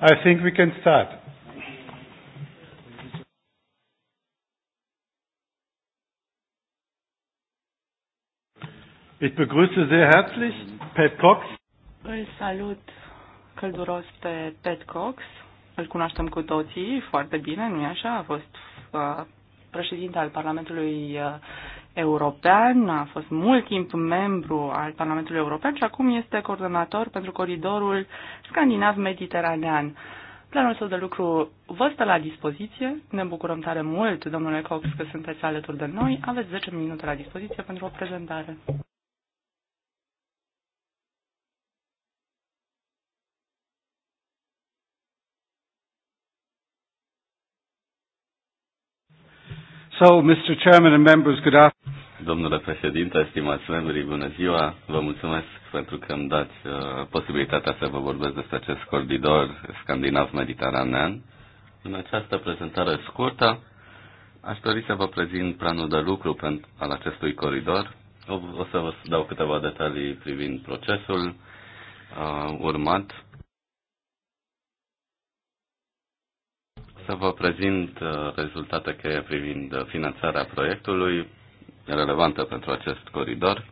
I think we can start. Ich begrüße sehr herzlich Pat Cox. Îl salut călduros pe Pat Cox. Îl cunoaștem cu toții foarte bine, nu-i așa? A fost uh, președinte al Parlamentului uh, European, a fost mult timp membru al Parlamentului European și acum este coordonator pentru coridorul scandinav-mediteranean. Planul său de lucru vă stă la dispoziție. Ne bucurăm tare mult, domnule Cox, că sunteți alături de noi. Aveți 10 minute la dispoziție pentru o prezentare. So, Mr. Chairman and members, good afternoon. Domnule președinte, stimați membrii, bună ziua! Vă mulțumesc pentru că îmi dați uh, posibilitatea să vă vorbesc despre acest coridor scandinav-mediteranean. În această prezentare scurtă, aș dori să vă prezint planul de lucru pentru, al acestui coridor. O, o să vă dau câteva detalii privind procesul uh, urmat să vă prezint uh, rezultate cheie privind uh, finanțarea proiectului relevantă pentru acest coridor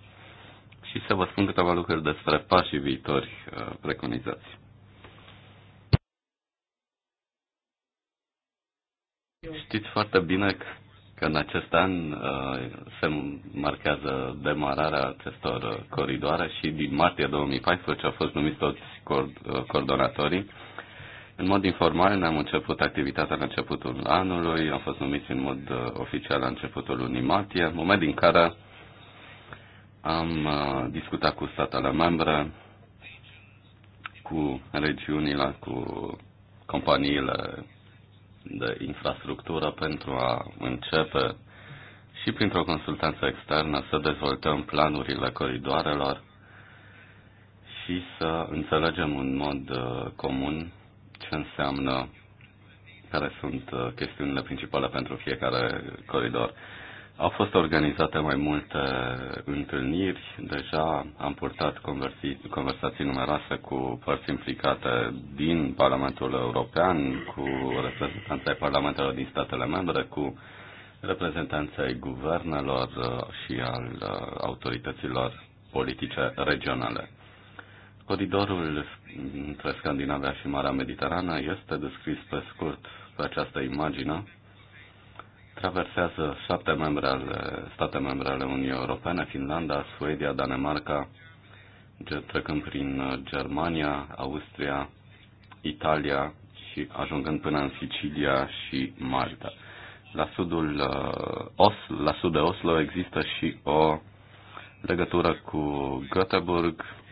și să vă spun câteva lucruri despre pașii viitori uh, preconizați. Știți foarte bine că în acest an se marchează demararea acestor coridoare și din martie 2014 au fost numiți toți coordonatorii în mod informal ne-am început activitatea la începutul anului, am fost numiți în mod uh, oficial la începutul lunii martie, moment din care am uh, discutat cu statele membre, cu regiunile, cu companiile de infrastructură pentru a începe și printr-o consultanță externă să dezvoltăm planurile coridoarelor și să înțelegem în mod uh, comun ce înseamnă, care sunt uh, chestiunile principale pentru fiecare coridor. Au fost organizate mai multe întâlniri, deja am purtat conversi, conversații numeroase cu părți implicate din Parlamentul European, cu reprezentanții parlamentelor din statele membre, cu reprezentanții guvernelor uh, și al uh, autorităților politice regionale. Coridorul între Scandinavia și Marea Mediterană este descris pe scurt pe această imagine. Traversează șapte membre ale, state membre ale Uniunii Europene, Finlanda, Suedia, Danemarca, trecând prin uh, Germania, Austria, Italia și ajungând până în Sicilia și Malta. La sudul uh, Oslo, la sud de Oslo există și o legătură cu Göteborg,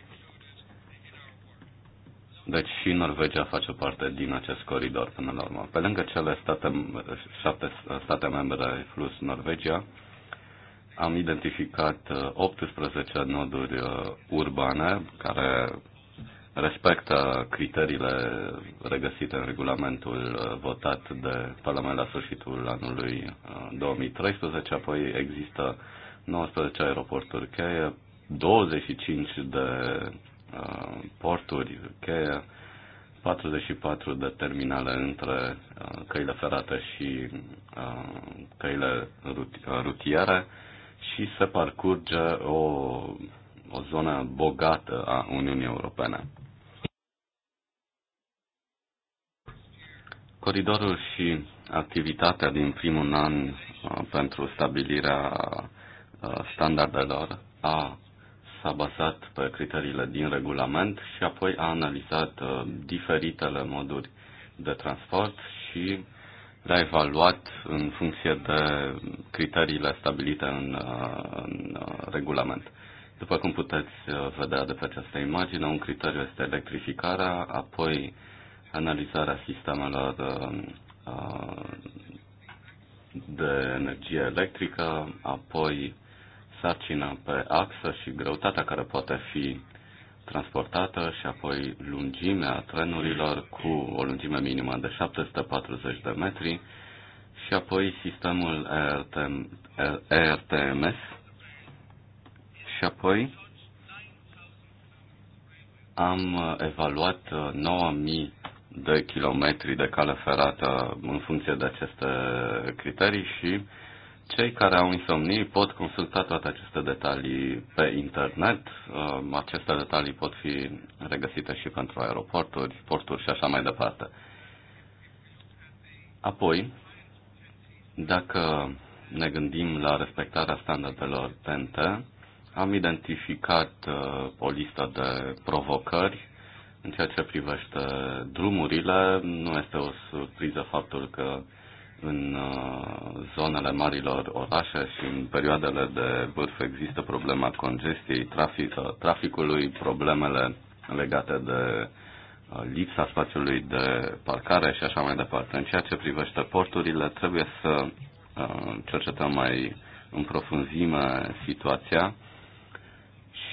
deci și Norvegia face parte din acest coridor până la urmă. Pe lângă cele state, șapte state membre plus Norvegia, am identificat 18 uh, noduri uh, urbane care respectă criteriile regăsite în regulamentul uh, votat de Parlament la sfârșitul anului 2013, apoi există 19 aeroporturi cheie, 25 de Uh, porturi cheie, 44 de terminale între uh, căile ferate și uh, căile rutiere și se parcurge o, o zonă bogată a Uniunii Europene. Coridorul și activitatea din primul an pentru stabilirea standardelor a s-a bazat pe criteriile din regulament și apoi a analizat uh, diferitele moduri de transport și le-a evaluat în funcție de criteriile stabilite în, uh, în uh, regulament. După cum puteți vedea de pe această imagine, un criteriu este electrificarea, apoi analizarea sistemelor de energie electrică, apoi sarcina pe axă și greutatea care poate fi transportată și apoi lungimea trenurilor cu o lungime minimă de 740 de metri și apoi sistemul ERTMS și apoi am evaluat 9000 de kilometri de cale ferată în funcție de aceste criterii și cei care au insomnii pot consulta toate aceste detalii pe internet. Um, aceste detalii pot fi regăsite și pentru aeroporturi, porturi și așa mai departe. Apoi, dacă ne gândim la respectarea standardelor TNT, am identificat uh, o listă de provocări în ceea ce privește drumurile. Nu este o surpriză faptul că în uh, zonele marilor orașe și în perioadele de vârf există problema congestiei, trafic, uh, traficului, problemele legate de uh, lipsa spațiului de parcare și așa mai departe. În ceea ce privește porturile, trebuie să cercetăm mai în profunzime situația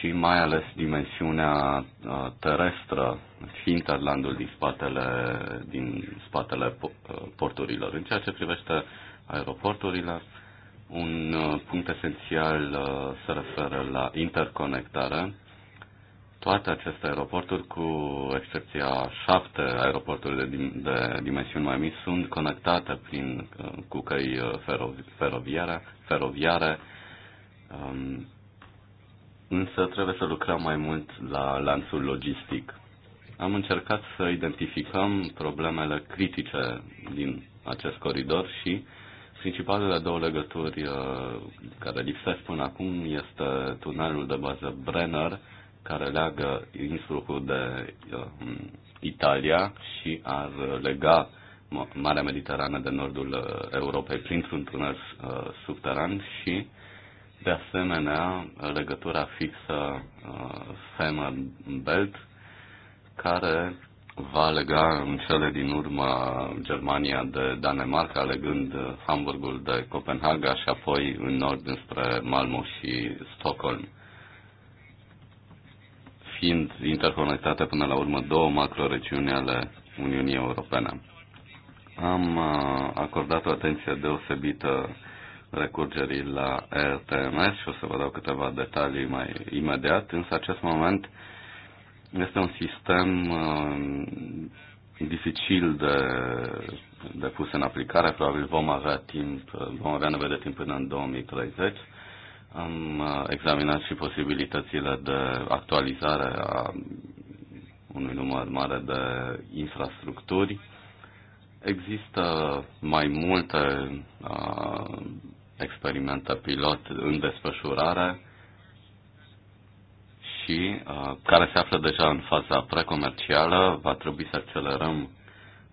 și mai ales dimensiunea terestră, hinterlandul din spatele, din spatele porturilor. În ceea ce privește aeroporturile, un punct esențial se referă la interconectare. Toate aceste aeroporturi, cu excepția șapte aeroporturi de, de dimensiuni mai mici, sunt conectate prin, cu căi feroviare, feroviare um, însă trebuie să lucrăm mai mult la lanțul logistic. Am încercat să identificăm problemele critice din acest coridor și principalele două legături uh, care lipsesc până acum este tunelul de bază Brenner, care leagă Innsbruckul de uh, Italia și ar lega Marea Mediterană de nordul uh, Europei printr-un tunel subteran și de asemenea, legătura fixă Femer-Belt, uh, care va lega în cele din urmă Germania de Danemarca, legând uh, Hamburgul de Copenhaga și apoi în nord înspre Malmo și Stockholm. Fiind interconectate până la urmă două macroregiuni ale Uniunii Europene. Am uh, acordat o atenție deosebită recurgerii la RTMS și o să vă dau câteva detalii mai imediat, însă acest moment este un sistem um, dificil de, de pus în aplicare, probabil vom avea timp, vom avea nevoie de timp până în 2030. Am uh, examinat și posibilitățile de actualizare a unui număr mare de infrastructuri. Există mai multe uh, experimente pilot în desfășurare și uh, care se află deja în faza precomercială. Va trebui să accelerăm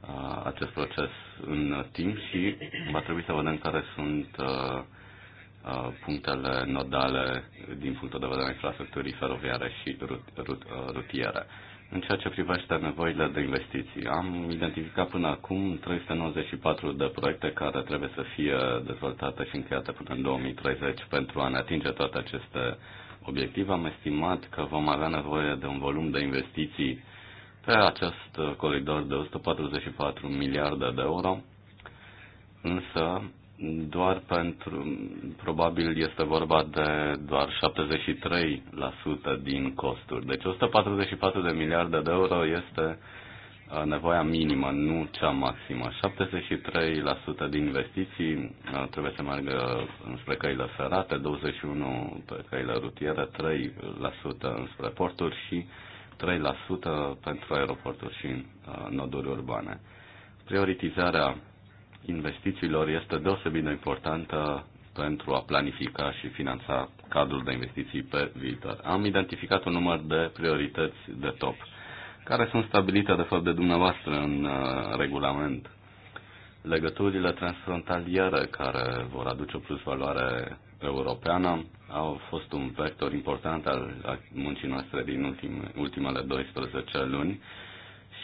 uh, acest proces în timp și va trebui să vedem care sunt uh, uh, punctele nodale din punctul de vedere al infrastructurii feroviare și rut, rut, uh, rutiere. În ceea ce privește nevoile de investiții, am identificat până acum 394 de proiecte care trebuie să fie dezvoltate și încheiate până în 2030 pentru a ne atinge toate aceste obiective. Am estimat că vom avea nevoie de un volum de investiții pe acest coridor de 144 miliarde de euro, însă doar pentru, probabil este vorba de doar 73% din costuri. Deci 144 de miliarde de euro este uh, nevoia minimă, nu cea maximă. 73% din investiții uh, trebuie să meargă înspre căile ferate, 21% pe căile rutiere, 3% înspre porturi și 3% pentru aeroporturi și uh, noduri urbane. Prioritizarea investițiilor este deosebit de importantă pentru a planifica și finanța cadrul de investiții pe viitor. Am identificat un număr de priorități de top, care sunt stabilite de fapt de dumneavoastră în uh, regulament. Legăturile transfrontaliere care vor aduce o plus valoare europeană au fost un vector important al muncii noastre din ultim, ultimele 12 luni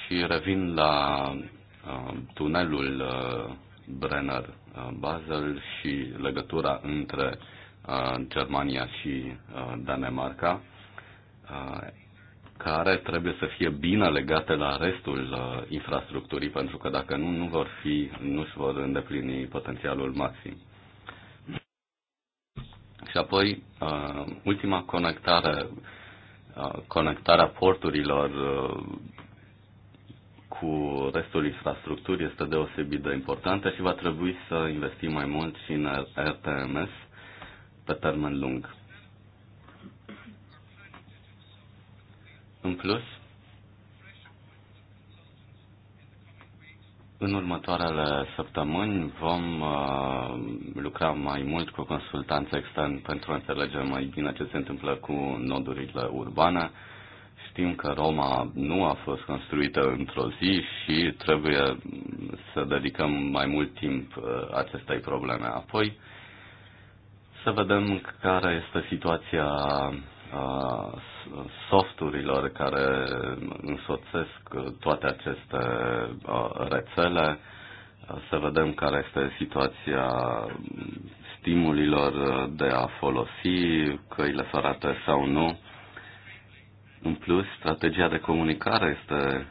și revin la uh, tunelul uh, Brenner uh, Basel și legătura între uh, Germania și uh, Danemarca, care trebuie să fie bine legate la restul infrastructurii, pentru că dacă nu, nu vor fi, nu își vor îndeplini potențialul maxim. Și apoi, ultima conectare, conectarea porturilor cu restul infrastructurii este deosebit de importantă și va trebui să investim mai mult și în RTMS pe termen lung. În plus, În următoarele săptămâni vom uh, lucra mai mult cu consultanți externi pentru a înțelege mai bine ce se întâmplă cu nodurile urbane știm că Roma nu a fost construită într-o zi și trebuie să dedicăm mai mult timp uh, acestei probleme. Apoi, să vedem care este situația uh, softurilor care însoțesc toate aceste uh, rețele, să vedem care este situația stimulilor de a folosi căile ferate sau nu în plus, strategia de comunicare este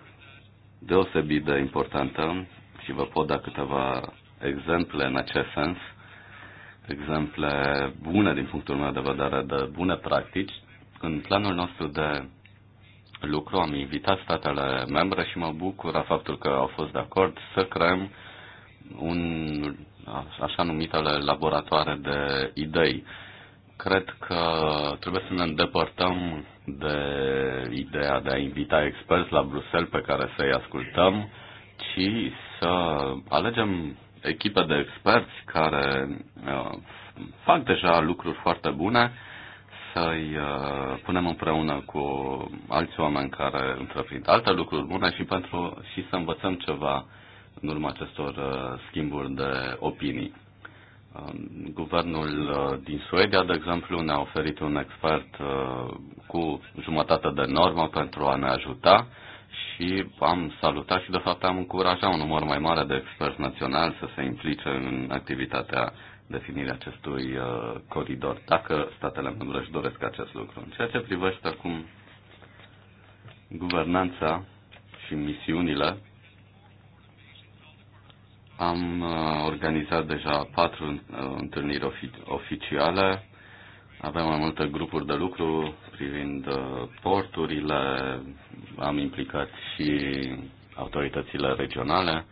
deosebit de importantă și vă pot da câteva exemple în acest sens, exemple bune din punctul meu de vedere, de bune practici. În planul nostru de lucru am invitat statele membre și mă bucură faptul că au fost de acord să creăm un așa numitele laboratoare de idei cred că trebuie să ne îndepărtăm de ideea de a invita experți la Bruxelles pe care să-i ascultăm, ci să alegem echipe de experți care uh, fac deja lucruri foarte bune, să-i uh, punem împreună cu alți oameni care întreprind alte lucruri bune și, pentru, și să învățăm ceva în urma acestor uh, schimburi de opinii. Um, guvernul uh, din Suedia, de exemplu, ne-a oferit un expert uh, cu jumătate de normă pentru a ne ajuta și am salutat și, de fapt, am încurajat un număr mai mare de experți naționali să se implice în activitatea definirea acestui uh, coridor, dacă statele membre își doresc acest lucru. În ceea ce privește acum guvernanța și misiunile, am uh, organizat deja patru uh, întâlniri ofi- oficiale. Avem mai multe grupuri de lucru privind uh, porturile, am implicat și autoritățile regionale.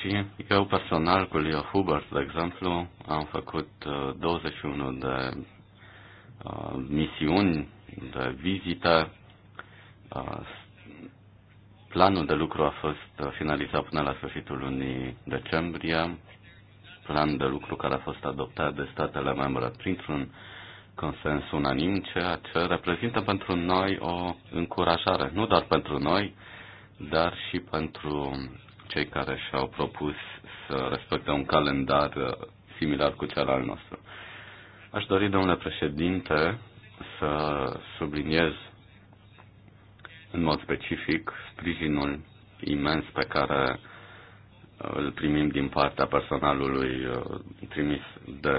Și eu personal cu Leo Hubert, de exemplu, am făcut 21 de misiuni, de vizite Planul de lucru a fost finalizat până la sfârșitul lunii decembrie, plan de lucru care a fost adoptat de statele membre printr-un consens unanim, ceea ce reprezintă pentru noi o încurajare, nu doar pentru noi, dar și pentru cei care și-au propus să respecte un calendar uh, similar cu cel al nostru. Aș dori, domnule președinte, să subliniez în mod specific sprijinul imens pe care uh, îl primim din partea personalului uh, trimis de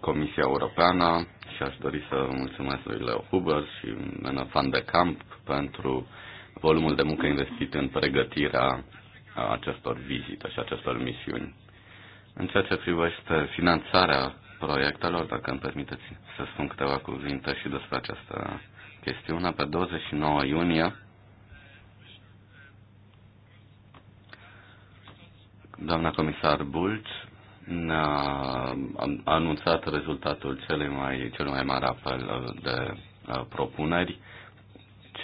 Comisia Europeană și aș dori să mulțumesc lui Leo Huber și Mena Van de Camp pentru volumul de muncă investit în pregătirea acestor vizite și acestor misiuni. În ceea ce privește finanțarea proiectelor, dacă îmi permiteți să spun câteva cuvinte și despre această Chestiunea pe 29 iunie. Doamna comisar Bulc a anunțat rezultatul celui mai, cel mai mare apel de uh, propuneri,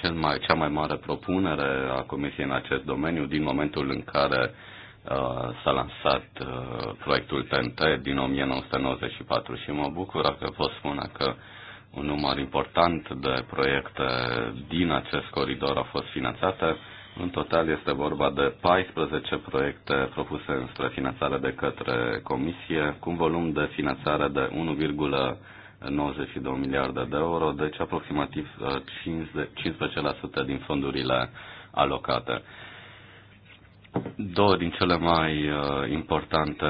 cel mai, cea mai mare propunere a Comisiei în acest domeniu din momentul în care uh, s-a lansat uh, proiectul TNT din 1994 și mă bucur că pot spune că un număr important de proiecte din acest coridor au fost finanțate. În total este vorba de 14 proiecte propuse spre finanțare de către Comisie, cu un volum de finanțare de 1,92 miliarde de euro, deci aproximativ 15% uh, din fondurile alocate două din cele mai uh, importante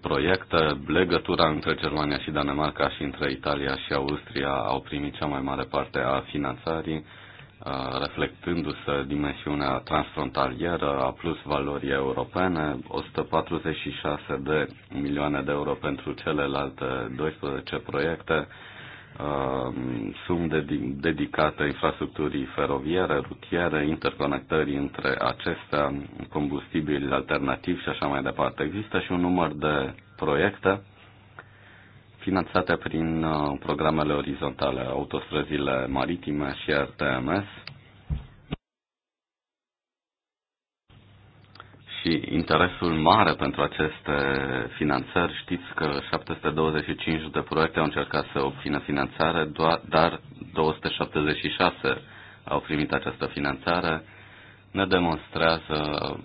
proiecte, legătura între Germania și Danemarca și între Italia și Austria au primit cea mai mare parte a finanțării, uh, reflectându-se dimensiunea transfrontalieră a plus valorii europene, 146 de milioane de euro pentru celelalte 12 proiecte, Um, sunt dedicate infrastructurii feroviere, rutiere, interconectării între acestea, combustibili alternativi și așa mai departe. Există și un număr de proiecte finanțate prin uh, programele orizontale, autostrăzile maritime și RTMS, și interesul mare pentru aceste finanțări. Știți că 725 de proiecte au încercat să obțină finanțare, doar, dar 276 au primit această finanțare. Ne demonstrează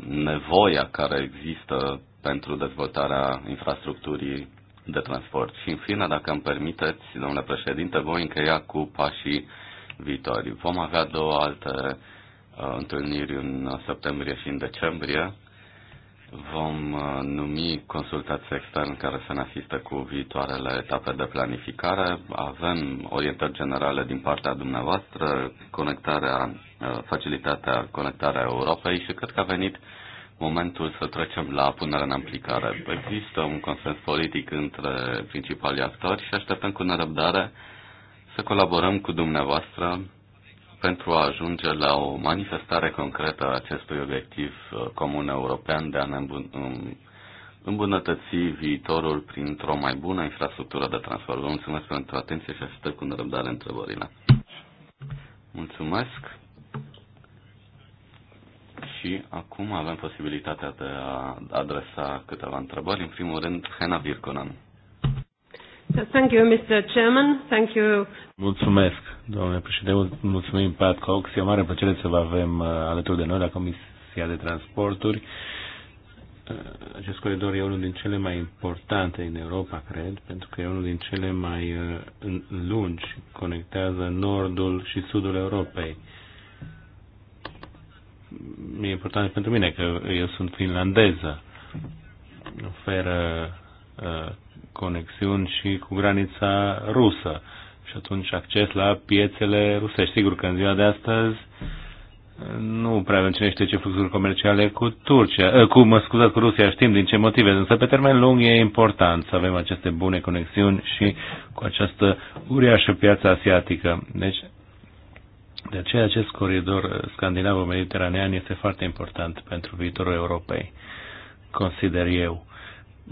nevoia care există pentru dezvoltarea infrastructurii de transport. Și în fine, dacă îmi permiteți, domnule președinte, voi încheia cu pașii viitori. Vom avea două alte uh, întâlniri în septembrie și în decembrie vom uh, numi consultații externi care să ne asiste cu viitoarele etape de planificare. Avem orientări generale din partea dumneavoastră, conectarea, uh, facilitatea conectarea Europei și cred că a venit momentul să trecem la punerea în aplicare. Există un consens politic între principalii actori și așteptăm cu nerăbdare să colaborăm cu dumneavoastră pentru a ajunge la o manifestare concretă a acestui obiectiv uh, comun european de a ne îmbunătăți viitorul printr-o mai bună infrastructură de transport. Vă mulțumesc pentru atenție și aștept cu nerăbdare întrebările. Mulțumesc. Și acum avem posibilitatea de a adresa câteva întrebări. În primul rând, Hena Virconan. Thank you, Mr. Chairman. Thank you. Mulțumesc, domnule președinte. Mulțumim, Pat Cox. E o mare plăcere să vă avem uh, alături de noi la Comisia de Transporturi. Uh, acest coridor e unul din cele mai importante în Europa, cred, pentru că e unul din cele mai uh, lungi, conectează nordul și sudul Europei. E important pentru mine că eu sunt finlandeză. Oferă Uh, conexiuni și cu granița rusă și atunci acces la piețele rusești. Sigur că în ziua de astăzi nu prea avem cine știe ce fluxuri comerciale cu Turcia, uh, cu, mă scuzați, cu Rusia, știm din ce motive, însă pe termen lung e important să avem aceste bune conexiuni și cu această uriașă piață asiatică. Deci, de aceea acest coridor scandinavo-mediteranean este foarte important pentru viitorul Europei, consider eu.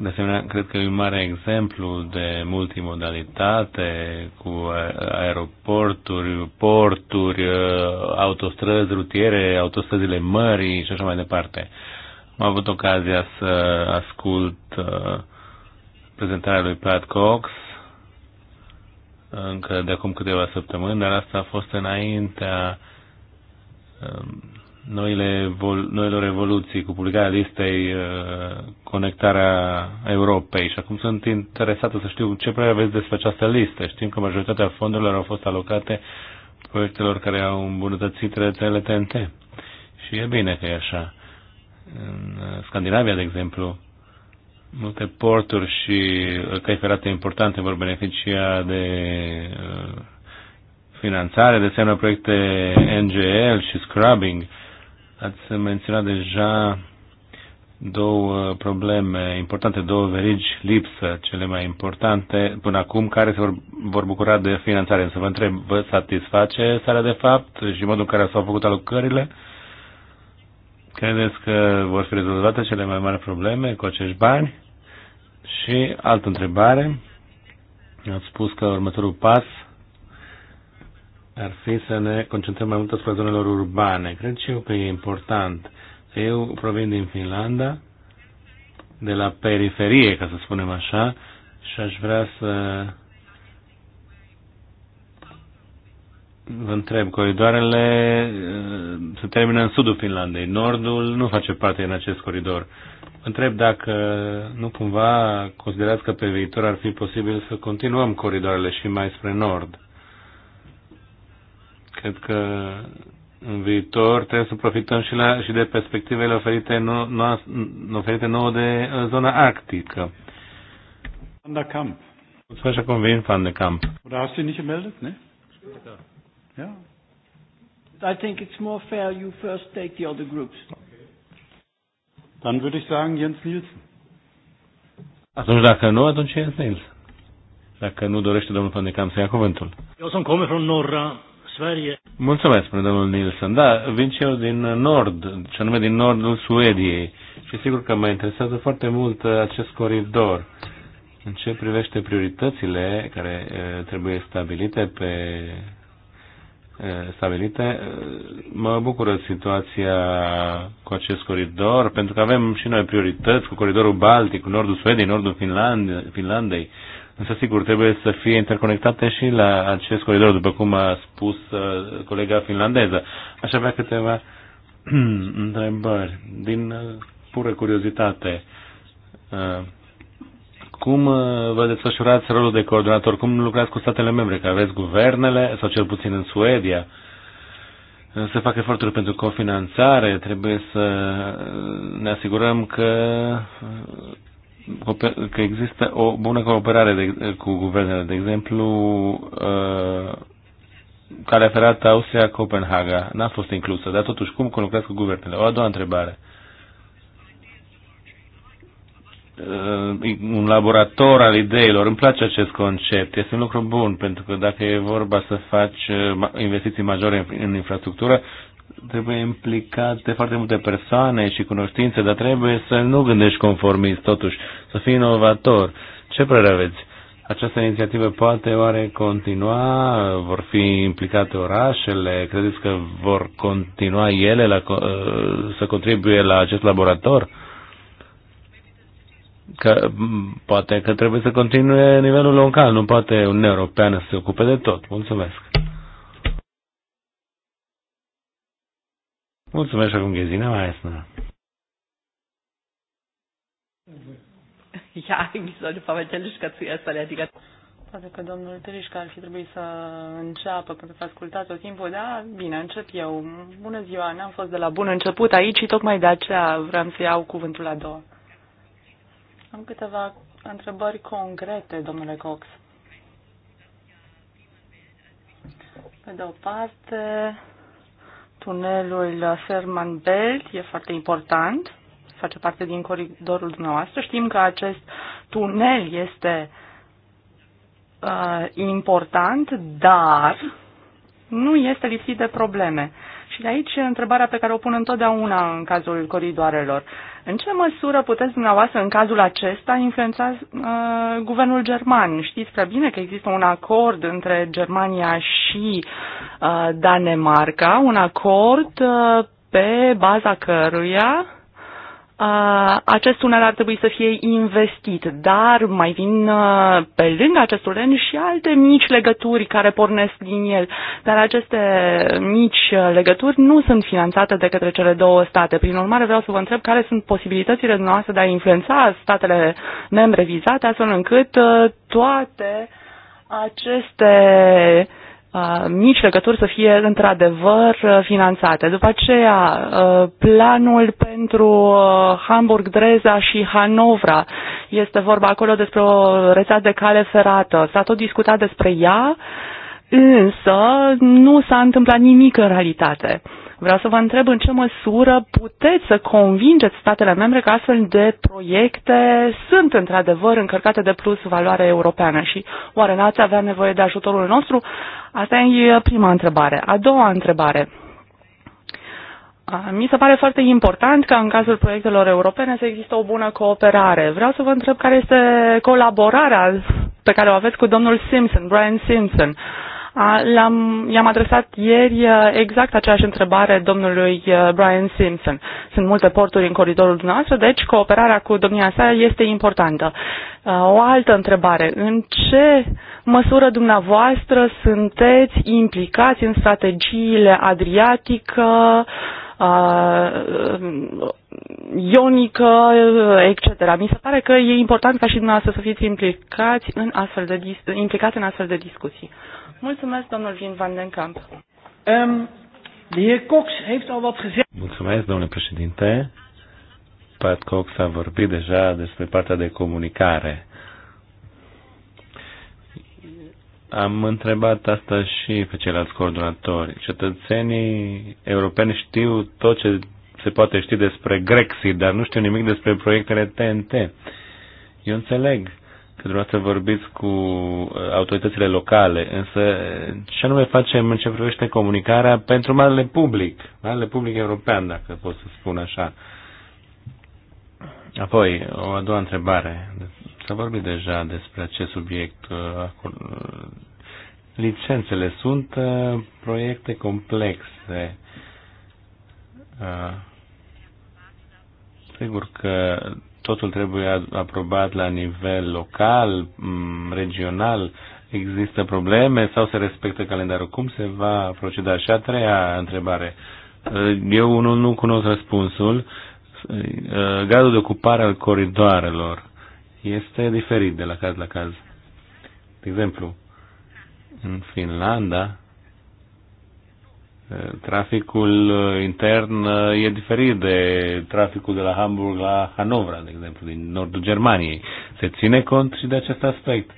De asemenea, cred că e un mare exemplu de multimodalitate cu aeroporturi, porturi, autostrăzi rutiere, autostrăzile mării și așa mai departe. Am avut ocazia să ascult prezentarea lui Pat Cox încă de acum câteva săptămâni, dar asta a fost înaintea noile noilor evoluții cu publicarea listei uh, Conectarea Europei și acum sunt interesată să știu ce părere aveți despre această listă. Știm că majoritatea fondurilor au fost alocate proiectelor care au îmbunătățit rețelele TNT. Și e bine că e așa. În Scandinavia, de exemplu, multe porturi și căi ferate importante vor beneficia de uh, finanțare, de asemenea proiecte NGL și scrubbing. Ați menționat deja două probleme importante, două verigi lipsă, cele mai importante până acum, care se vor, vor bucura de finanțare. Să vă întreb, vă satisface starea de fapt și modul în care s-au făcut alocările? Credeți că vor fi rezolvate cele mai mari probleme cu acești bani? Și altă întrebare, ați spus că următorul pas ar fi să ne concentrăm mai mult asupra zonelor urbane. Cred și eu că e important. Eu provin din Finlanda, de la periferie, ca să spunem așa, și aș vrea să vă întreb, coridoarele uh, se termină în sudul Finlandei, nordul nu face parte în acest coridor. Vă întreb dacă nu cumva considerați că pe viitor ar fi posibil să continuăm coridoarele și mai spre nord. Cred că în viitor trebuie să profităm și, la, și de perspectivele oferite, nou, nou, oferite nouă de uh, zona arctică. Van de Kamp. Îți faci acum vin Van de Kamp. Oder ați du nicht gemeldet, ne? Da. I think it's more fair you first take the other groups. Okay. Dann würde ich sagen Jens Nielsen. Atunci dacă nu, atunci Jens Nielsen. Dacă nu dorește domnul Van de Camp să ia cuvântul. Eu sunt come from Norra Sverige. Mulțumesc, domnul Nilsson. Da, vin și eu din nord, ce anume din nordul Suediei. Și sigur că mă interesează foarte mult uh, acest coridor. În ce privește prioritățile care uh, trebuie stabilite pe uh, stabilite. Mă bucură situația cu acest coridor, pentru că avem și noi priorități cu coridorul Baltic, cu nordul Suediei, nordul Finlandei, Însă, sigur, trebuie să fie interconectate și la acest coridor, după cum a spus uh, colega finlandeză. Aș avea câteva întrebări. Din uh, pură curiozitate, uh, cum uh, vă desfășurați rolul de coordonator? Cum lucrați cu statele membre? Că aveți guvernele, sau cel puțin în Suedia, se fac eforturi pentru cofinanțare, trebuie să uh, ne asigurăm că uh, că există o bună cooperare de, cu guvernele. De exemplu, uh, calea ferată Austria-Copenhaga n-a fost inclusă, dar totuși cum conlucrați cu guvernele? O a doua întrebare. Uh, un laborator al ideilor. Îmi place acest concept. Este un lucru bun, pentru că dacă e vorba să faci uh, investiții majore în infrastructură, trebuie implicate foarte multe persoane și cunoștințe, dar trebuie să nu gândești conformist, totuși, să fii inovator. Ce părere aveți? Această inițiativă poate oare continua? Vor fi implicate orașele? Credeți că vor continua ele la, ă, să contribuie la acest laborator? Că, poate că trebuie să continue nivelul local, nu poate un european să se ocupe de tot. Mulțumesc! Mulțumesc acum, Ghezina Maesna. Ja, eigentlich după Frau Telischka zuerst, weil er die Poate că domnul Telișca ar fi trebuit să înceapă, pentru că a ascultat tot timpul, da, bine, încep eu. Bună ziua, n-am fost de la bun început aici și tocmai de aceea vreau să iau cuvântul la doua. Am câteva întrebări concrete, domnule Cox. Pe de o parte, Tunelul Sherman Belt e foarte important, face parte din coridorul dumneavoastră. Știm că acest tunel este uh, important, dar nu este lipsit de probleme. Și de aici întrebarea pe care o pun întotdeauna în cazul coridoarelor. În ce măsură puteți dumneavoastră în cazul acesta influența uh, guvernul german? Știți prea bine că există un acord între Germania și uh, Danemarca, un acord uh, pe baza căruia uh, acest tunel ar trebui să fie investit, dar mai vin pe lângă acest tunel și alte mici legături care pornesc din el. Dar aceste mici legături nu sunt finanțate de către cele două state. Prin urmare, vreau să vă întreb care sunt posibilitățile noastre de a influența statele membre vizate, astfel încât toate aceste mici legături să fie într-adevăr finanțate. După aceea, planul pentru Hamburg, Dreza și Hanovra este vorba acolo despre o rețea de cale ferată. S-a tot discutat despre ea, însă nu s-a întâmplat nimic în realitate. Uh, Vreau să vă întreb în ce măsură puteți să convingeți statele membre că astfel de proiecte sunt într-adevăr încărcate de plus valoare europeană și oare n-ați avea nevoie de ajutorul nostru? Asta e prima întrebare. A doua întrebare. Mi se pare foarte important ca în cazul proiectelor europene să există o bună cooperare. Vreau să vă întreb care este colaborarea pe care o aveți cu domnul Simpson, Brian Simpson. Uh, L-am, i-am adresat ieri uh, exact aceeași întrebare domnului uh, Brian Simpson. Sunt multe porturi în coridorul dumneavoastră, deci cooperarea cu domnia sa este importantă. Uh, o altă întrebare. În ce măsură dumneavoastră sunteți implicați în strategiile adriatică, ionică, etc. Mi se pare că e important ca și dumneavoastră să fiți implicați în astfel de, implicați în astfel de discuții. Mulțumesc, domnul Vin van den Kamp. Um, de heer Cox heeft al wat gezegd. Mulțumesc, domnule președinte. Pat Cox a vorbit deja despre partea de comunicare. Am întrebat asta și pe ceilalți coordonatori. Cetățenii europeni știu tot ce se poate ști despre Grexit, dar nu știu nimic despre proiectele TNT. Eu înțeleg că dumneavoastră vorbiți cu uh, autoritățile locale, însă ce anume facem în ce privește comunicarea pentru marele public, marele public european, dacă pot să spun așa. Apoi, o a doua întrebare. S-a vorbit deja despre acest subiect. Uh, Licențele sunt uh, proiecte complexe. Sigur că totul trebuie aprobat la nivel local, regional, există probleme sau se respectă calendarul? Cum se va proceda? Și a treia întrebare. Eu nu nu cunosc răspunsul. Gradul de ocupare al coridoarelor este diferit de la caz la caz. De exemplu, în Finlanda, traficul uh, intern uh, e diferit de traficul de la Hamburg la Hanovra, de exemplu, din nordul Germaniei. Se ține cont și de acest aspect.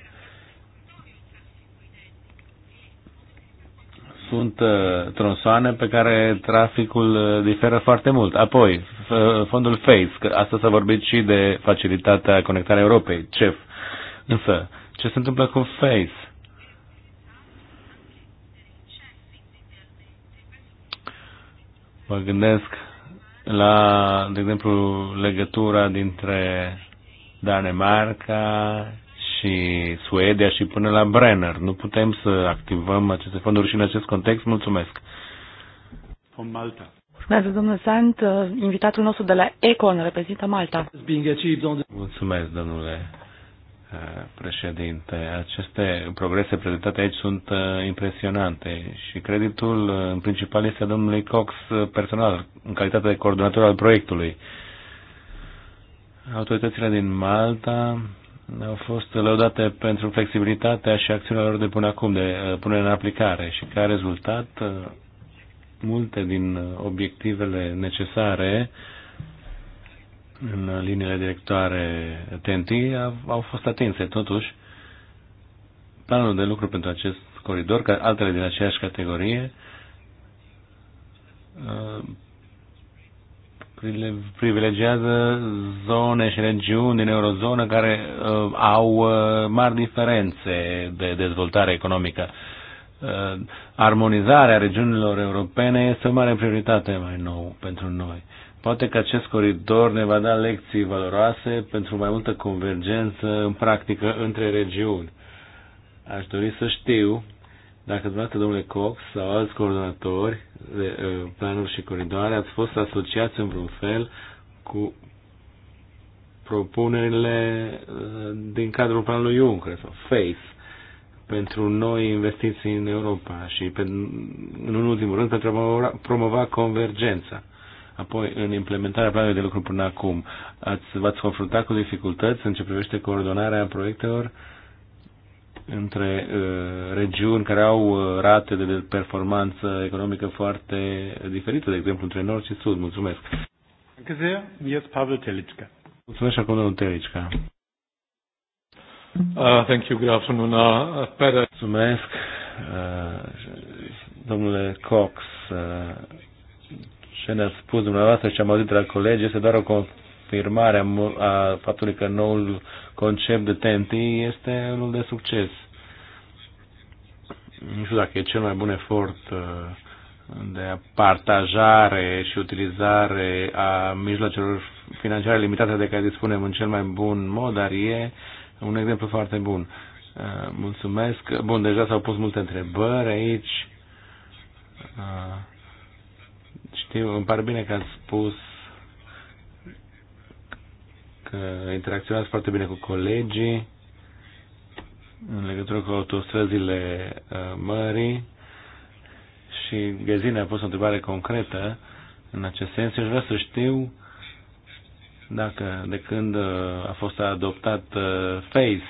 Sunt uh, tronsoane pe care traficul diferă foarte mult. Apoi, fondul FACE, că asta s-a vorbit și de facilitatea conectarea Europei, CEF. Însă, ce se întâmplă cu FACE? Mă gândesc la, de exemplu, legătura dintre Danemarca și Suedia și până la Brenner. Nu putem să activăm aceste fonduri și în acest context. Mulțumesc. From Malta. Urmează domnul Sant, uh, invitatul nostru de la Econ, reprezintă Malta. Mulțumesc, domnule președinte. Aceste progrese prezentate aici sunt uh, impresionante și creditul uh, în principal este domnului Cox uh, personal, în calitate de coordonator al proiectului. Autoritățile din Malta au fost lăudate pentru flexibilitatea și acțiunea lor de până acum, de punere în aplicare și ca rezultat multe din obiectivele necesare uh, în liniile directoare TNT au fost atinse. Totuși, planul de lucru pentru acest coridor, ca altele din aceeași categorie, uh, privilegiază zone și regiuni din eurozonă care uh, au uh, mari diferențe de dezvoltare economică. Uh, armonizarea regiunilor europene este o mare prioritate mai nou pentru noi. Poate că acest coridor ne va da lecții valoroase pentru mai multă convergență în practică între regiuni. Aș dori să știu dacă dumneavoastră, domnule Cox sau alți coordonatori de ă, planuri și coridoare, ați fost asociați în vreun fel cu propunerile ă, din cadrul planului Juncker sau FACE pentru noi investiții în Europa și, pe, în ultimul rând, pentru a promova convergența. Apoi, în implementarea planului de lucru până acum, ați, v-ați confruntat cu dificultăți în ce privește coordonarea proiectelor între uh, regiuni care au uh, rate de performanță economică foarte diferite, de exemplu, între nord și sud. Mulțumesc! Mulțumesc și acum domnul Telicca. Uh, thank you, good afternoon. Uh, Mulțumesc, uh, domnule Cox. Uh, ce ne-a spus dumneavoastră și ce am auzit de la colegi este doar o confirmare a faptului că noul concept de TNT este unul de succes. Nu știu dacă e cel mai bun efort uh, de partajare și utilizare a mijloacelor financiare limitate de care dispunem în cel mai bun mod, dar e un exemplu foarte bun. Uh, mulțumesc. Bun, deja s-au pus multe întrebări aici. Uh, știu, îmi pare bine că ați spus că interacționați foarte bine cu colegii în legătură cu autostrăzile uh, mării și Găzine a pus o întrebare concretă în acest sens. Eu vreau să știu dacă de când uh, a fost adoptat uh, FACE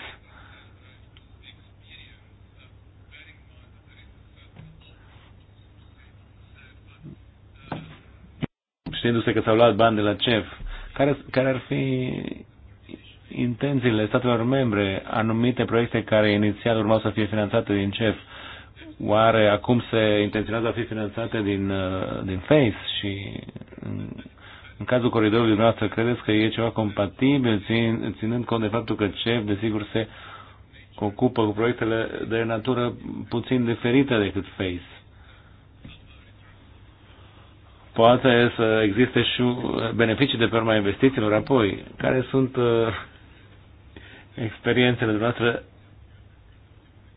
știindu-se că s-au luat bani de la CEF. Care, care ar fi intențiile statelor membre, anumite proiecte care inițial urmau să fie finanțate din CEF, oare acum se intenționează a fi finanțate din, uh, din FACE și în cazul coridorului noastră credeți că e ceva compatibil, țin, ținând cont de faptul că CEF, desigur, se ocupă cu proiectele de natură puțin diferită decât FACE? poate să existe și beneficii de pe urma investițiilor apoi. Care sunt uh, experiențele noastre,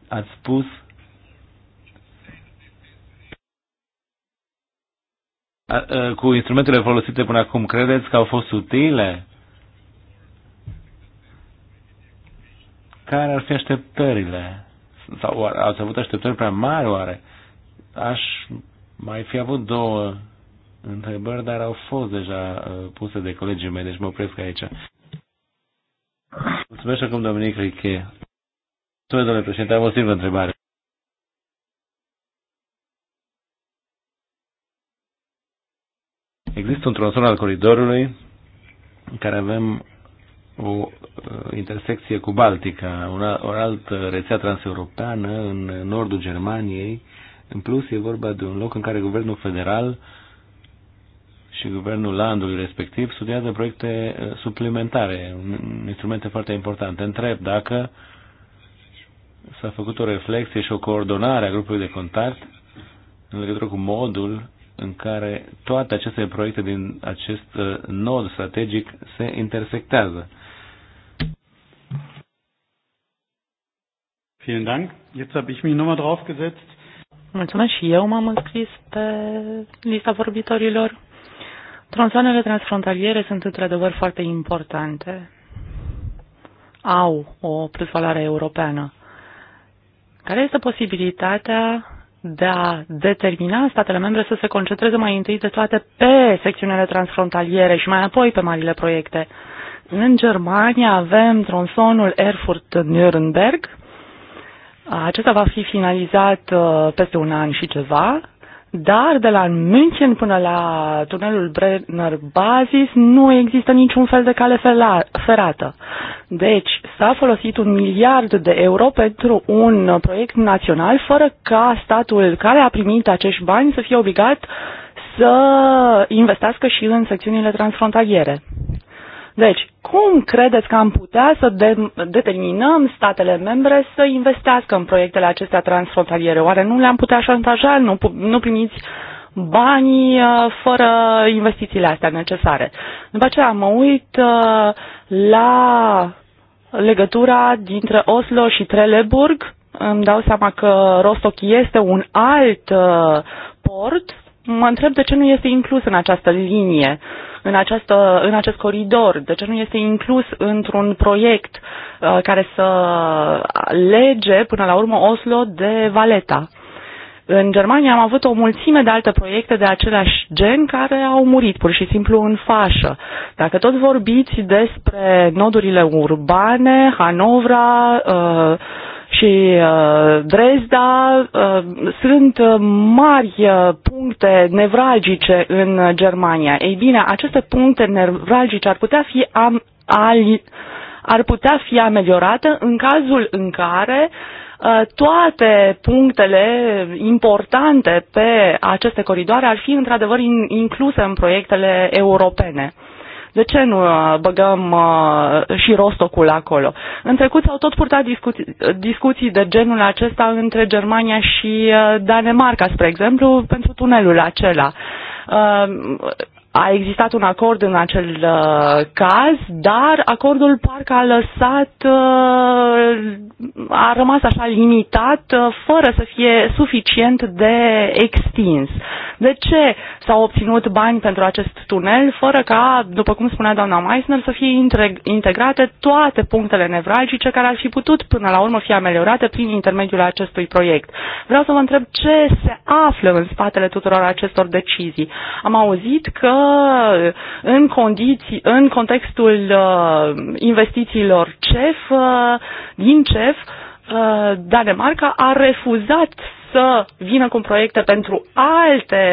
Ați spus cu instrumentele folosite până acum, credeți că au fost utile? Care ar fi așteptările? Sau ați avut așteptări prea mari oare? Aș mai fi avut două întrebări, dar au fost deja uh, puse de colegii mei, deci mă opresc aici. Mulțumesc acum, Dominic Riche. Mulțumesc, domnule președinte, am o singură întrebare. Există un tronson al coridorului în care avem o uh, intersecție cu Baltica, una, o altă rețea transeuropeană în nordul Germaniei. În plus, e vorba de un loc în care guvernul federal uh, și guvernul landului respectiv studiază proiecte uh, suplimentare, instrumente foarte importante. Întreb dacă s-a făcut o reflexie și o coordonare a grupului de contact în legătură cu modul în care toate aceste proiecte din acest uh, nod strategic se intersectează. Vielen Dank. Jetzt habe ich mich nochmal draufgesetzt. Mulțumesc și eu m-am înscris pe lista vorbitorilor. Tronsoanele transfrontaliere sunt într-adevăr foarte importante. Au o plusvaloare europeană. Care este posibilitatea de a determina statele membre să se concentreze mai întâi de toate pe secțiunile transfrontaliere și mai apoi pe marile proiecte? În Germania avem tronsonul Erfurt-Nürnberg. Acesta va fi finalizat uh, peste un an și ceva dar de la München până la tunelul Brenner Basis nu există niciun fel de cale ferată. Deci s-a folosit un miliard de euro pentru un proiect național fără ca statul care a primit acești bani să fie obligat să investească și în secțiunile transfrontaliere. Deci, cum credeți că am putea să de- determinăm statele membre să investească în proiectele acestea transfrontaliere? Oare nu le-am putea șantaja? Nu, nu primiți banii uh, fără investițiile astea necesare. După aceea mă uit uh, la legătura dintre Oslo și Trelleborg. Îmi dau seama că Rostock este un alt uh, port. Mă întreb de ce nu este inclus în această linie. Uh, în, această, în acest coridor? De deci ce nu este inclus într-un proiect uh, care să lege până la urmă Oslo de Valeta? În Germania am avut o mulțime de alte proiecte de același gen care au murit pur și simplu în fașă. Dacă tot vorbiți despre nodurile urbane, Hanovra, uh, și uh, Dresda uh, sunt uh, mari puncte nevralgice în Germania. Ei bine, aceste puncte nevralgice ar putea fi am, al, ar putea fi ameliorate în cazul în care toate punctele importante pe aceste coridoare ar fi într-adevăr incluse în proiectele europene. De ce nu uh, băgăm uh, și rostocul acolo? În trecut s-au tot purtat discuții, discuții de genul acesta între Germania și uh, Danemarca, spre exemplu, pentru tunelul acela a existat un acord în acel uh, caz, dar acordul parcă a lăsat, uh, a rămas așa limitat, uh, fără să fie suficient de extins. De ce s-au obținut bani pentru acest tunel, fără ca, după cum spunea doamna Meissner, să fie integrate toate punctele nevralgice care ar fi putut până la urmă fi ameliorate prin intermediul acestui proiect? Vreau să vă întreb ce se află în spatele tuturor acestor decizii. Am auzit că în, condiții, în contextul uh, investițiilor CEF, uh, din CEF, uh, Danemarca a refuzat să vină cu proiecte pentru alte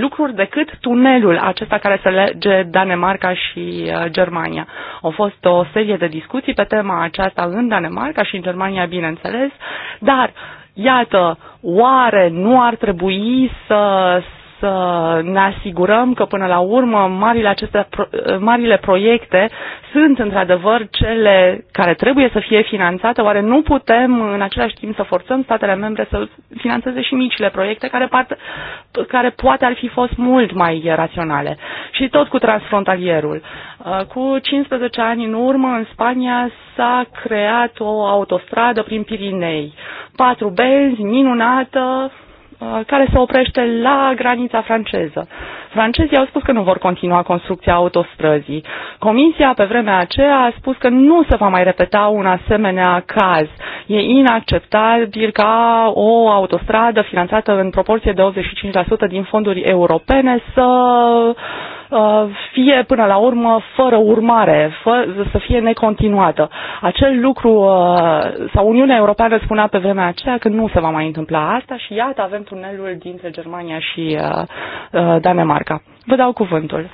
lucruri decât tunelul acesta care se lege Danemarca și Germania. Au fost o serie de discuții pe tema aceasta în Danemarca și în Germania, bineînțeles, dar Iată, oare nu ar trebui să să ne asigurăm că până la urmă marile, aceste, marile proiecte sunt într-adevăr cele care trebuie să fie finanțate? Oare nu putem în același timp să forțăm statele membre să finanțeze și micile proiecte care, part, care poate ar fi fost mult mai raționale? Și tot cu transfrontalierul. Uh, cu 15 ani în urmă în Spania s-a creat o autostradă prin Pirinei. Patru benzi, minunată, Uh, care se oprește la granița franceză. Francezii au spus că nu vor continua construcția autostrăzii. Comisia pe vremea aceea a spus că nu se va mai repeta un asemenea caz. E inacceptabil ca o autostradă finanțată în proporție de 85% din fonduri europene să uh, fie până la urmă fără urmare, fă, să fie necontinuată. Acel lucru uh, sau Uniunea Europeană spunea pe vremea aceea că nu se va mai întâmpla asta și iată avem tunelul dintre Germania și uh, Danemarca. Danemarca. Vă dau cuvântul.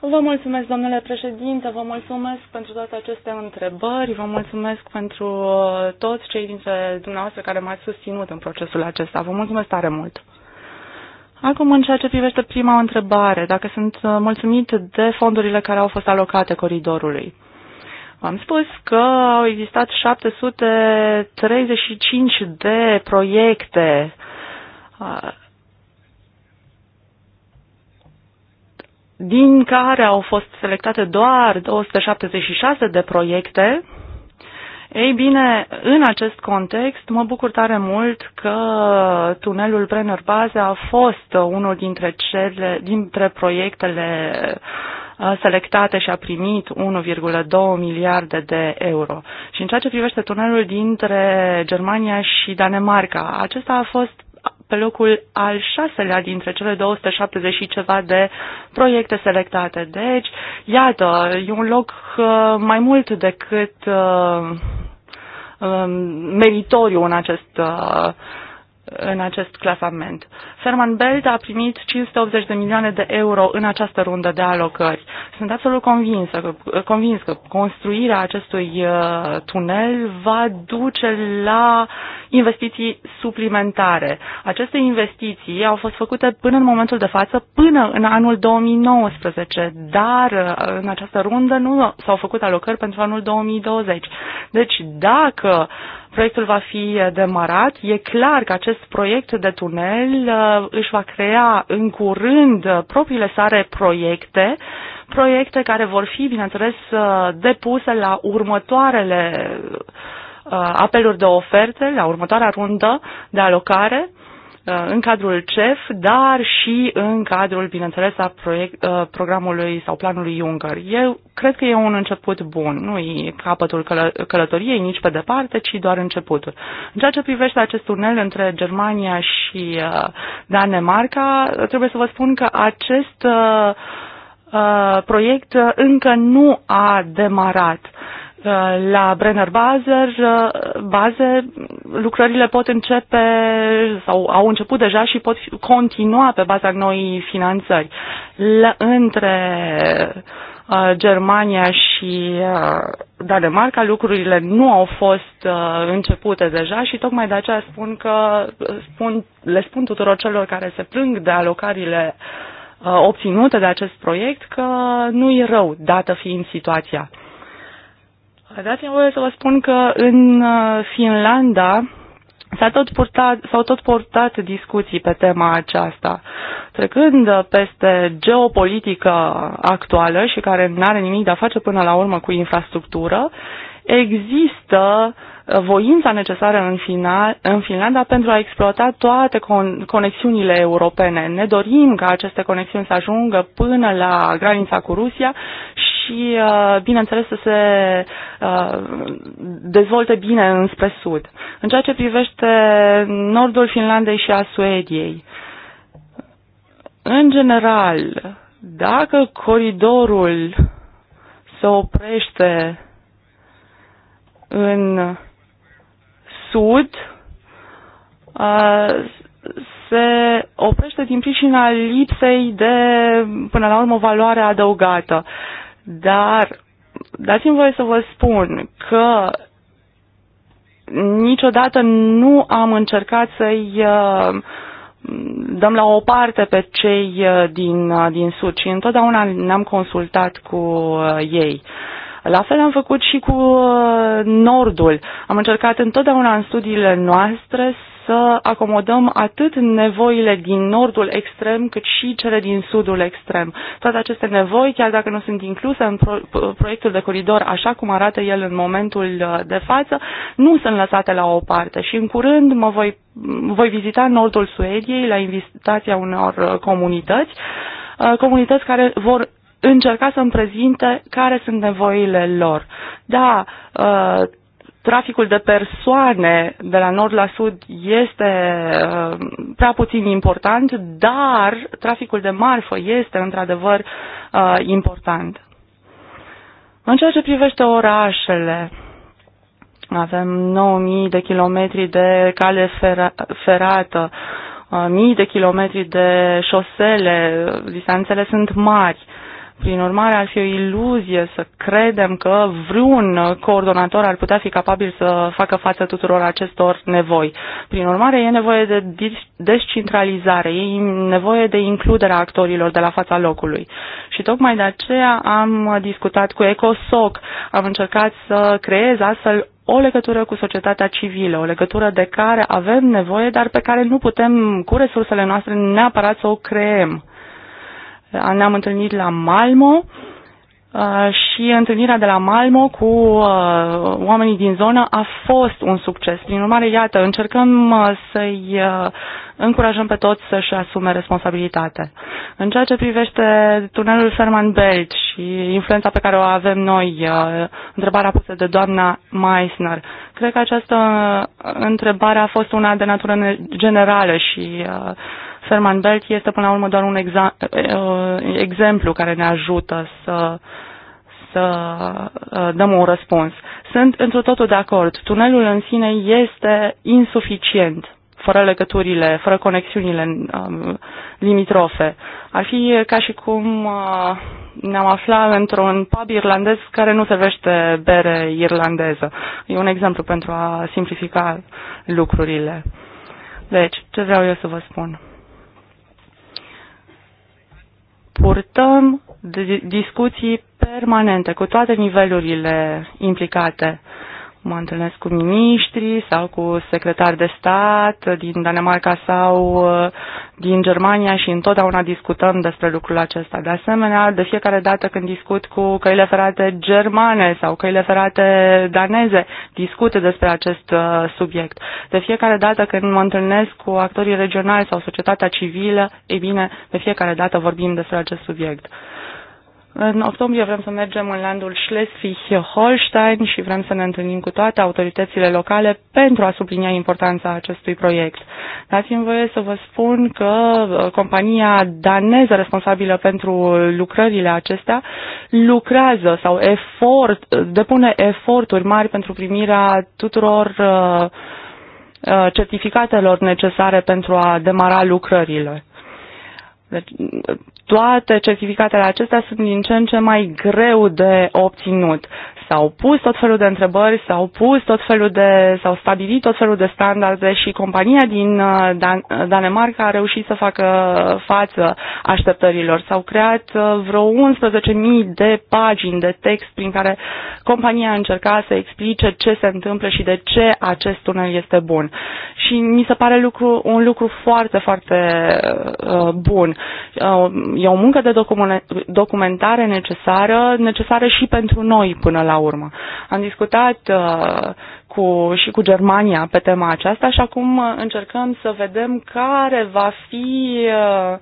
Vă mulțumesc, domnule președinte, vă mulțumesc pentru toate aceste întrebări, vă mulțumesc pentru uh, toți cei dintre dumneavoastră care m-ați susținut în procesul acesta. Vă mulțumesc tare mult! Acum, în ceea ce privește prima întrebare, dacă sunt uh, mulțumit de fondurile care au fost alocate coridorului. Am spus că au existat 735 de proiecte uh, din care au fost selectate doar 276 de proiecte. Ei bine, în acest context, mă bucur tare mult că tunelul Brenner Baze a fost unul dintre, cele, dintre proiectele uh, selectate și a primit 1,2 miliarde de euro. Și în ceea ce privește tunelul dintre Germania și Danemarca, acesta a fost pe locul al șaselea dintre cele 270 și ceva de proiecte selectate. Deci, iată, e un loc uh, mai mult decât uh, um, meritoriu în acest uh, în acest clasament. Ferman Belt a primit 580 de milioane de euro în această rundă de alocări. Sunt absolut convins că, convins că construirea acestui uh, tunel va duce la investiții suplimentare. Aceste investiții au fost făcute până în momentul de față, până în anul 2019, dar uh, în această rundă nu s-au făcut alocări pentru anul 2020. Deci dacă Proiectul va fi demarat. E clar că acest proiect de tunel uh, își va crea în curând uh, propriile sare proiecte, proiecte care vor fi, bineînțeles, uh, depuse la următoarele apeluri de oferte, la următoarea rundă de alocare Uh, în cadrul CEF, dar și în cadrul, bineînțeles, a proiect, uh, programului sau planului Juncker. Eu cred că e un început bun, nu e capătul călă, călătoriei nici pe departe, ci doar începutul. În ceea ce privește acest tunel între Germania și uh, Danemarca, trebuie să vă spun că acest proiect încă nu a demarat. Uh, la Brenner Bazer, uh, baze, lucrările pot începe sau au început deja și pot continua pe baza noii finanțări. La, între uh, Germania și uh, Danemarca lucrurile nu au fost uh, începute deja și tocmai de aceea spun că spun, le spun tuturor celor care se plâng de alocarile uh, obținute de acest proiect că nu e rău, dată fiind situația. Dați-mi voie să vă spun că în uh, Finlanda S-a tot purtat, s-au tot purtat discuții pe tema aceasta. Trecând uh, peste geopolitică actuală și care nu are nimic de a face până la urmă cu infrastructură, există uh, voința necesară în, final, în Finlanda pentru a exploata toate con- conexiunile europene. Ne dorim ca aceste conexiuni să ajungă până la granița cu Rusia și, uh, bineînțeles, să se uh, dezvolte bine înspre sud. În ceea ce privește nordul Finlandei și a Suediei, în general, dacă coridorul se oprește în sud, uh, se oprește din pricina lipsei de, până la urmă, valoare adăugată. Dar dați-mi voie să vă spun că niciodată nu am încercat să-i uh, dăm la o parte pe cei uh, din, uh, din Sud și întotdeauna ne-am consultat cu ei. La fel am făcut și cu Nordul. Am încercat întotdeauna în studiile noastre să acomodăm atât nevoile din nordul extrem, cât și cele din sudul extrem. Toate aceste nevoi, chiar dacă nu sunt incluse în pro- proiectul de coridor așa cum arată el în momentul uh, de față, nu sunt lăsate la o parte și în curând mă voi, voi vizita nordul Suediei la invitația unor uh, comunități, uh, comunități care vor încerca să-mi prezinte care sunt nevoile lor. Da, traficul de persoane de la nord la sud este uh, prea puțin important, dar traficul de marfă este într-adevăr uh, important. În ceea ce privește orașele, avem 9000 de kilometri de cale ferată, uh, mii de kilometri de șosele, distanțele sunt mari. Prin urmare, ar fi o iluzie să credem că vreun coordonator ar putea fi capabil să facă față tuturor acestor nevoi. Prin urmare, e nevoie de descentralizare, e nevoie de includerea actorilor de la fața locului. Și tocmai de aceea am discutat cu ECOSOC, am încercat să creez astfel o legătură cu societatea civilă, o legătură de care avem nevoie, dar pe care nu putem, cu resursele noastre, neapărat să o creem. Uh, ne-am întâlnit la Malmo uh, și întâlnirea de la Malmo cu uh, oamenii din zonă a fost un succes. Prin urmare, iată, încercăm să-i încurajăm pe toți să-și asume responsabilitate. În ceea ce privește tunelul Ferman Belt și influența pe care o avem noi, întrebarea pusă de doamna Meissner, cred că această întrebare a fost una de natură generală și uh, Ferman Belt este până la urmă doar un eh, eh, exemplu care ne ajută să să eh, dăm un răspuns. Sunt într totul de acord. Tunelul în sine este insuficient fără legăturile, fără conexiunile um, limitrofe. Ar fi ca și cum uh, ne-am aflat într-un pub irlandez care nu servește bere irlandeză. E un exemplu pentru a simplifica lucrurile. Deci, ce vreau eu să vă spun? purtăm discuții permanente cu toate nivelurile implicate. Mă întâlnesc cu miniștri sau cu secretari de stat din Danemarca sau uh, din Germania și întotdeauna discutăm despre lucrul acesta. De asemenea, de fiecare dată când discut cu căile ferate germane sau căile ferate daneze, discut despre acest uh, subiect. De fiecare dată când mă întâlnesc cu actorii regionali sau societatea civilă, ei bine, de fiecare dată vorbim despre acest subiect. În octombrie vrem să mergem în landul Schleswig-Holstein și vrem să ne întâlnim cu toate autoritățile locale pentru a sublinia importanța acestui proiect. Dați-mi voie să vă spun că uh, compania daneză responsabilă pentru lucrările acestea lucrează sau efort, depune eforturi mari pentru primirea tuturor uh, uh, certificatelor necesare pentru a demara lucrările. Deci, toate certificatele acestea sunt din ce în ce mai greu de obținut. S-au pus tot felul de întrebări, s-au pus tot felul de, s-au stabilit tot felul de standarde și compania din uh, Dan- uh, Danemarca a reușit să facă față așteptărilor. S-au creat uh, vreo 11.000 de pagini de text prin care compania a încercat să explice ce se întâmplă și de ce acest tunel este bun. Și mi se pare lucru, un lucru foarte, foarte uh, bun. Uh, e o muncă de documentare necesară, necesară și pentru noi până la urmă. Am discutat uh, cu, și cu Germania pe tema aceasta și acum uh, încercăm să vedem care va fi uh,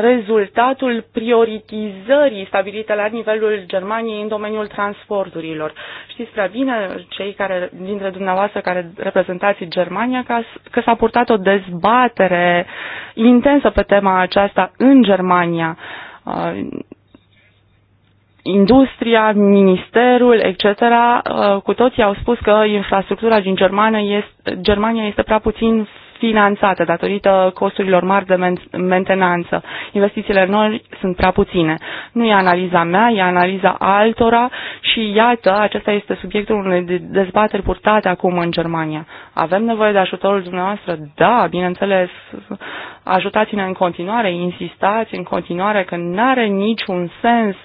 rezultatul prioritizării stabilite la nivelul Germaniei în domeniul transporturilor. Știți prea bine, cei care, dintre dumneavoastră care reprezentați Germania, că, că s-a purtat o dezbatere intensă pe tema aceasta în Germania industria, ministerul, etc., uh, cu toții au spus că infrastructura din Germania este, Germania este prea puțin finanțată datorită costurilor mari de mentenanță. Investițiile noi sunt prea puține. Nu e analiza mea, e analiza altora și iată, acesta este subiectul unei dezbateri purtate acum în Germania. Avem nevoie de ajutorul dumneavoastră? Da, bineînțeles, ajutați-ne în continuare, insistați în continuare că nu are niciun sens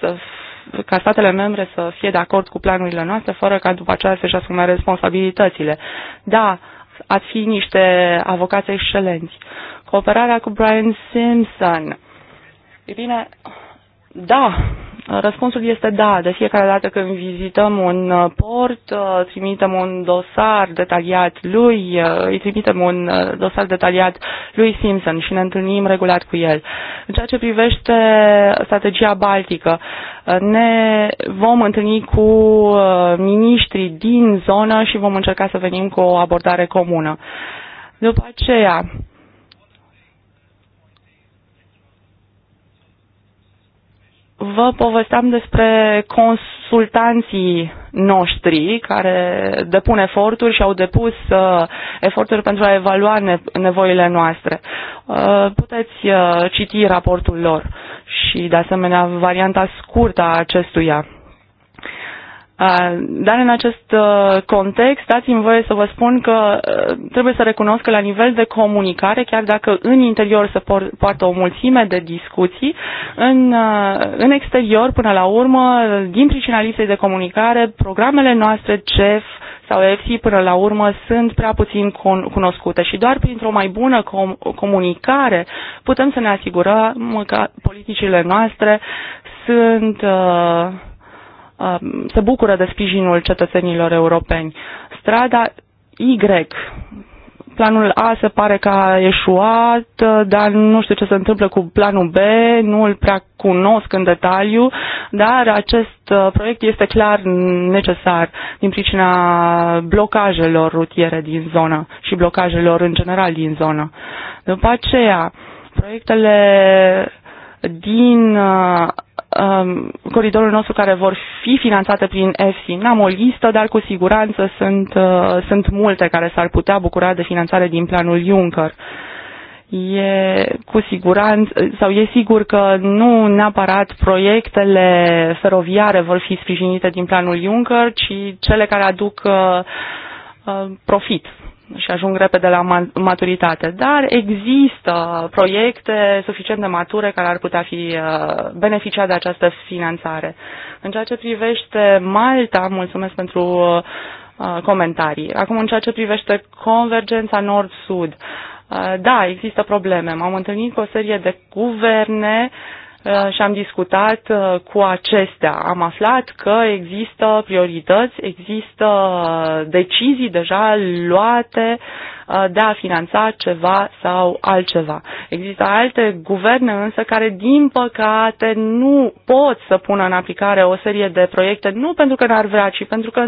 ca statele membre să fie de acord cu planurile noastre, fără ca după aceea să-și asume responsabilitățile. Da, ați fi niște avocați excelenți. Cooperarea cu Brian Simpson. E bine, da, Răspunsul este da. De fiecare dată când vizităm un uh, port, uh, trimitem un dosar detaliat lui, uh, îi trimitem un dosar detaliat lui Simpson și ne întâlnim regulat cu el. În ceea ce privește strategia baltică, ne vom întâlni cu miniștrii din zonă și vom încerca să venim cu o abordare comună. După aceea, vă povesteam despre consultanții noștri care depun eforturi și au depus uh, eforturi pentru a evalua ne- nevoile noastre. Uh, puteți uh, citi raportul lor și, de asemenea, varianta scurtă a acestuia. Uh, dar în acest uh, context, dați-mi voie să vă spun că uh, trebuie să recunosc că la nivel de comunicare, chiar dacă în interior se poartă o mulțime de discuții, în, în exterior, până la urmă, din pricina lipsei de comunicare, programele noastre CEF sau EFSI până la urmă sunt prea puțin cunoscute și doar printr-o mai bună com- comunicare putem să ne asigurăm că politicile noastre sunt uh, Um, se bucură de sprijinul cetățenilor europeni. Strada Y, planul A se pare că a eșuat, dar nu știu ce se întâmplă cu planul B, nu îl prea cunosc în detaliu, dar acest uh, proiect este clar necesar din pricina blocajelor rutiere din zonă și blocajelor în general din zonă. După aceea, proiectele din uh, Um, coridorul nostru care vor fi finanțate prin EFSI. N-am o listă, dar cu siguranță sunt, uh, sunt multe care s-ar putea bucura de finanțare din planul Juncker. E cu siguranță, sau e sigur că nu neapărat proiectele feroviare vor fi sprijinite din planul Juncker, ci cele care aduc uh, uh profit și ajung repede la maturitate, dar există proiecte suficient de mature care ar putea fi uh, beneficiate de această finanțare. În ceea ce privește Malta, mulțumesc pentru uh, uh, comentarii. Acum, în ceea ce privește convergența nord-sud, da, există probleme. M-am întâlnit cu o serie de guverne uh, Uh, și am discutat uh, cu acestea. Am aflat că există priorități, există decizii deja luate uh, de a finanța ceva sau altceva. Există alte guverne însă care, din păcate, nu pot să pună în aplicare o serie de proiecte, nu pentru că n-ar vrea, ci pentru că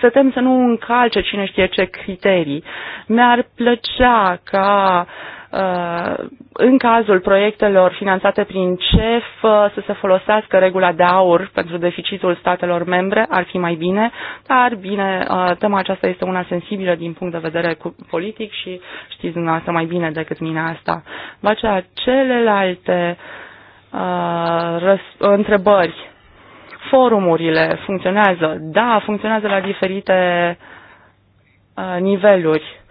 se tem să nu încalce cine știe ce criterii. Mi-ar plăcea ca uh, Uh, în cazul proiectelor finanțate prin CEF uh, să se folosească regula de aur pentru deficitul statelor membre ar fi mai bine, dar bine, uh, tema aceasta este una sensibilă din punct de vedere politic și știți dumneavoastră mai bine decât mine asta. cea celelalte uh, întrebări. Forumurile funcționează? Da, funcționează la diferite uh, niveluri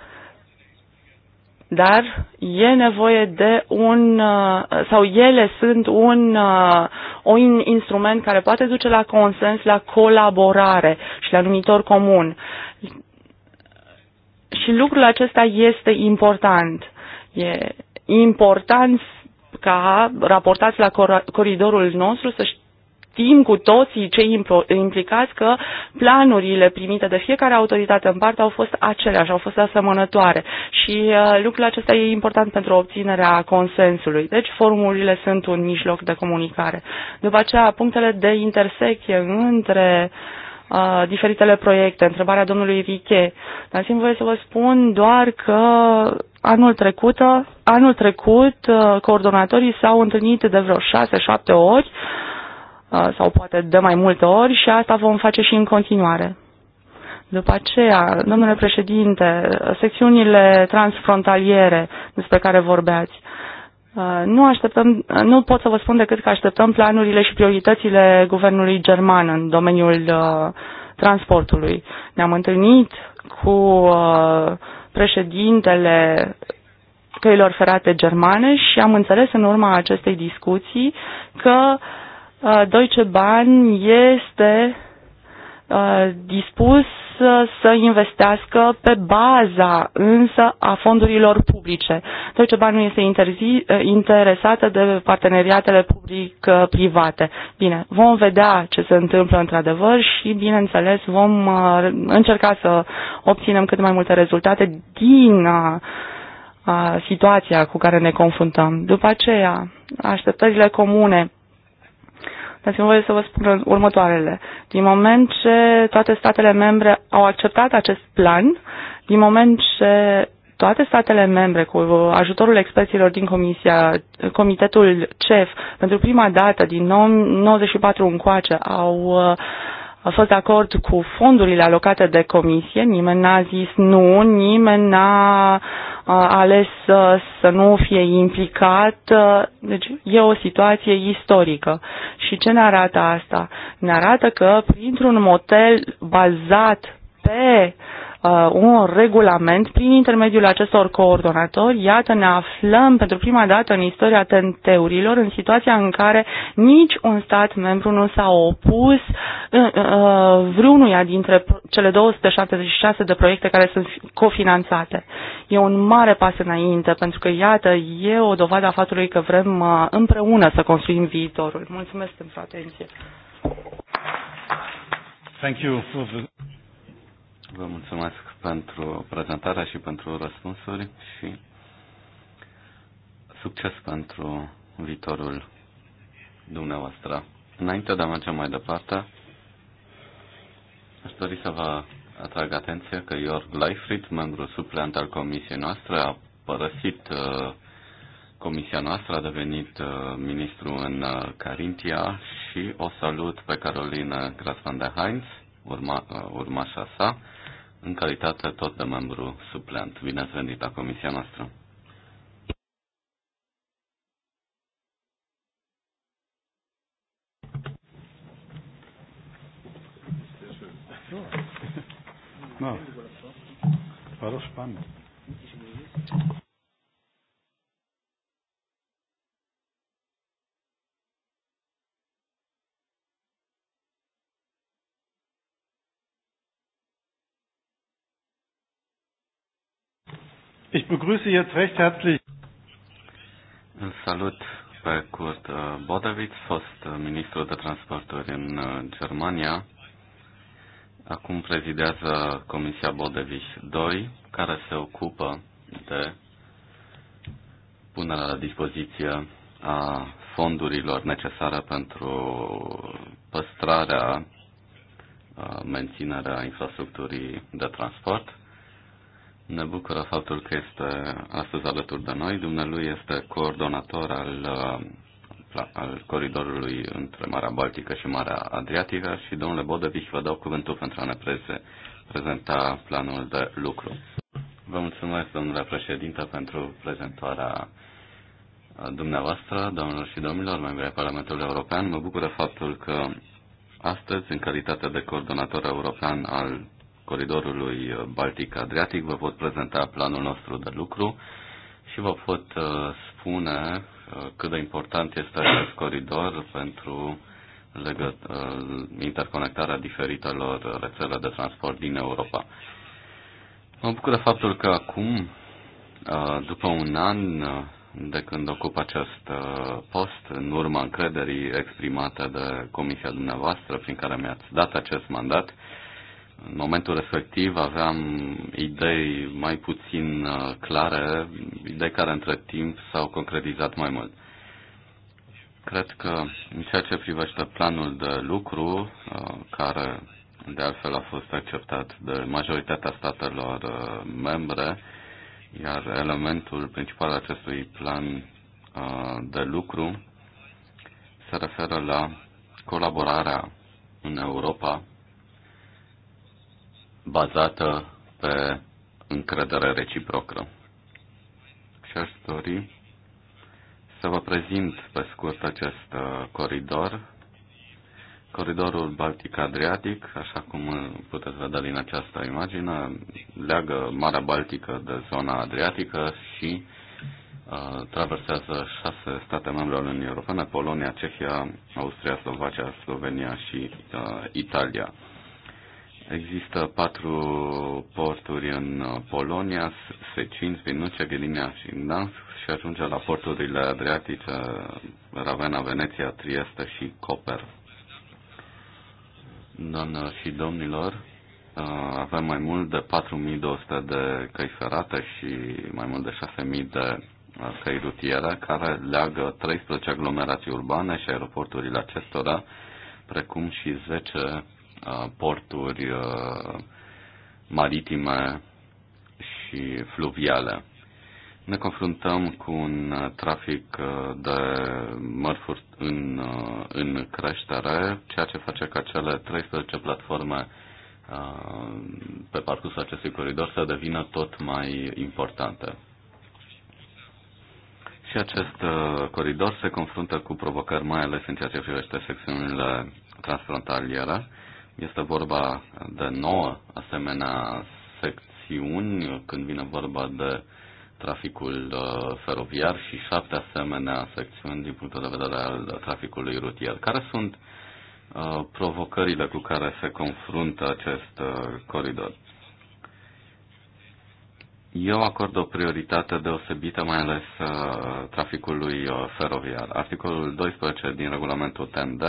dar e nevoie de un, uh, sau ele sunt un, uh, un instrument care poate duce la consens, la colaborare și la numitor comun. Și lucrul acesta este important. E important ca raportați la coridorul nostru să știți știm cu toții cei implicați că planurile primite de fiecare autoritate în parte au fost aceleași, au fost asemănătoare și uh, lucrul acesta e important pentru obținerea consensului. Deci formulile sunt un mijloc de comunicare. După aceea, punctele de intersecție între uh, diferitele proiecte, întrebarea domnului Riche. dar simt voie să vă spun doar că anul trecut, anul trecut uh, coordonatorii s-au întâlnit de vreo 6-7 ori uh, sau poate de mai multe ori și asta vom face și în continuare. După aceea, domnule președinte, secțiunile transfrontaliere despre care vorbeați, nu, așteptăm, nu pot să vă spun decât că așteptăm planurile și prioritățile guvernului german în domeniul transportului. Ne-am întâlnit cu președintele căilor ferate germane și am înțeles în urma acestei discuții că uh, Uh, Deutsche Bahn este uh, dispus uh, să investească pe baza însă a fondurilor publice. Deutsche Bahn nu este interzi, interesată de parteneriatele public-private. Bine, vom vedea ce se întâmplă într-adevăr și, bineînțeles, vom încerca să obținem cât mai multe rezultate din situația cu care ne confruntăm. După aceea, așteptările comune Dați-mi voie să vă spun următoarele. Din moment ce toate statele membre au acceptat acest plan, din moment ce toate statele membre, cu ajutorul experților din comisia, Comitetul CEF, pentru prima dată din 1994 încoace, au uh, a fost de acord cu fondurile alocate de comisie, nimeni n-a zis nu, nimeni n-a ales să, să nu fie implicat. Deci e o situație istorică. Și ce ne arată asta? Ne arată că printr-un model bazat pe uh, uh, un regulament prin intermediul acestor coordonatori. Iată, ne aflăm pentru prima dată în istoria tenteurilor în situația în care nici un stat membru nu s-a opus uh, uh, vreunuia dintre cele 276 de proiecte care sunt cofinanțate. E un mare pas înainte, pentru că, iată, e o dovadă a faptului că vrem uh, împreună să construim viitorul. Mulțumesc pentru atenție. Thank you for the... Vă mulțumesc pentru prezentarea și pentru răspunsuri și succes pentru viitorul dumneavoastră. Înainte de a merge mai departe, aș dori să vă atrag atenția că Jörg Leifried, membru suplent al comisiei noastre, a părăsit uh, comisia noastră, a devenit uh, ministru în uh, Carintia și o salut pe Carolina Grasman de Heinz, urma, urmașa sa, în calitate tot de membru suplant. Bine ați venit la comisia noastră. No. Parlo spaniolo. Ich begrüße jetzt recht herzlich. salut pe Kurt uh, Bodewitz, fost uh, ministru de transporturi în uh, Germania. Acum prezidează Comisia Bodewitz II, care se ocupă de punerea la dispoziție a fondurilor necesare pentru păstrarea, menținerea infrastructurii de transport. Ne bucură faptul că este astăzi alături de noi. Dumnealui este coordonator al, uh, al coridorului între Marea Baltică și Marea Adriatică și domnule Bodevich vă dau cuvântul pentru a ne preze, prezenta planul de lucru. Vă mulțumesc, domnule președinte, pentru prezentarea uh, dumneavoastră, domnilor și domnilor, membri ai Parlamentului European. Mă bucură faptul că astăzi, în calitate de coordonator european al coridorului uh, Baltic-Adriatic, vă pot prezenta planul nostru de lucru și vă pot uh, spune uh, cât de important este acest coridor pentru interconectarea diferitelor rețele de transport din Europa. Mă bucur de faptul că acum, după un an de când ocup acest post, în urma încrederii exprimate de comisia dumneavoastră, prin care mi-ați dat acest mandat, în momentul respectiv aveam idei mai puțin uh, clare, idei care între timp s-au concretizat mai mult. Cred că în ceea ce privește planul de lucru, uh, care de altfel a fost acceptat de majoritatea statelor uh, membre, iar elementul principal al acestui plan de lucru se referă la colaborarea în Europa bazată pe încredere reciprocă. Și aș dori să vă prezint pe scurt acest uh, coridor, coridorul Baltic-Adriatic, așa cum puteți vedea din această imagine, leagă Marea Baltică de zona Adriatică și uh, traversează șase state membre ale Uniunii Europene, Polonia, Cehia, Austria, Slovacia, Slovenia și uh, Italia. Există patru porturi în uh, Polonia, Secin, Spinuce, Gdynia și Gdansk și ajunge la porturile adriatice Ravena, Veneția, Trieste și Coper. Doamnelor și domnilor, uh, avem mai mult de 4200 de căi ferate și mai mult de 6000 de uh, căi rutiere care leagă 13 aglomerații urbane și aeroporturile acestora, precum și 10 Uh, porturi uh, maritime și fluviale. Ne confruntăm cu un uh, trafic de mărfuri în, în creștere, ceea ce face ca cele 13 platforme pe parcursul acestui coridor să devină tot mai importante. Și acest coridor se confruntă cu provocări mai ales în ceea ce privește secțiunile transfrontaliere este vorba de nouă asemenea secțiuni când vine vorba de traficul uh, feroviar și șapte asemenea secțiuni din punctul de vedere al traficului rutier. Care sunt uh, provocările cu care se confruntă acest uh, coridor? Eu acord o prioritate deosebită, mai ales traficului feroviar. Articolul 12 din regulamentul TMD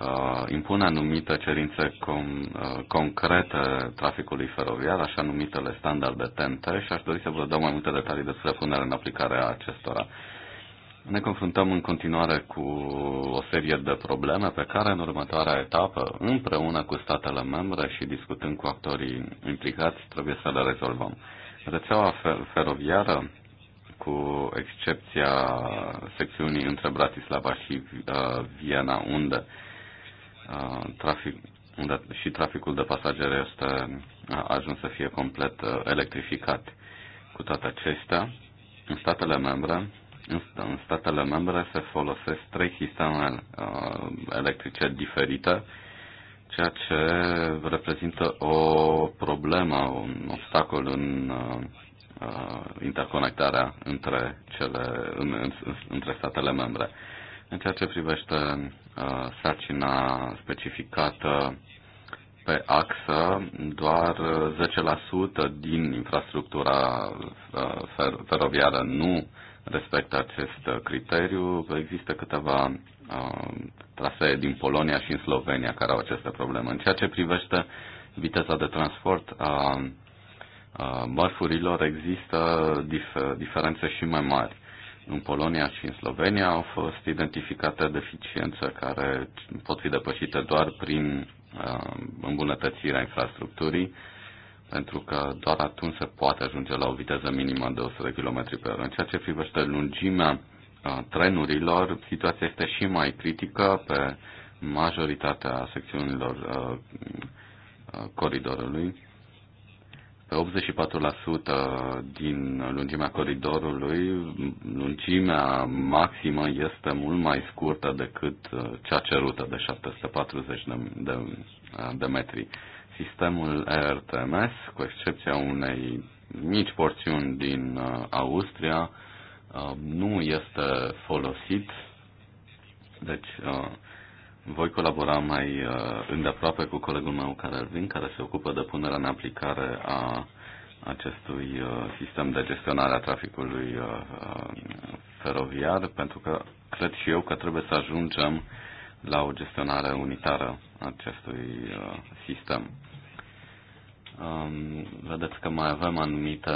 uh, impune anumite cerințe com, uh, concrete traficului feroviar, așa numitele standarde TNT și aș dori să vă dau mai multe detalii despre punerea în aplicare a acestora. Ne confruntăm în continuare cu o serie de probleme pe care în următoarea etapă, împreună cu statele membre și discutând cu actorii implicați, trebuie să le rezolvăm. Rețeaua feroviară, cu excepția secțiunii între Bratislava și uh, Viena, unde uh, Uh, trafic, unde și traficul de pasageri este uh, ajuns să fie complet uh, electrificat. Cu toate acestea, în statele membre, în statele membre se folosesc trei sisteme uh, electrice diferite, ceea ce reprezintă o problemă, un obstacol în uh, interconectarea între, cele, în, în, între statele membre. În ceea ce privește uh, sarcina specificată pe axă, doar 10% uh, din infrastructura uh, feroviară nu respectă acest criteriu. Există câteva trasee din Polonia și în Slovenia care au aceste probleme. În ceea ce privește viteza de transport a, mărfurilor, există diferențe și mai mari în Polonia și în Slovenia au fost identificate deficiențe care pot fi depășite doar prin uh, îmbunătățirea infrastructurii, pentru că doar atunci se poate ajunge la o viteză minimă de 100 km pe oră. În ceea ce privește lungimea uh, trenurilor, situația este și mai critică pe majoritatea secțiunilor uh, coridorului 84% din lungimea coridorului, lungimea maximă este mult mai scurtă decât uh, cea cerută de 740 de, de, uh, de metri. Sistemul RTMS, cu excepția unei mici porțiuni din uh, Austria, nu este folosit, deci voi colabora mai uh, îndeaproape cu colegul meu, care Vin, care se ocupă de punerea în aplicare a acestui uh, sistem de gestionare a traficului uh, feroviar, pentru că cred și eu că trebuie să ajungem la o gestionare unitară a acestui sistem. Um, vedeți că mai avem anumite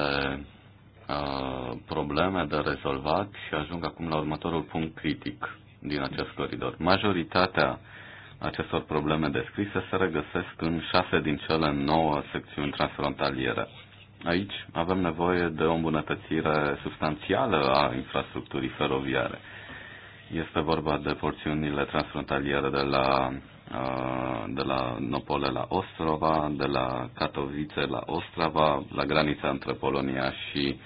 probleme de rezolvat și ajung acum la următorul punct critic din acest coridor. Majoritatea acestor probleme descrise se regăsesc în șase din cele nouă secțiuni transfrontaliere. Aici avem nevoie de o îmbunătățire substanțială a infrastructurii feroviare. Este vorba de porțiunile transfrontaliere de la, de la Nopole la Ostrova, de la Katowice la Ostrava, la granița între Polonia și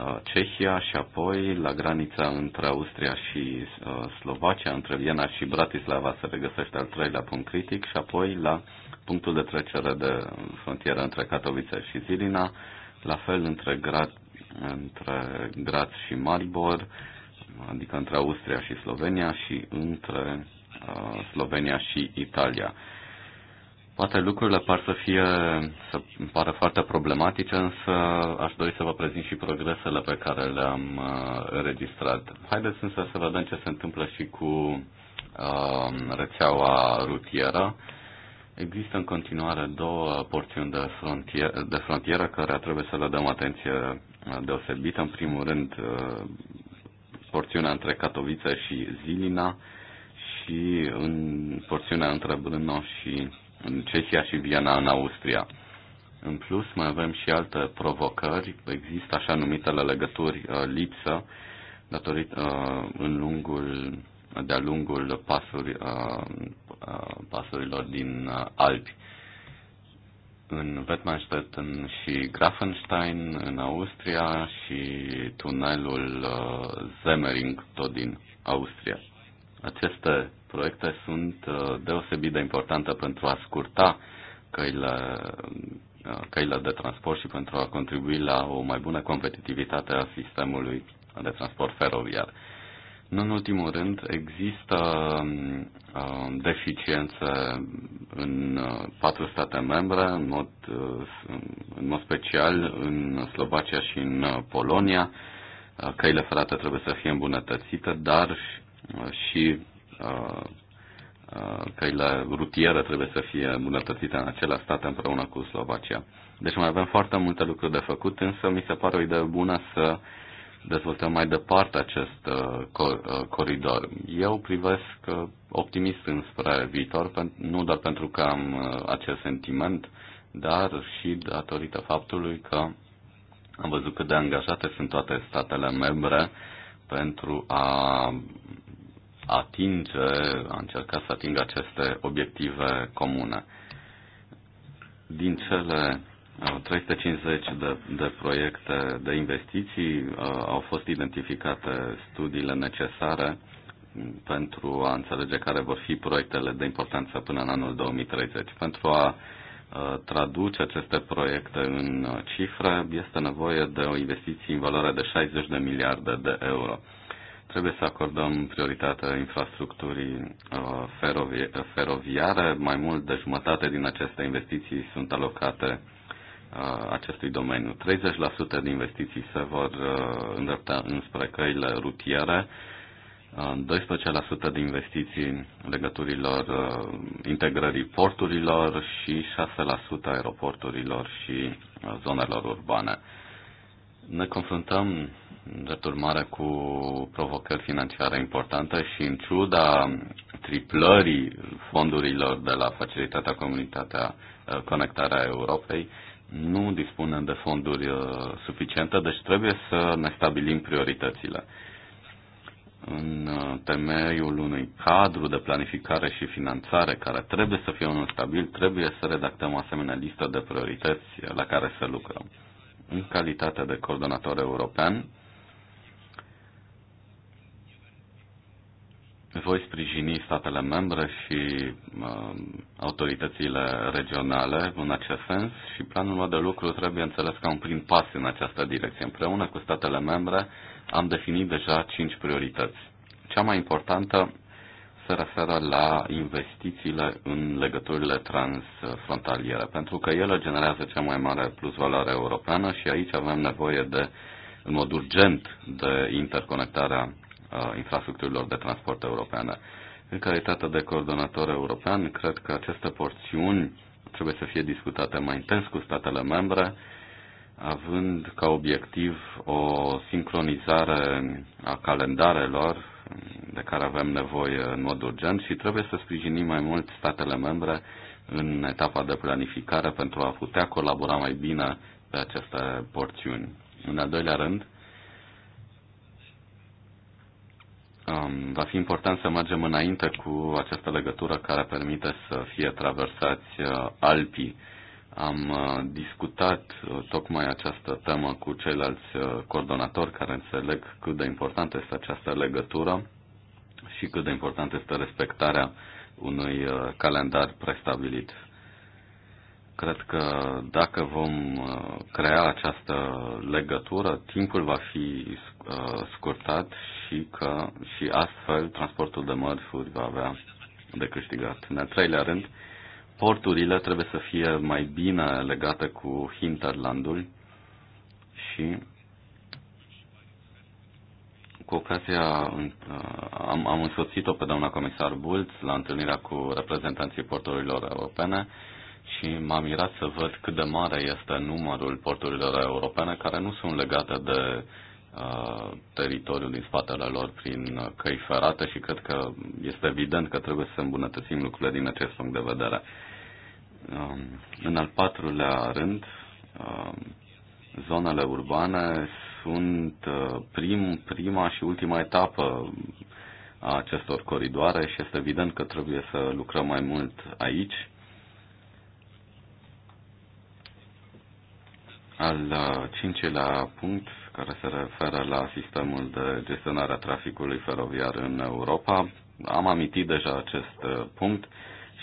Uh, Cehia și apoi la granița între Austria și uh, Slovacia, între Viena și Bratislava se regăsește al treilea punct critic și apoi la punctul de trecere de frontieră între Katowice și Zilina, la fel între Grad, între Graz și Maribor, adică între Austria și Slovenia și între uh, Slovenia și Italia. Poate lucrurile par să fie, să pară foarte problematice, însă aș dori să vă prezint și progresele pe care le-am uh, înregistrat. Haideți însă să vedem ce se întâmplă și cu uh, rețeaua rutieră. Există în continuare două porțiuni de, frontier, de frontieră care trebuie să le dăm atenție uh, deosebită. În primul rând, uh, porțiunea între Catovice și Zilina și în porțiunea între Brno și în Cehia și Viena în Austria. În plus, mai avem și alte provocări. Există așa numitele legături uh, lipsă datorită uh, în lungul, de-a lungul pasuri, uh, pasurilor din Alpi. În Wittgenstein și Grafenstein, în Austria și tunelul Zemmering, tot din Austria. Aceste proiecte sunt uh, deosebit de importante pentru a scurta căile, uh, căile de transport și pentru a contribui la o mai bună competitivitate a sistemului de transport feroviar. Nu în ultimul rând, există um, uh, deficiențe în patru state membre, în mod, în mod special în Slovacia și în Polonia. Căile ferate trebuie să fie îmbunătățite, dar și uh, uh, căile rutiere trebuie să fie îmbunătățite în acelea state împreună cu Slovacia. Deci mai avem foarte multe lucruri de făcut, însă mi se pare o idee bună să dezvoltăm mai departe acest uh, coridor. Eu privesc optimist înspre viitor, nu doar pentru că am acest sentiment, dar și datorită faptului că am văzut cât de angajate sunt toate statele membre pentru a atinge, a încercat să atingă aceste obiective comune. Din cele 350 uh, de, de proiecte de investiții uh, au fost identificate studiile necesare mm, pentru a înțelege care vor fi proiectele de importanță până în anul 2030. Pentru a uh, traduce aceste proiecte în cifre, este nevoie de o investiție în valoare de 60 de miliarde de euro. Trebuie să acordăm prioritate infrastructurii uh, feroviare. Mai mult de jumătate din aceste investiții sunt alocate uh, acestui domeniu. 30% din investiții se vor uh, îndrepta înspre căile rutiere, 12% din investiții legăturilor integrării porturilor și 6% aeroporturilor și zonelor urbane. Ne confruntăm drept urmare cu provocări financiare importante și în ciuda triplării fondurilor de la Facilitatea Comunitatea uh, Conectarea Europei, nu dispunem de fonduri uh, suficiente, deci trebuie să ne stabilim prioritățile. În uh, temeiul unui cadru de planificare și finanțare care trebuie să fie unul stabil, trebuie să redactăm o asemenea listă de priorități la care să lucrăm. În calitate de coordonator european, voi sprijini statele membre și uh, autoritățile regionale în acest sens și planul meu de lucru trebuie înțeles ca un prim pas în această direcție. Împreună cu statele membre am definit deja cinci priorități. Cea mai importantă se referă la investițiile în legăturile transfrontaliere, pentru că ele generează cea mai mare plus valoare europeană și aici avem nevoie de, în mod urgent, de interconectarea infrastructurilor de transport europeană. În calitate de coordonator european, cred că aceste porțiuni trebuie să fie discutate mai intens cu statele membre, având ca obiectiv o sincronizare a calendarelor de care avem nevoie în mod urgent și trebuie să sprijinim mai mult statele membre în etapa de planificare pentru a putea colabora mai bine pe aceste porțiuni. În al doilea rând, um, va fi important să mergem înainte cu această legătură care permite să fie traversați uh, Alpii. Am uh, discutat uh, tocmai această temă cu ceilalți uh, coordonatori care înțeleg cât de importantă este această legătură și cât de importantă este respectarea unui uh, calendar prestabilit. Cred că dacă vom uh, crea această legătură, timpul va fi uh, scurtat și că și astfel transportul de mărfuri va avea de câștigat. În al treilea rând, porturile trebuie să fie mai bine legate cu hinterlandul și cu ocazia uh, am, am însoțit-o pe doamna comisar Bulț la întâlnirea cu reprezentanții porturilor europene și m-am mirat să văd cât de mare este numărul porturilor europene care nu sunt legate de uh, teritoriul din spatele lor prin căi ferate și cred că este evident că trebuie să îmbunătățim lucrurile din acest punct de vedere. Uh, în al patrulea rând, uh, zonele urbane sunt uh, prim, prima și ultima etapă a acestor coridoare și este evident că trebuie să lucrăm mai mult aici Al uh, cincilea punct, care se referă la sistemul de gestionare a traficului feroviar în Europa, am amintit deja acest uh, punct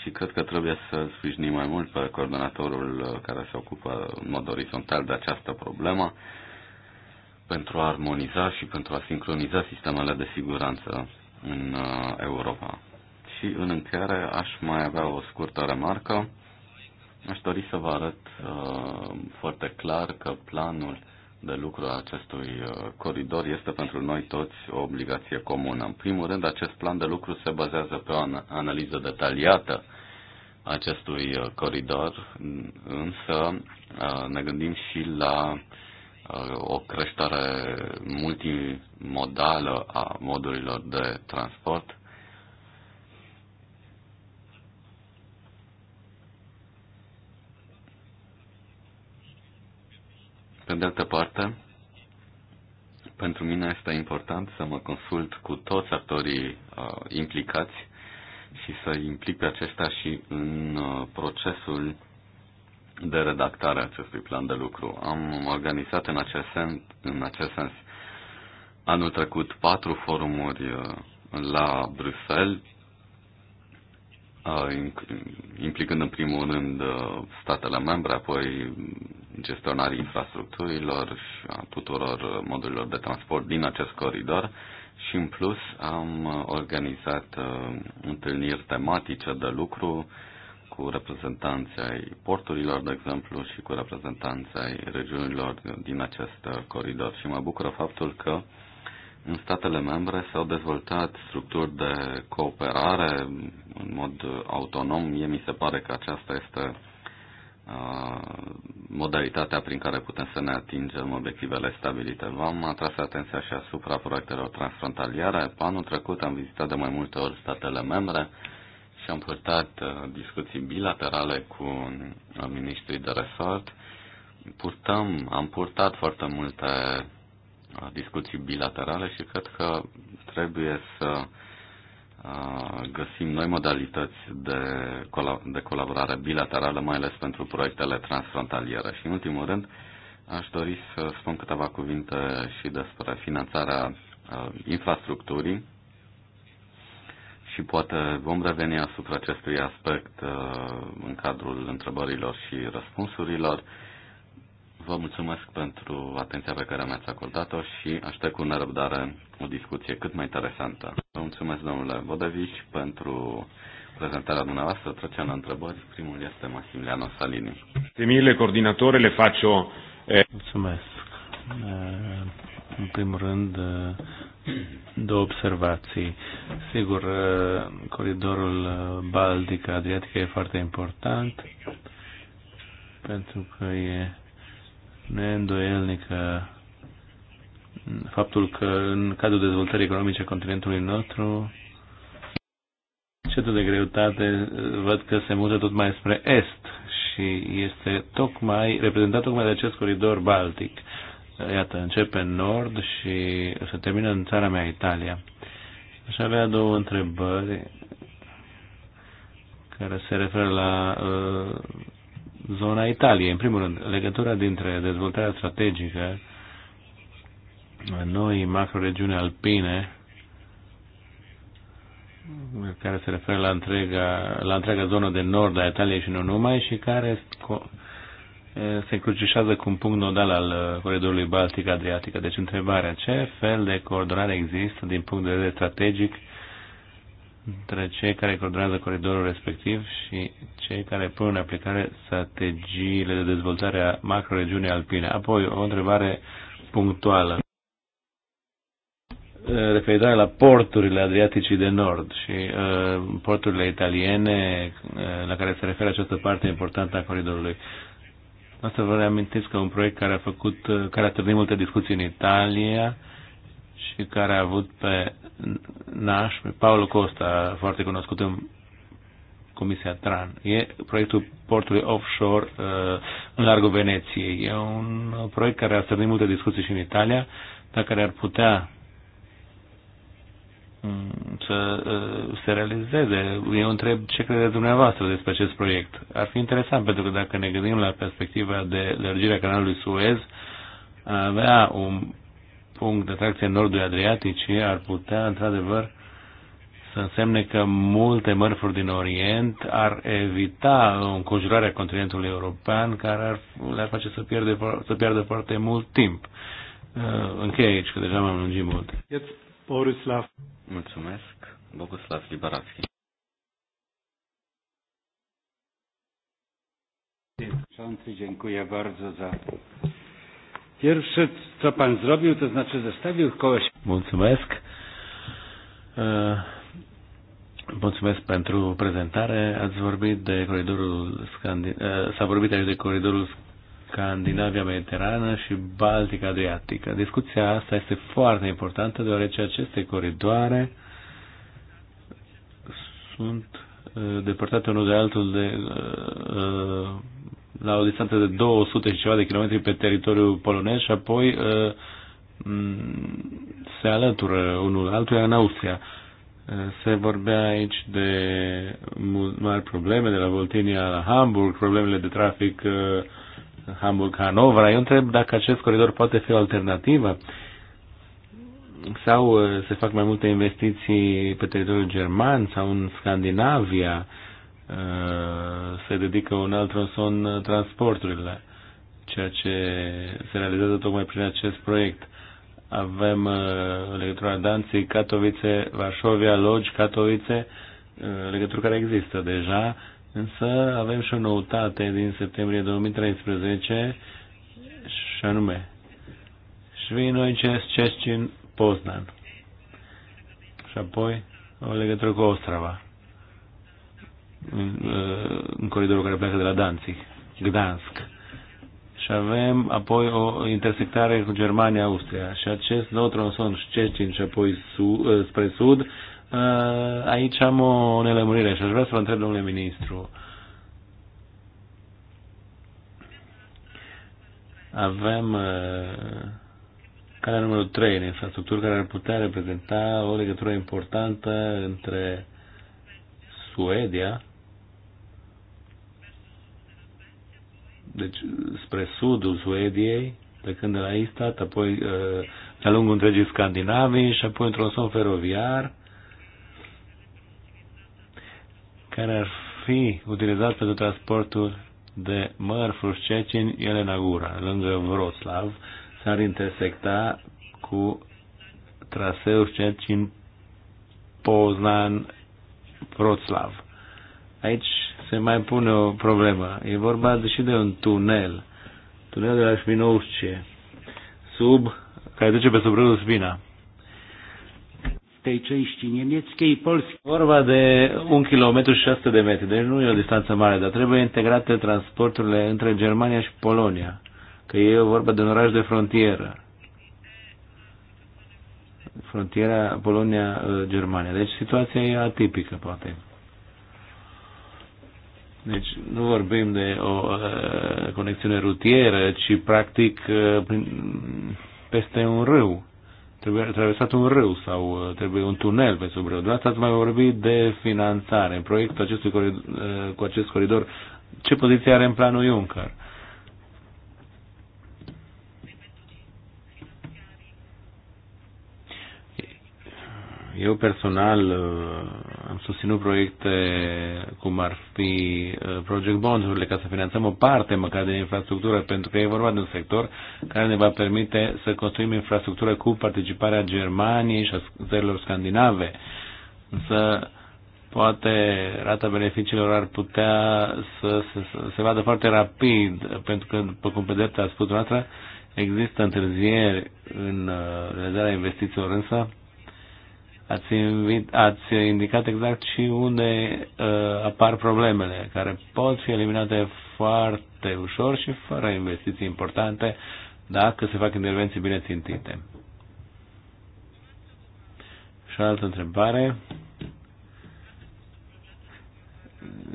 și cred că trebuie să sprijinim mai mult pe coordonatorul uh, care se ocupă în mod orizontal de această problemă pentru a armoniza și pentru a sincroniza sistemele de siguranță în Europa. Și în încheiere aș mai avea o scurtă remarcă Aș dori să vă arăt uh, foarte clar că planul de lucru a acestui uh, coridor este pentru noi toți o obligație comună. În primul rând, acest plan de lucru se bazează pe o an- analiză detaliată acestui uh, coridor, însă uh, ne gândim și la uh, o creștere multimodală a modurilor de transport Pe de altă parte, pentru mine este important să mă consult cu toți actorii uh, implicați și să implic pe acesta și în uh, procesul de redactare a acestui plan de lucru. Am organizat în acest sens, în acest sens anul trecut patru forumuri uh, la Bruxelles, implicând în primul rând statele membre, apoi gestionarii infrastructurilor și a tuturor modurilor de transport din acest coridor și în plus am organizat întâlniri tematice de lucru cu reprezentanții ai porturilor, de exemplu, și cu reprezentanții ai regiunilor din acest coridor. Și mă bucură faptul că uh, în statele membre s-au dezvoltat structuri de cooperare în mod autonom. Mie mi se pare că aceasta este uh, modalitatea prin care putem să ne atingem obiectivele stabilite. V-am atras atenția și asupra proiectelor transfrontaliere. Anul trecut am vizitat de mai multe ori statele membre și am purtat uh, discuții bilaterale cu uh, ministrii de resort. Purtăm, am purtat foarte multe discuții bilaterale și cred că trebuie să găsim noi modalități de, de colaborare bilaterală, mai ales pentru proiectele transfrontaliere. Și în ultimul rând, aș dori să spun câteva cuvinte și despre finanțarea infrastructurii și poate vom reveni asupra acestui aspect în cadrul întrebărilor și răspunsurilor. Vă mulțumesc pentru atenția pe care mi-ați acordat-o și aștept cu nerăbdare o discuție cât mai interesantă. Vă mulțumesc, domnule Bodevici, pentru prezentarea dumneavoastră. Trecem la întrebări. Primul este Massimiliano Salini. Temile, coordinatore, le faccio... Eh, mulțumesc. Eh, în primul rând, eh, două observații. Sigur, coridorul Baltic-Adriatic e foarte important pentru că e neîndoielnică faptul că în cadrul dezvoltării economice a continentului nostru, cetul de greutate văd că se mută tot mai spre est și este tocmai reprezentat tocmai de acest coridor baltic. Iată, începe în nord și se termină în țara mea, Italia. Aș avea două întrebări care se referă la uh, zona Italiei. În primul rând, legătura dintre dezvoltarea strategică, noi macroregiuni alpine, care se referă la întreaga, la întreaga zonă de nord a Italiei și nu numai, și care se crucișează cu un punct nodal al uh, coridorului Baltic-Adriatic. Deci întrebarea, ce fel de coordonare există din punct de vedere strategic între cei care coordonează coridorul respectiv și cei care pun în aplicare strategiile de dezvoltare a macroregiunii alpine. Apoi, o întrebare punctuală eh, referitoare la porturile Adriaticii de Nord și uh, porturile italiene uh, la care se referă această parte importantă a coridorului. Asta vă reamintesc că un proiect care a făcut, uh, care a trăit multe discuții în Italia, uh, și care a avut pe Naș, pe Paolo Costa, foarte cunoscut în Comisia TRAN. E proiectul portului offshore uh, în largul Veneției. E un proiect care a stârnit multe discuții și în Italia, dar care ar putea mm, să uh, se realizeze. Eu întreb ce credeți dumneavoastră despre acest proiect. Ar fi interesant, pentru că dacă ne gândim la perspectiva de lărgirea canalului Suez, avea un punct de tracție nordului Adriaticii ar putea, într-adevăr, să însemne că multe mărfuri din Orient ar evita o înconjurare a continentului european, care ar, le-ar face să, pierde, să pierdă foarte mult timp. Uh, închei aici, că deja m-am lungit mult. Borislav. Mulțumesc. Boguslav Liberatski. Dziękuję bardzo za Pierwsze, co pan zrobił, to znaczy zostawił kogoś. Mulțumesc. Mulțumesc pentru prezentare. Ați vorbit de coridorul Scandi... s-a vorbit aici de coridorul Scandinavia Mediterană și Baltica Adriatică. Discuția asta este foarte importantă deoarece aceste coridoare sunt depărtate unul de altul de la o distanță de 200 și ceva de kilometri pe teritoriul polonez și apoi uh, mm, se alătură unul altuia în Austria. Uh, se vorbea aici de mari probleme, de la Voltinia la Hamburg, problemele de trafic uh, Hamburg-Hanovra. Eu întreb dacă acest coridor poate fi o alternativă sau se fac mai multe investiții pe teritoriul german sau în Scandinavia Uh, se dedică un alt tronson uh, transporturile, ceea ce se realizează tocmai prin acest proiect. Avem uh, legătura Danții, Katowice, Varsovia, Logi, Katowice, legătură care există deja, însă avem și o noutate din septembrie 2013 și anume Șvinoi, Cescin, Poznan. Și apoi o legătură cu Ostrava. Uh, în coridorul care pleacă de la Danzig, Gdansk. Și avem apoi o intersectare cu Germania-Austria. Și acest nou tronson Szczecin și apoi su, uh, spre sud, uh, aici am o nelămurire și aș vrea să vă întreb, domnule ministru, avem calea numărul 3 în infrastructură care ar putea reprezenta o legătură importantă între Suedia deci spre sudul Suediei, plecând de la Istat, apoi uh, de-a lungul întregii Scandinavii și apoi într-un somn feroviar care ar fi utilizat pentru transportul de mărfuri cecini Gura, lângă Vroslav, s-ar intersecta cu traseul cecin Poznan Vroslav. Aici se mai pune o problemă. E vorba de, și de un tunel. Tunelul de la Șminoușce, sub, care duce pe sub râul Spina. Tej części niemieckiej i Vorba de 1 km 600 de metri, deci nu e o distanță mare, dar trebuie integrate transporturile între Germania și Polonia, că e vorba de un oraș de frontieră frontiera Polonia-Germania. Deci situația e atipică, poate. Deci nu vorbim de o uh, conexiune rutieră, ci practic uh, prin, peste un râu. Trebuie traversat un râu sau uh, trebuie un tunel pe sub râu. De asta ați mai vorbit de finanțare. Proiectul acestui coridor, uh, cu acest coridor, ce poziție are în planul Juncker? Eu personal uh, am susținut proiecte cum ar fi uh, Project bonds ca să finanțăm o parte măcar din infrastructură, pentru că e vorba de un sector care ne va permite să construim infrastructură cu participarea Germaniei și a țărilor scandinave. Însă poate rata beneficiilor ar putea să, să se vadă foarte rapid, pentru că, după cum pe drept a spus dumneavoastră, există întârzieri în uh, realizarea investițiilor, însă ați, invit, ați indicat exact și unde uh, apar problemele, care pot fi eliminate foarte ușor și fără investiții importante dacă se fac intervenții bine țintite. Și altă întrebare,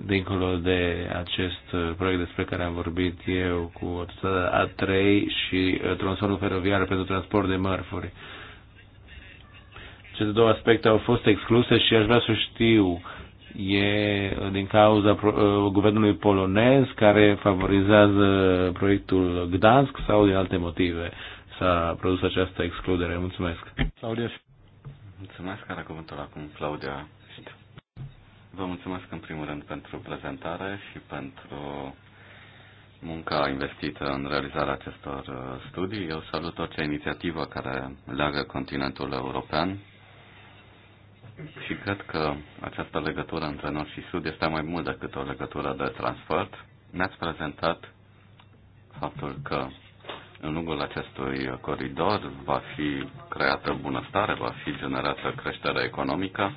dincolo de acest proiect despre care am vorbit eu cu autostrada A3 și tronsonul feroviar pentru transport de mărfuri. Uh, cele două aspecte au fost excluse și aș vrea să știu e din cauza uh, guvernului polonez care favorizează proiectul Gdansk sau din alte motive s-a produs această excludere. Mulțumesc. Claudia. Mulțumesc, are cuvântul acum Claudia. Vă mulțumesc în primul rând pentru prezentare și pentru munca investită în realizarea acestor uh, studii. Eu salut orice inițiativă care leagă continentul european și cred că această legătură între Nord și Sud este mai mult decât o legătură de transport. Ne-ați prezentat faptul că în lungul acestui coridor va fi creată bunăstare, va fi generată creștere economică.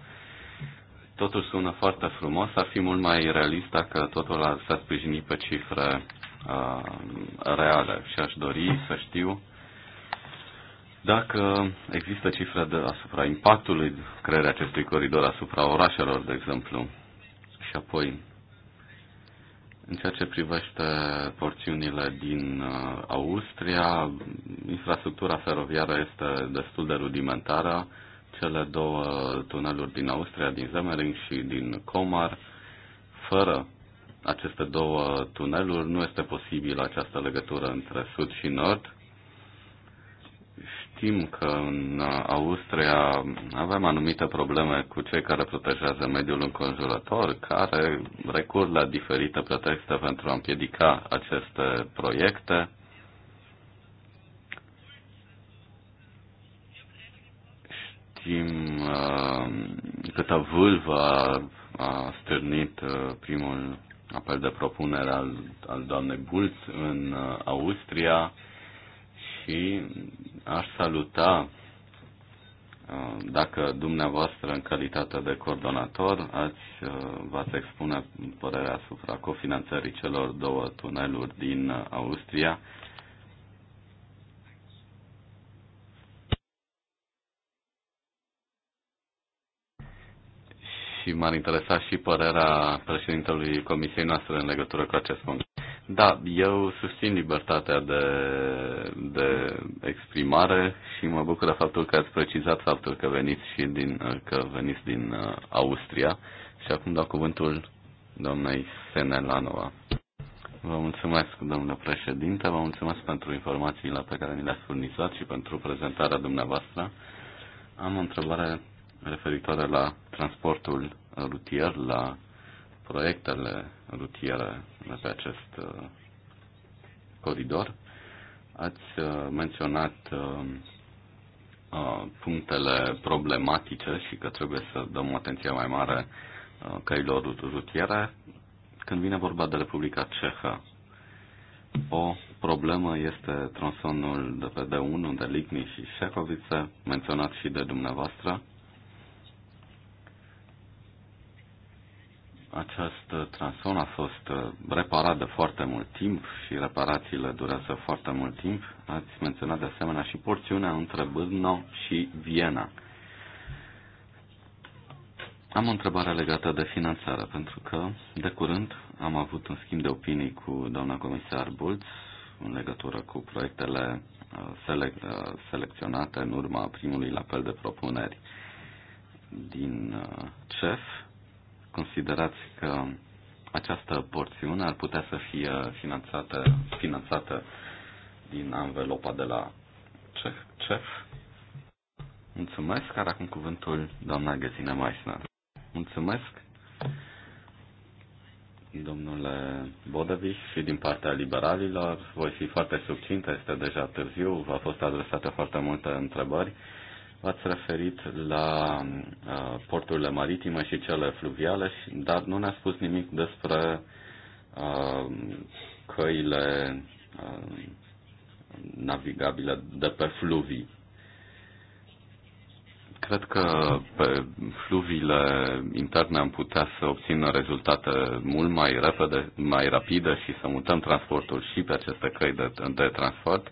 Totul sună foarte frumos, ar fi mult mai realist dacă totul s-ar sprijini pe cifre uh, reale și aș dori să știu dacă există cifre de, asupra impactului creării acestui coridor asupra orașelor, de exemplu, și apoi în ceea ce privește porțiunile din uh, Austria, infrastructura feroviară este destul de rudimentară. Cele două tuneluri din Austria, din Zemering și din Comar, fără aceste două tuneluri nu este posibilă această legătură între sud și nord știm că în Austria avem anumite probleme cu cei care protejează mediul înconjurător, care recur la diferite pretexte pentru a împiedica aceste proiecte. Știm uh, câtă vâlvă a, stârnit uh, primul apel de propunere al, al doamnei Bulț în uh, Austria și aș saluta uh, dacă dumneavoastră în calitate de coordonator ați, uh, v-ați expune părerea asupra cofinanțării celor două tuneluri din Austria, și m-ar interesa și părerea președintelui comisiei noastre în legătură cu acest punct. Da, eu susțin libertatea de, de exprimare și mă bucur de faptul că ați precizat faptul că veniți și din, că veniți din uh, Austria și acum dau cuvântul doamnei Senelanova. Vă mulțumesc, domnule președinte, vă mulțumesc pentru informațiile pe care ni le-ați furnizat și pentru prezentarea dumneavoastră. Am o întrebare referitoare la transportul rutier, la proiectele rutiere de pe acest uh, coridor. Ați uh, menționat uh, punctele problematice și că trebuie să dăm atenție mai mare căilor rutiere. Când vine vorba de Republica Cehă, o problemă este tronsonul de pe D1 de Ligni și Șecovice, menționat și de dumneavoastră. Acest uh, tronson a fost uh, reparat de foarte mult timp și reparațiile durează foarte mult timp. Ați menționat de asemenea și porțiunea între Brno și Viena. Am o întrebare legată de finanțare, pentru că de curând am avut un schimb de opinii cu doamna comisar Bulț în legătură cu proiectele uh, selec- selecționate în urma primului apel de propuneri din CEF considerați că această porțiune ar putea să fie finanțată, finanțată din anvelopa de la CEF. Mulțumesc, are acum cuvântul doamna Găzine Maisner. Mulțumesc, domnule Bodeviș și din partea liberalilor. Voi fi foarte subțintă, este deja târziu, v a fost adresate foarte multe întrebări V-ați referit la uh, porturile maritime și cele fluviale, dar nu ne-a spus nimic despre uh, căile uh, navigabile de pe fluvii. Cred că pe fluviile interne am putea să obțină rezultate mult mai repede, mai rapide și să mutăm transportul și pe aceste căi de, de transport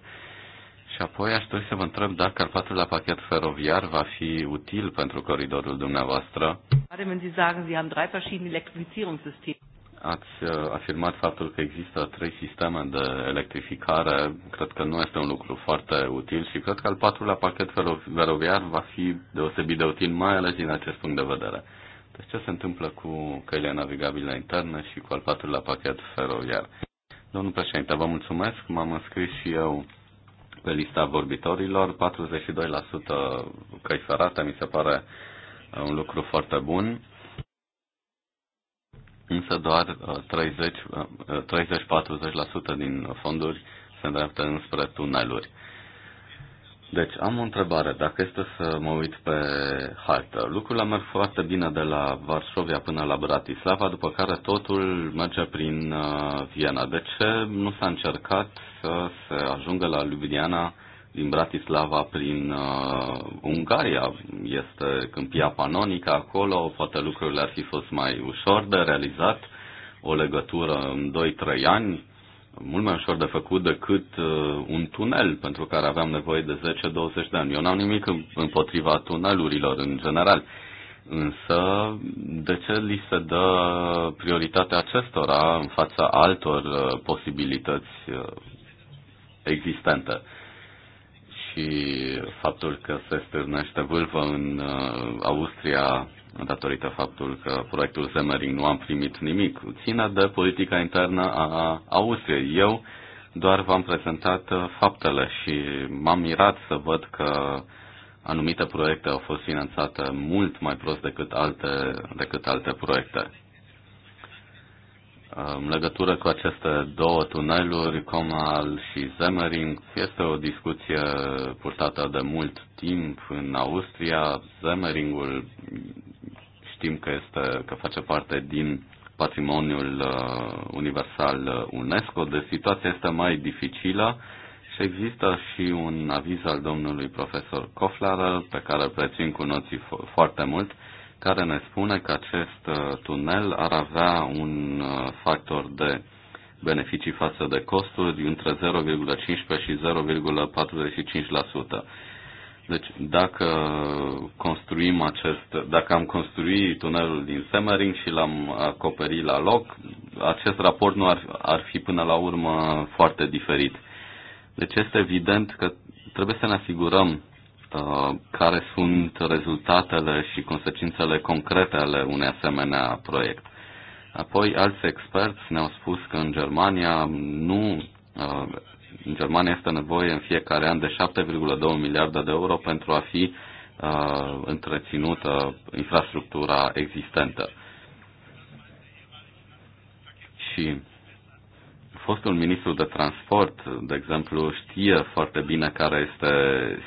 și apoi aș dori să vă întreb dacă al patrulea pachet feroviar va fi util pentru coridorul dumneavoastră. Ați uh, afirmat faptul că există trei sisteme de electrificare. Cred că nu este un lucru foarte util și cred că al patrulea pachet feroviar va fi deosebit de util, mai ales din acest punct de vedere. Deci ce se întâmplă cu căile navigabile interne și cu al patrulea pachet feroviar? Domnul președinte, vă mulțumesc. M-am înscris și eu pe lista vorbitorilor, 42% căi ferate, mi se pare uh, un lucru foarte bun, însă doar 30-40% uh, uh, din fonduri se îndreaptă înspre tuneluri. Deci, am o întrebare. Dacă este să mă uit pe hartă, lucrurile merg foarte bine de la Varșovia până la Bratislava, după care totul merge prin uh, Viena. De ce nu s-a încercat să se ajungă la Ljubljana din Bratislava prin uh, Ungaria? Este câmpia panonică acolo, poate lucrurile ar fi fost mai ușor de realizat, o legătură în 2-3 ani, mult mai ușor de făcut decât uh, un tunel pentru care aveam nevoie de 10-20 de ani. Eu n-am nimic împotriva tunelurilor în general, însă de ce li se dă prioritatea acestora în fața altor uh, posibilități uh, existente? Și faptul că se stârnește vâlvă în uh, Austria datorită faptul că proiectul Zemering nu am primit nimic. Ține de politica internă a Austriei. Eu doar v-am prezentat uh, faptele și m-am mirat să văd că anumite proiecte au fost finanțate mult mai prost decât alte, decât alte proiecte. Uh, în legătură cu aceste două tuneluri, Comal și Zemering, este o discuție purtată de mult timp în Austria. Zemeringul știm că, este, că face parte din patrimoniul uh, universal uh, UNESCO, De situația este mai dificilă și există și un aviz al domnului profesor Koflar, pe care îl prețin cu noții foarte mult, care ne spune că acest uh, tunel ar avea un factor de beneficii față de costuri între 0,15 și 0,45%. Deci, dacă construim acest, dacă am construit tunelul din Semmering și l-am acoperit la loc, acest raport nu ar, ar fi până la urmă foarte diferit. Deci este evident că trebuie să ne asigurăm uh, care sunt rezultatele și consecințele concrete ale unei asemenea proiect. Apoi, alți experți ne-au spus că în Germania nu uh, în Germania este nevoie în fiecare an de 7,2 miliarde de euro pentru a fi uh, întreținută infrastructura existentă. Și fostul ministru de transport, de exemplu, știe foarte bine care este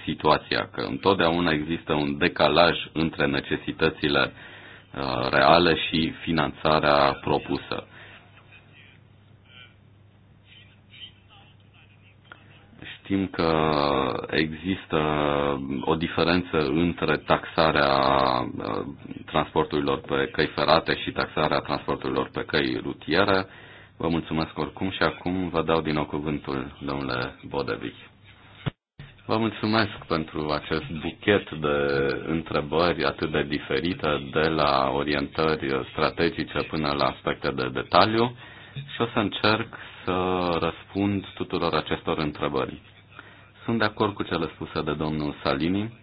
situația, că întotdeauna există un decalaj între necesitățile uh, reale și finanțarea propusă. Știm că există o diferență între taxarea uh, transporturilor pe căi ferate și taxarea transporturilor pe căi rutiere. Vă mulțumesc oricum și acum vă dau din nou cuvântul, domnule Bodevic. Vă mulțumesc pentru acest buchet de întrebări atât de diferite, de la orientări strategice până la aspecte de detaliu și o să încerc să răspund tuturor acestor întrebări. Sunt de acord cu cele spuse de domnul Salini.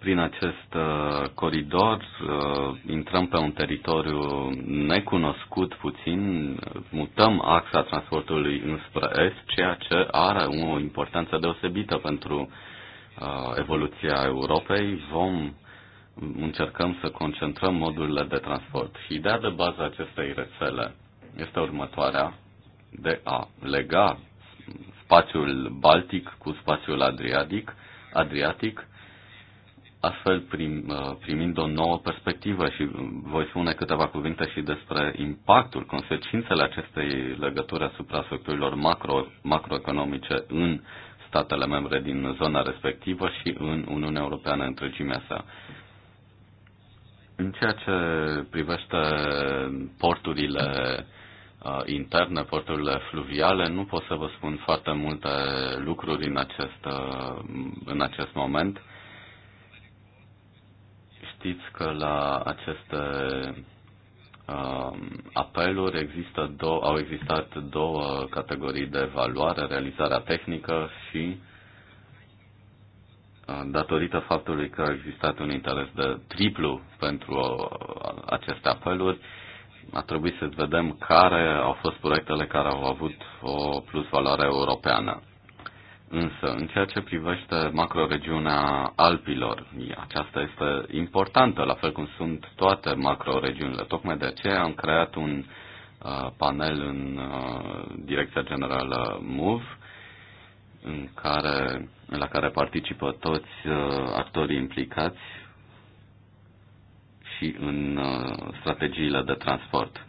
Prin acest uh, coridor uh, intrăm pe un teritoriu necunoscut puțin, mutăm axa transportului înspre est, ceea ce are o importanță deosebită pentru uh, evoluția Europei. Vom încercăm să concentrăm modurile de transport. Ideea de bază a acestei rețele este următoarea de a lega spațiul Baltic cu spațiul Adriatic, Adriatic astfel prim, uh, primind o nouă perspectivă și voi spune câteva cuvinte și despre impactul, consecințele acestei legături asupra sectorilor macro, macroeconomice în statele membre din zona respectivă și în Uniunea Europeană întregimea sa. În ceea ce privește porturile Uh, interne, porturile fluviale. Nu pot să vă spun foarte multe lucruri în acest, uh, în acest moment. Știți că la aceste uh, apeluri există două, au existat două categorii de evaluare, realizarea tehnică și datorită faptului că a existat un interes de triplu pentru aceste apeluri, a trebui să vedem care au fost proiectele care au avut o plusvaloare europeană. Însă, în ceea ce privește macroregiunea Alpilor, aceasta este importantă, la fel cum sunt toate macroregiunile. Tocmai de aceea am creat un uh, panel în uh, Direcția Generală MOVE, în care, la care participă toți uh, actorii implicați, și în uh, strategiile de transport.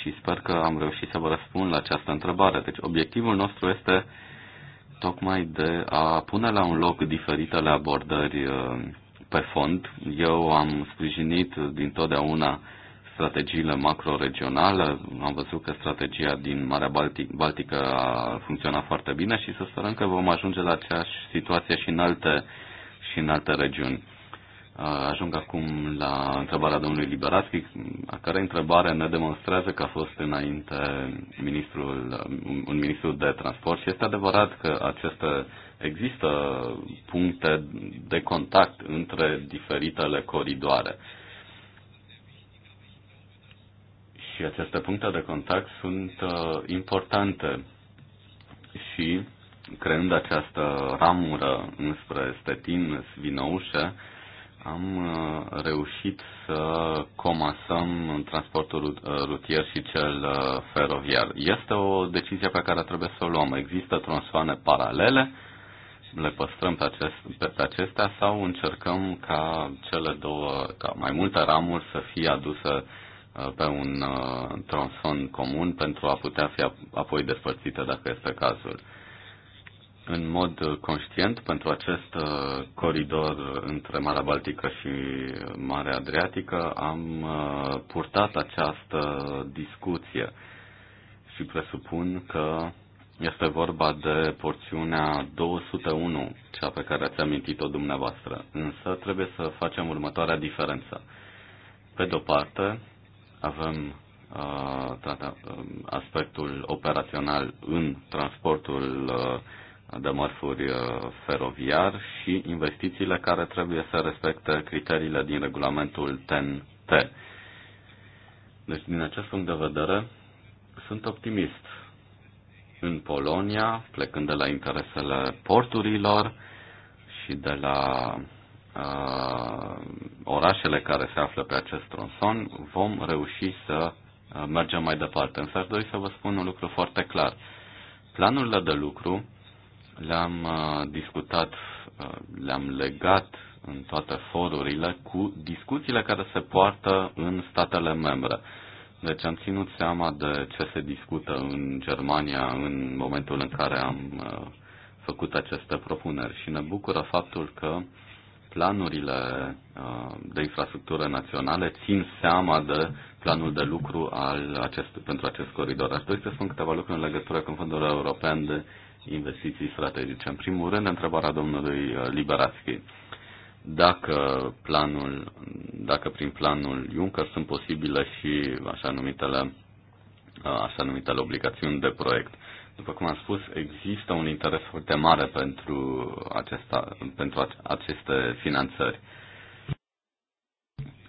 Și sper că am reușit să vă răspund la această întrebare. Deci obiectivul nostru este tocmai de a pune la un loc diferitele abordări uh, pe fond. Eu am sprijinit dintotdeauna strategiile macro-regionale. Am văzut că strategia din Marea Baltic, Baltică a funcționat foarte bine și să sperăm că vom ajunge la aceeași situație și în alte, și în alte regiuni. Ajung acum la întrebarea domnului Liberatski, a care întrebare ne demonstrează că a fost înainte ministrul, un ministru de transport și este adevărat că aceste există puncte de contact între diferitele coridoare. Și aceste puncte de contact sunt uh, importante și creând această ramură înspre Stetin, Svinoușe, am uh, reușit să comasăm transportul uh, rutier și cel uh, feroviar. Este o decizie pe care trebuie să o luăm. Există tronsoane paralele, le păstrăm pe, acest, pe, pe acestea sau încercăm ca cele două, ca mai multe ramuri să fie aduse pe un tronson comun pentru a putea fi apoi despărțite dacă este cazul în mod uh, conștient pentru acest uh, coridor uh, între Marea Baltică și Marea Adriatică am purtat această discuție și presupun că este vorba de porțiunea 201, cea pe care ați amintit-o dumneavoastră. Însă trebuie să facem următoarea diferență. Pe de-o parte, avem uh, um, aspectul operațional în transportul uh, de mărfuri uh, feroviar și investițiile care trebuie să respecte criteriile din regulamentul TEN-T. Deci, din acest punct de vedere, sunt optimist. În Polonia, plecând de la interesele porturilor și de la uh, orașele care se află pe acest tronson, vom reuși să uh, mergem mai departe. Însă aș dori să vă spun un lucru foarte clar. Planurile de lucru le-am uh, discutat, uh, le-am legat în toate forurile cu discuțiile care se poartă în statele membre. Deci am ținut seama de ce se discută în Germania în momentul în care am uh, făcut aceste propuneri și ne bucură faptul că planurile de infrastructură naționale țin seama de planul de lucru al acest, pentru acest coridor. Aș dori să spun câteva lucruri în legătură cu Fondul European de investiții strategice. În primul rând, întrebarea domnului uh, Liberatski. Dacă, planul, dacă prin planul Juncker sunt posibile și așa numitele, uh, așa numitele obligațiuni de proiect. După cum am spus, există un interes foarte mare pentru, acesta, pentru aceste finanțări.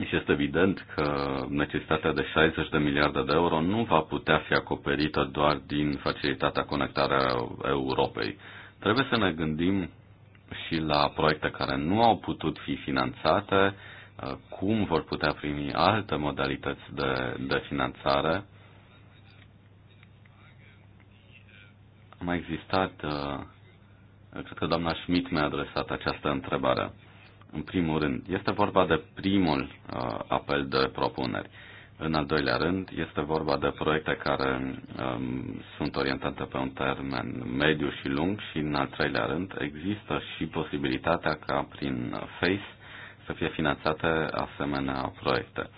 Și este evident că necesitatea de 60 de miliarde de euro nu va putea fi acoperită doar din facilitatea conectarea Europei. Trebuie să ne gândim și la proiecte care nu au putut fi finanțate, cum vor putea primi alte modalități de, de finanțare. Am existat, cred că doamna Schmidt mi-a adresat această întrebare în primul rând. Este vorba de primul uh, apel de propuneri. În al doilea rând, este vorba de proiecte care um, sunt orientate pe un termen mediu și lung și, în al treilea rând, există și posibilitatea ca prin FACE să fie finanțate asemenea proiecte.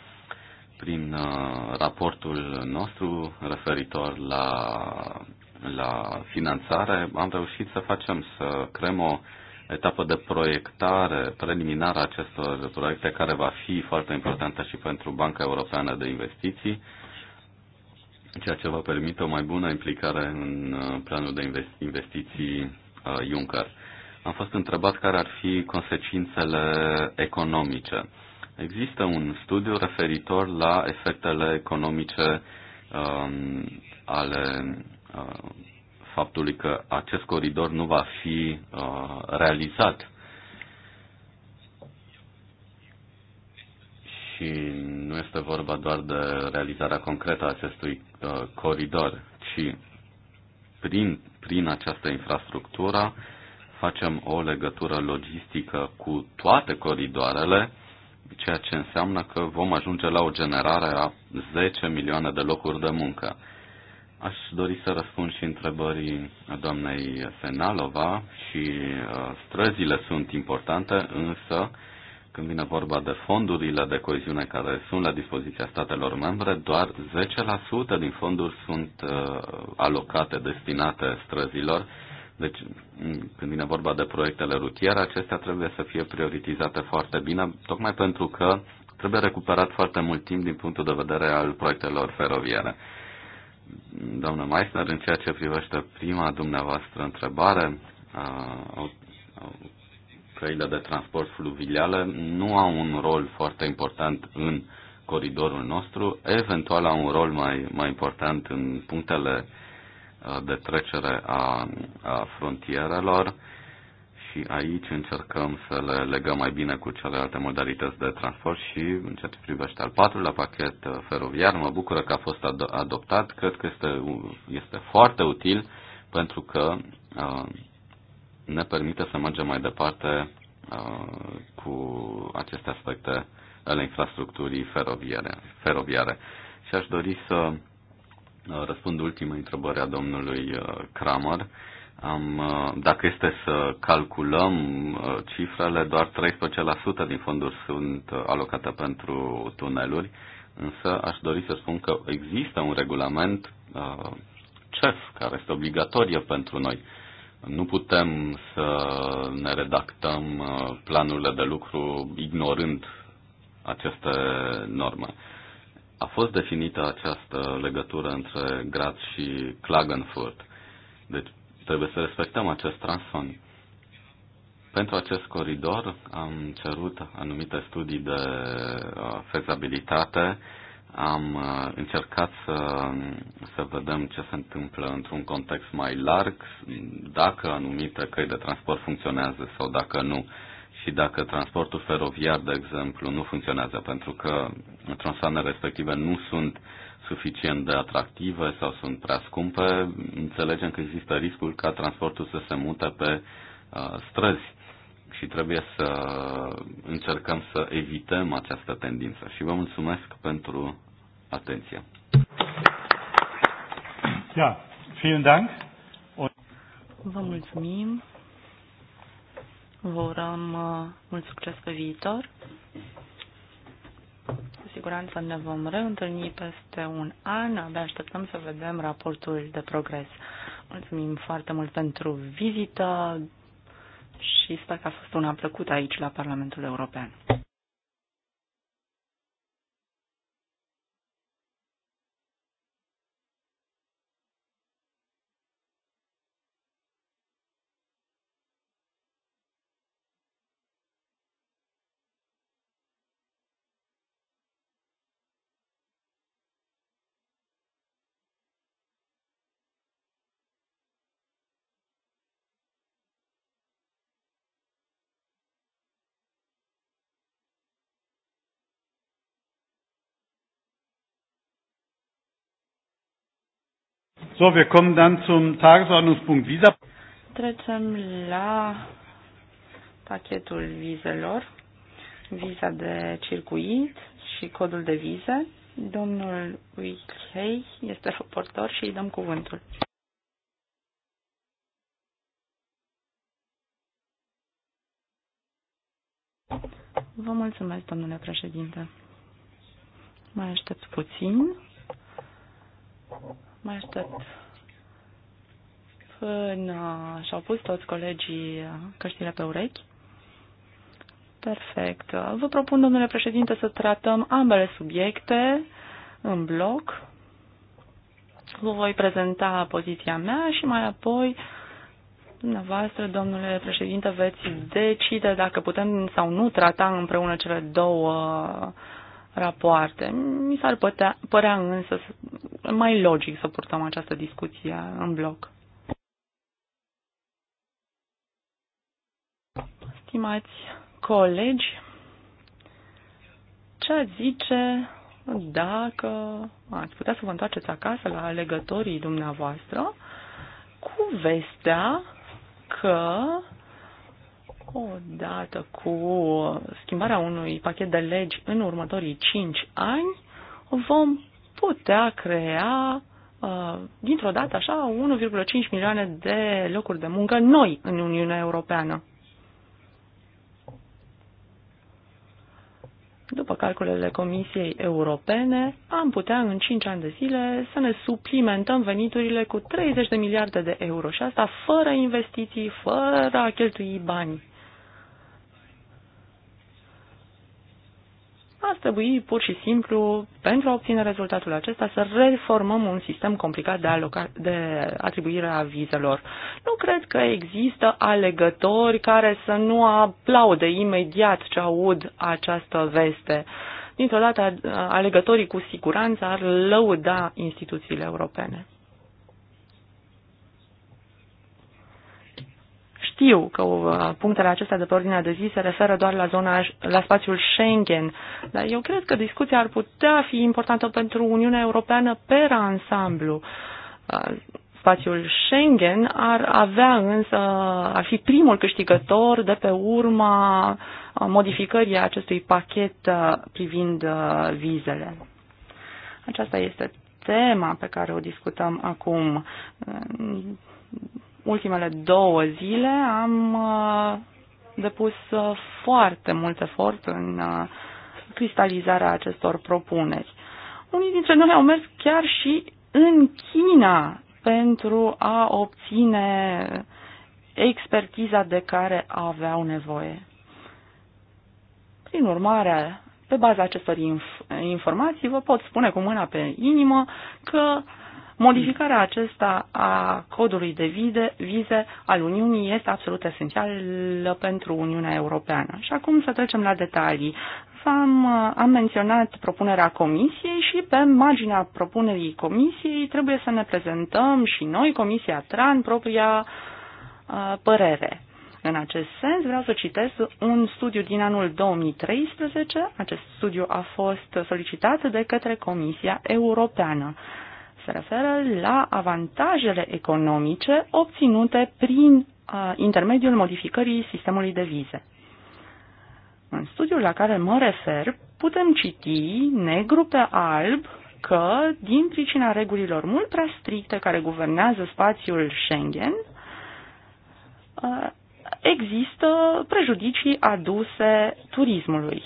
Prin uh, raportul nostru referitor la, la finanțare, am reușit să facem, să creăm o uh, etapă de proiectare preliminară a acestor proiecte, care va fi foarte importantă și pentru Banca Europeană de Investiții, ceea ce va permite o mai bună implicare în uh, planul de investiții uh, Juncker. Am fost întrebat care ar fi consecințele economice. Există un studiu referitor la efectele economice um, ale uh, faptului că acest coridor nu va fi uh, realizat. Și nu este vorba doar de realizarea concretă a acestui uh, coridor, ci prin, prin această infrastructură facem o legătură logistică cu toate coridoarele, ceea ce înseamnă că vom ajunge la o generare a 10 milioane de locuri de muncă. Aș dori să răspund și întrebării doamnei Senalova și uh, străzile sunt importante, însă când vine vorba de fondurile de coeziune care sunt la dispoziția statelor membre, doar 10% din fonduri sunt uh, alocate, destinate străzilor. Deci, când vine vorba de proiectele rutiere, acestea trebuie să fie prioritizate foarte bine, tocmai pentru că trebuie recuperat foarte mult timp din punctul de vedere al proiectelor feroviare doamnă Meissner, în ceea ce privește prima dumneavoastră întrebare, căile de transport fluviale nu au un rol foarte important în coridorul nostru, eventual au un rol mai, mai important în punctele de trecere a, a frontierelor și aici încercăm să le legăm mai bine cu celelalte modalități de transport și în ceea ce privește al patrulea pachet uh, feroviar, mă bucură că a fost ad- adoptat, cred că este, este foarte util pentru că uh, ne permite să mergem mai departe uh, cu aceste aspecte ale infrastructurii feroviare. feroviare. Și aș dori să uh, răspund ultima întrebări a domnului uh, Kramer. Uh, am, uh, dacă este să calculăm uh, cifrele, doar 13% din fonduri sunt uh, alocate pentru tuneluri, însă aș dori să spun că există un regulament CEF care este obligatoriu pentru noi. Nu putem să ne redactăm planurile de lucru ignorând aceste norme. A fost definită această legătură între Graz și Klagenfurt. Deci trebuie să respectăm acest transfond. Pentru acest coridor am cerut anumite studii de uh, fezabilitate, am uh, încercat să, să vedem ce se întâmplă într-un context mai larg, dacă anumite căi de transport funcționează sau dacă nu. Și dacă transportul feroviar, de exemplu, nu funcționează pentru că transoanele respective nu sunt uh, suficient de atractive sau sunt prea scumpe, înțelegem că există riscul ca transportul să se mute pe uh, străzi și trebuie să încercăm să evităm această tendință. Și vă mulțumesc pentru atenție. Ja, vielen Dank. Vă mulțumim. Vă urăm uh, mult succes pe viitor siguranță ne vom reîntâlni peste un an. Abia așteptăm să vedem raportul de progres. Mulțumim foarte mult pentru vizită și sper că a fost una plăcută aici la Parlamentul European. So, wir kommen dann zum Tagesordnungspunkt Visa. Trecem la pachetul vizelor, viza de circuit și codul de vize. Domnul Wichei este raportor și îi dăm cuvântul. Vă mulțumesc, domnule președinte. Mai aștept puțin. Mai aștept până și-au pus toți colegii căștile pe urechi. Perfect. Vă propun, domnule președinte, să tratăm ambele subiecte în bloc. Vă voi prezenta poziția mea și mai apoi dumneavoastră, domnule președinte, veți decide dacă putem sau nu trata împreună cele două uh, rapoarte. Mi s-ar pătea, părea însă mai logic să purtăm această discuție în bloc. Stimați colegi, ce ați zice dacă ați putea să vă întoarceți acasă la alegătorii dumneavoastră cu vestea că odată cu schimbarea unui pachet de legi în următorii 5 ani, vom putea crea uh, dintr-o dată așa 1,5 milioane de locuri de muncă noi în Uniunea Europeană. După calculele Comisiei Europene, am putea în 5 ani de zile să ne suplimentăm veniturile cu 30 de miliarde de euro și asta fără investiții, fără a cheltui bani. ar trebui pur și simplu, pentru a obține rezultatul acesta, să reformăm un sistem complicat de, aloca- de atribuire a vizelor. Nu cred că există alegători care să nu aplaude imediat ce aud această veste. Dintr-o dată, alegătorii cu siguranță ar lăuda instituțiile europene. Știu că uh, punctele acestea de pe ordinea de zi se referă doar la zona, la spațiul Schengen, dar eu cred că discuția ar putea fi importantă pentru Uniunea Europeană per ansamblu. Uh, spațiul Schengen ar avea însă, ar fi primul câștigător de pe urma modificării acestui pachet uh, privind vizele. Aceasta este tema pe care o discutăm acum ultimele două zile am uh, depus uh, foarte mult efort în uh, cristalizarea acestor propuneri. Unii dintre noi au mers chiar și în China pentru a obține expertiza de care aveau nevoie. Prin urmare, pe baza acestor inf- informații, vă pot spune cu mâna pe inimă că uh, Modificarea acesta a codului de vize, vize al Uniunii este absolut esențială pentru Uniunea Europeană. Și acum să trecem la detalii. Am, uh, am menționat propunerea comisiei și pe marginea propunerii comisiei trebuie să ne prezentăm și noi, Comisia TRAN, propria uh, părere. În acest sens, vreau să citesc un studiu din anul 2013. Acest studiu a fost solicitat de către Comisia Europeană se referă la avantajele economice obținute prin intermediul modificării sistemului de vize. În studiul la care mă refer, putem citi negru pe alb că, din pricina regulilor mult prea stricte care guvernează spațiul Schengen, există prejudicii aduse turismului.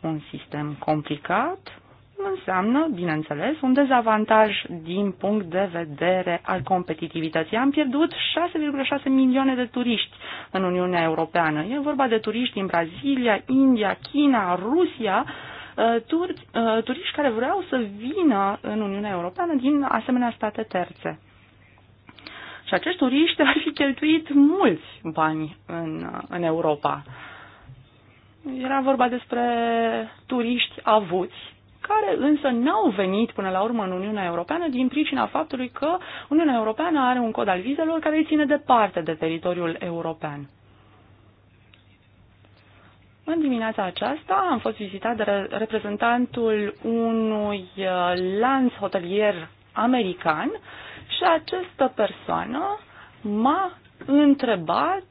Un sistem complicat, înseamnă, bineînțeles, un dezavantaj din punct de vedere al competitivității. Am pierdut 6,6 milioane de turiști în Uniunea Europeană. E vorba de turiști din Brazilia, India, China, Rusia, uh, tur, uh, turiști care vreau să vină în Uniunea Europeană din asemenea state terțe. Și acești turiști ar fi cheltuit mulți bani în, uh, în Europa. Era vorba despre turiști avuți care însă n-au venit până la urmă în Uniunea Europeană din pricina faptului că Uniunea Europeană are un cod al vizelor care îi ține departe de teritoriul european. În dimineața aceasta am fost vizitat de reprezentantul unui uh, lanț hotelier american și această persoană m-a întrebat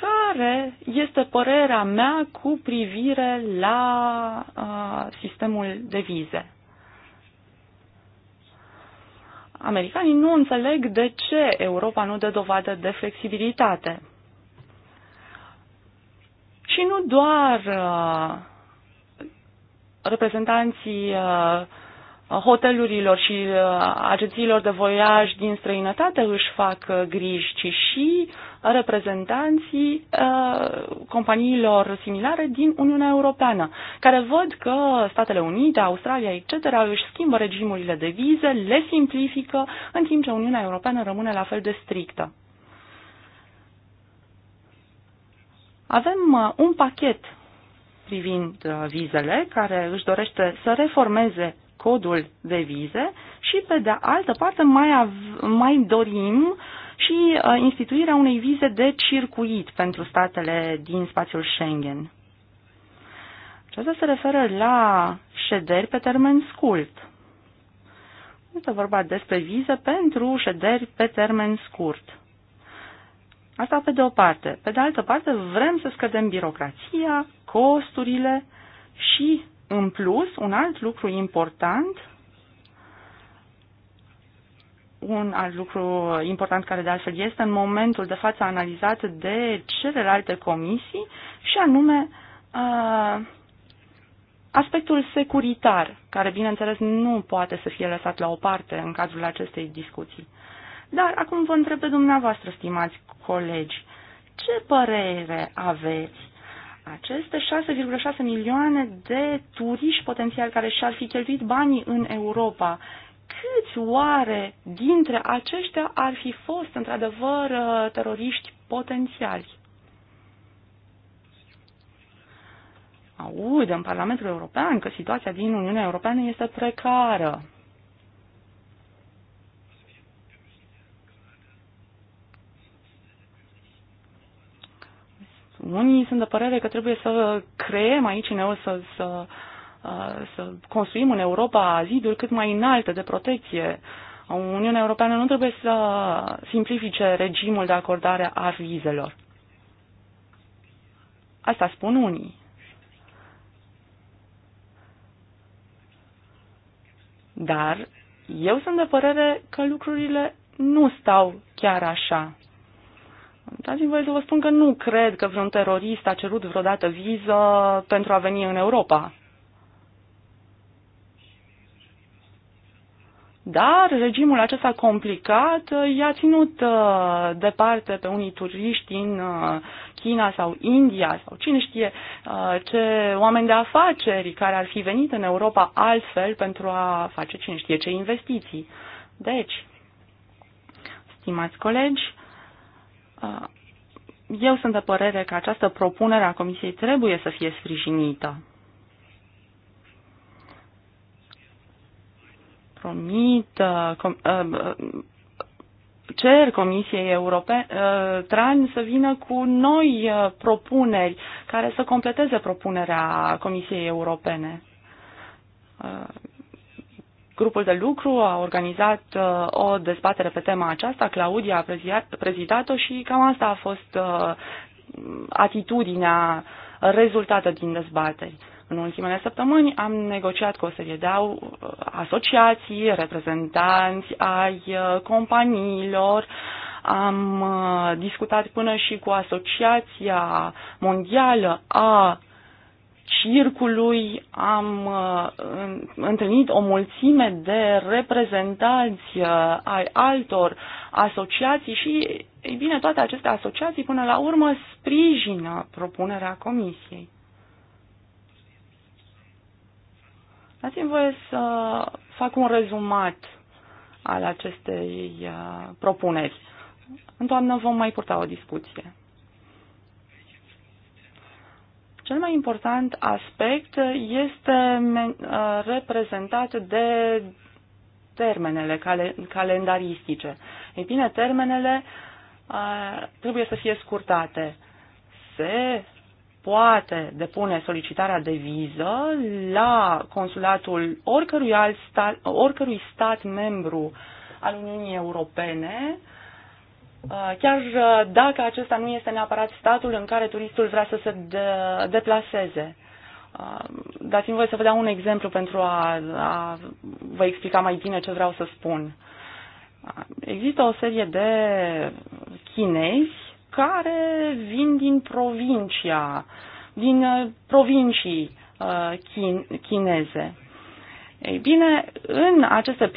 care este părerea mea cu privire la uh, sistemul de vize. Americanii nu înțeleg de ce Europa nu dă dovadă de flexibilitate. Și nu doar uh, reprezentanții uh, hotelurilor și uh, agențiilor de voiaj din străinătate își fac uh, griji, ci și reprezentanții uh, companiilor similare din Uniunea Europeană, care văd că Statele Unite, Australia, etc. își schimbă regimurile de vize, le simplifică, în timp ce Uniunea Europeană rămâne la fel de strictă. Avem un pachet privind vizele, care își dorește să reformeze codul de vize și, pe de altă parte, mai, mai dorim și uh, instituirea unei vize de circuit pentru statele din spațiul Schengen. Aceasta se referă la șederi pe termen scurt. Este vorba despre vize pentru șederi pe termen scurt. Asta pe de o parte. Pe de altă parte, vrem să scădem birocrația, costurile și în plus, un alt lucru important, un alt lucru important care de altfel este în momentul de față analizat de celelalte comisii și anume aspectul securitar, care bineînțeles nu poate să fie lăsat la o parte în cadrul acestei discuții. Dar acum vă întreb pe dumneavoastră, stimați colegi, ce părere aveți aceste 6,6 milioane de turiști potențiali care și-ar fi cheltuit banii în Europa, câți oare dintre aceștia ar fi fost într-adevăr uh, teroriști potențiali? Aud în Parlamentul European că situația din Uniunea Europeană este precară. Unii sunt de părere că trebuie să creăm aici în să, să, uh, să construim în Europa ziduri cât mai înalte de protecție. Uniunea Europeană nu trebuie să simplifice regimul de acordare a vizelor. Asta spun unii. Dar eu sunt de părere că lucrurile nu stau chiar așa. Dați-mi voie să vă spun că nu cred că vreun terorist a cerut vreodată viză pentru a veni în Europa. Dar regimul acesta complicat uh, i-a ținut uh, departe pe unii turiști din uh, China sau India sau cine știe ce oameni de afaceri care ar fi venit în Europa altfel pentru a face cine știe ce investiții. Deci, stimați colegi, Uh, eu sunt de părere că această propunere a Comisiei trebuie să fie sprijinită. Promit, uh, com, uh, cer Comisiei Europene Tran să vină cu noi propuneri care să completeze propunerea Comisiei Europene Grupul de lucru a organizat uh, o dezbatere pe tema aceasta, Claudia a prezidat-o și cam asta a fost uh, atitudinea rezultată din dezbateri. În ultimele săptămâni am negociat cu o serie de uh, asociații, reprezentanți ai companiilor, am discutat până și cu Asociația Mondială a circului am uh, întâlnit o mulțime de reprezentanți uh, ai altor asociații și, ei bine, toate aceste asociații până la urmă sprijină propunerea comisiei. Dați-mi voie să fac un rezumat al acestei uh, propuneri. În toamnă vom mai purta o discuție. Cel mai important aspect este uh, reprezentat de termenele cal calendaristice. Ei bine, termenele uh, trebuie să fie scurtate. Se poate depune solicitarea de viză la consulatul oricărui, alt stat, oricărui stat membru al Uniunii Europene uh, Uh, chiar uh, dacă acesta nu este neapărat statul în care turistul vrea să se deplaseze. Uh, dați-mi voie să vă dau un exemplu pentru a, a vă explica mai bine ce vreau să spun. Există o serie de chinezi care vin din provincia, din provincii chin, chineze. Ei bine, în aceste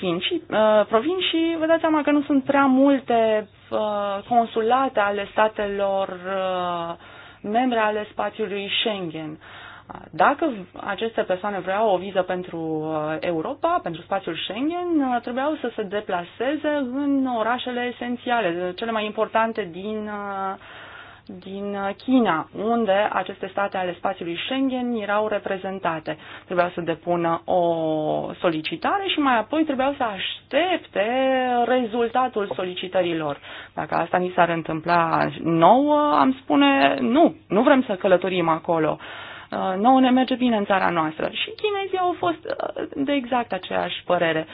provincii, vă dați seama că nu sunt prea multe Uh, consulate ale statelor uh, membre ale spațiului Schengen. Uh, dacă aceste persoane vreau o viză pentru Europa, pentru spațiul Schengen, trebuiau să se deplaseze în orașele esențiale, cele mai importante din din uh, China, unde aceste state ale spațiului Schengen erau reprezentate. Trebuiau să depună o solicitare și mai apoi trebuiau să aștepte rezultatul solicitărilor. Dacă asta ni s-ar întâmpla nouă, am spune nu, nu vrem să călătorim acolo. Uh, nouă ne merge bine în țara noastră. Și chinezii au fost uh, de exact aceeași părere.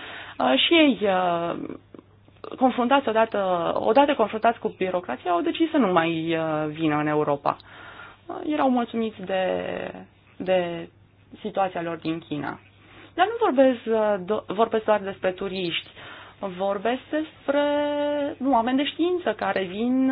Și ei confruntați odată, odată confruntați cu birocrația, au decis să nu mai uh, vină în Europa. Uh, erau mulțumiți de, de situația lor din China. Dar nu vorbesc, uh, do, vorbesc doar despre turiști, vorbesc despre nu, oameni de știință care vin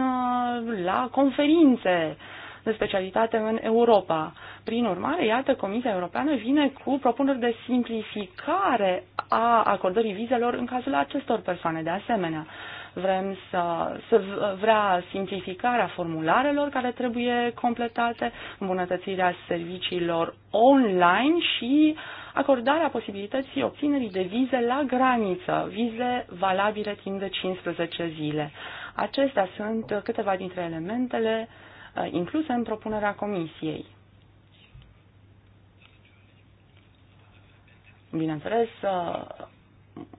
la conferințe de specialitate în Europa. Prin urmare, iată, Comisia Europeană vine cu propuneri de simplificare a acordării vizelor în cazul acestor persoane de asemenea. Vrem să, să vrea simplificarea formularelor care trebuie completate, îmbunătățirea serviciilor online și acordarea posibilității obținerii de vize la graniță, vize valabile timp de 15 zile. Acestea sunt câteva dintre elementele uh, incluse în propunerea Comisiei. Bineînțeles,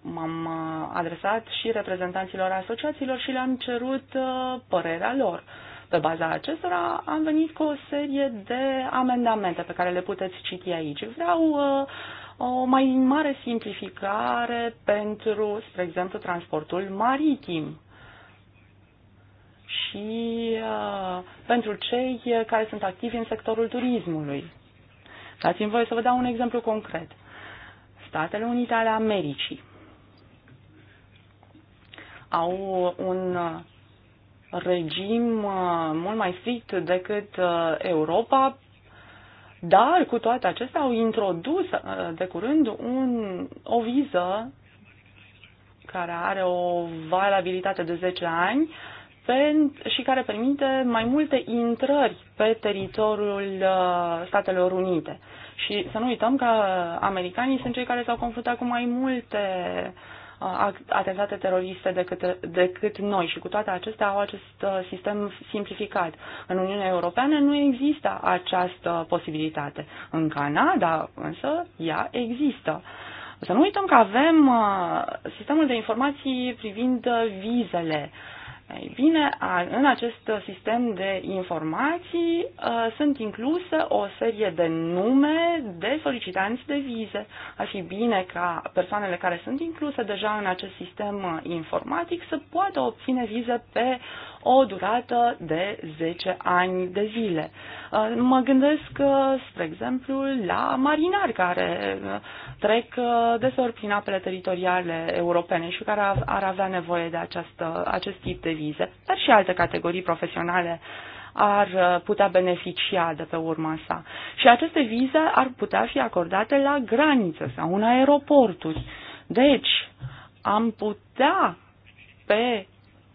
m-am adresat și reprezentanților asociațiilor și le-am cerut uh, părerea lor. Pe baza acestora am venit cu o serie de amendamente pe care le puteți citi aici. Vreau uh, o mai mare simplificare pentru, spre exemplu, transportul maritim și uh, pentru cei care sunt activi în sectorul turismului. Dați-mi voie să vă dau un exemplu concret. Uh, Statele Unite ale Americii au un uh, regim uh, mult mai strict decât uh, Europa, dar cu toate acestea au introdus de curând un, o viză care are o valabilitate de 10 ani și care permite mai multe intrări pe teritoriul Statelor Unite. Și să nu uităm că americanii sunt cei care s-au confruntat cu mai multe uh, atentate teroriste decât, decât noi și cu toate acestea au acest uh, sistem simplificat. În Uniunea Europeană nu există această posibilitate. În Canada însă ea există. Să nu uităm că avem uh, sistemul de informații privind vizele. Ei bine, în acest sistem de informații sunt incluse o serie de nume de solicitanți de vize. Ar fi bine ca persoanele care sunt incluse deja în acest sistem informatic să poată obține vize pe o durată de 10 ani de zile. Uh, mă gândesc, uh, spre exemplu, la marinari care uh, trec deseori prin apele teritoriale europene și care ar avea nevoie de această, acest tip de vize, dar și alte categorii profesionale ar putea beneficia de pe urma sa. Și aceste vize ar putea fi acordate la graniță sau în aeroporturi. Deci, am putea pe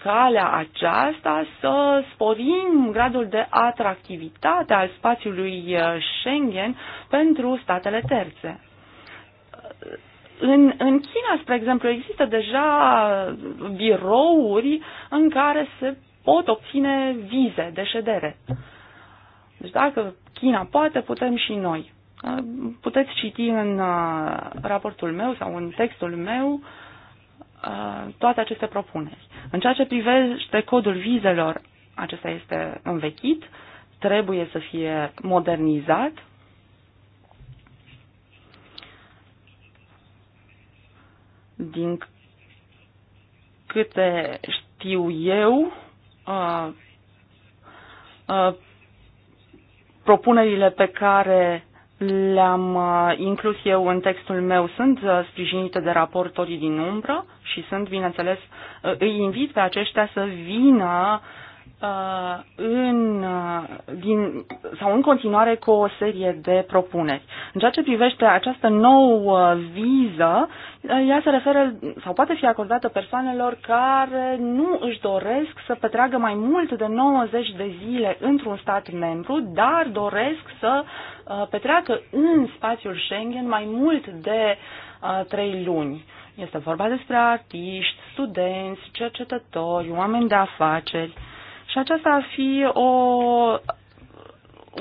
calea aceasta să sporim gradul de atractivitate al spațiului uh, Schengen pentru statele terțe. În, în China, spre exemplu, există deja birouri în care se pot obține vize de ședere. Deci dacă China poate, putem și noi. Uh, puteți citi în uh, raportul meu sau în textul meu uh, Uh, toate aceste propuneri. În ceea ce privește codul vizelor, acesta este învechit, trebuie să fie modernizat. Din câte știu eu, uh, uh, propunerile pe care le-am uh, inclus eu în textul meu, sunt uh, sprijinite de raportorii din umbră și sunt, bineînțeles, uh, îi invit pe aceștia să vină uh, Uh, în, uh, din, sau în continuare cu o serie de propuneri. În ceea ce privește această nouă viză, uh, ea se referă sau poate fi acordată persoanelor care nu își doresc să petreagă mai mult de 90 de zile într-un stat membru, dar doresc să petreacă în spațiul Schengen mai mult de trei luni. Este vorba despre artiști, studenți, cercetători, oameni de afaceri. Și aceasta ar fi o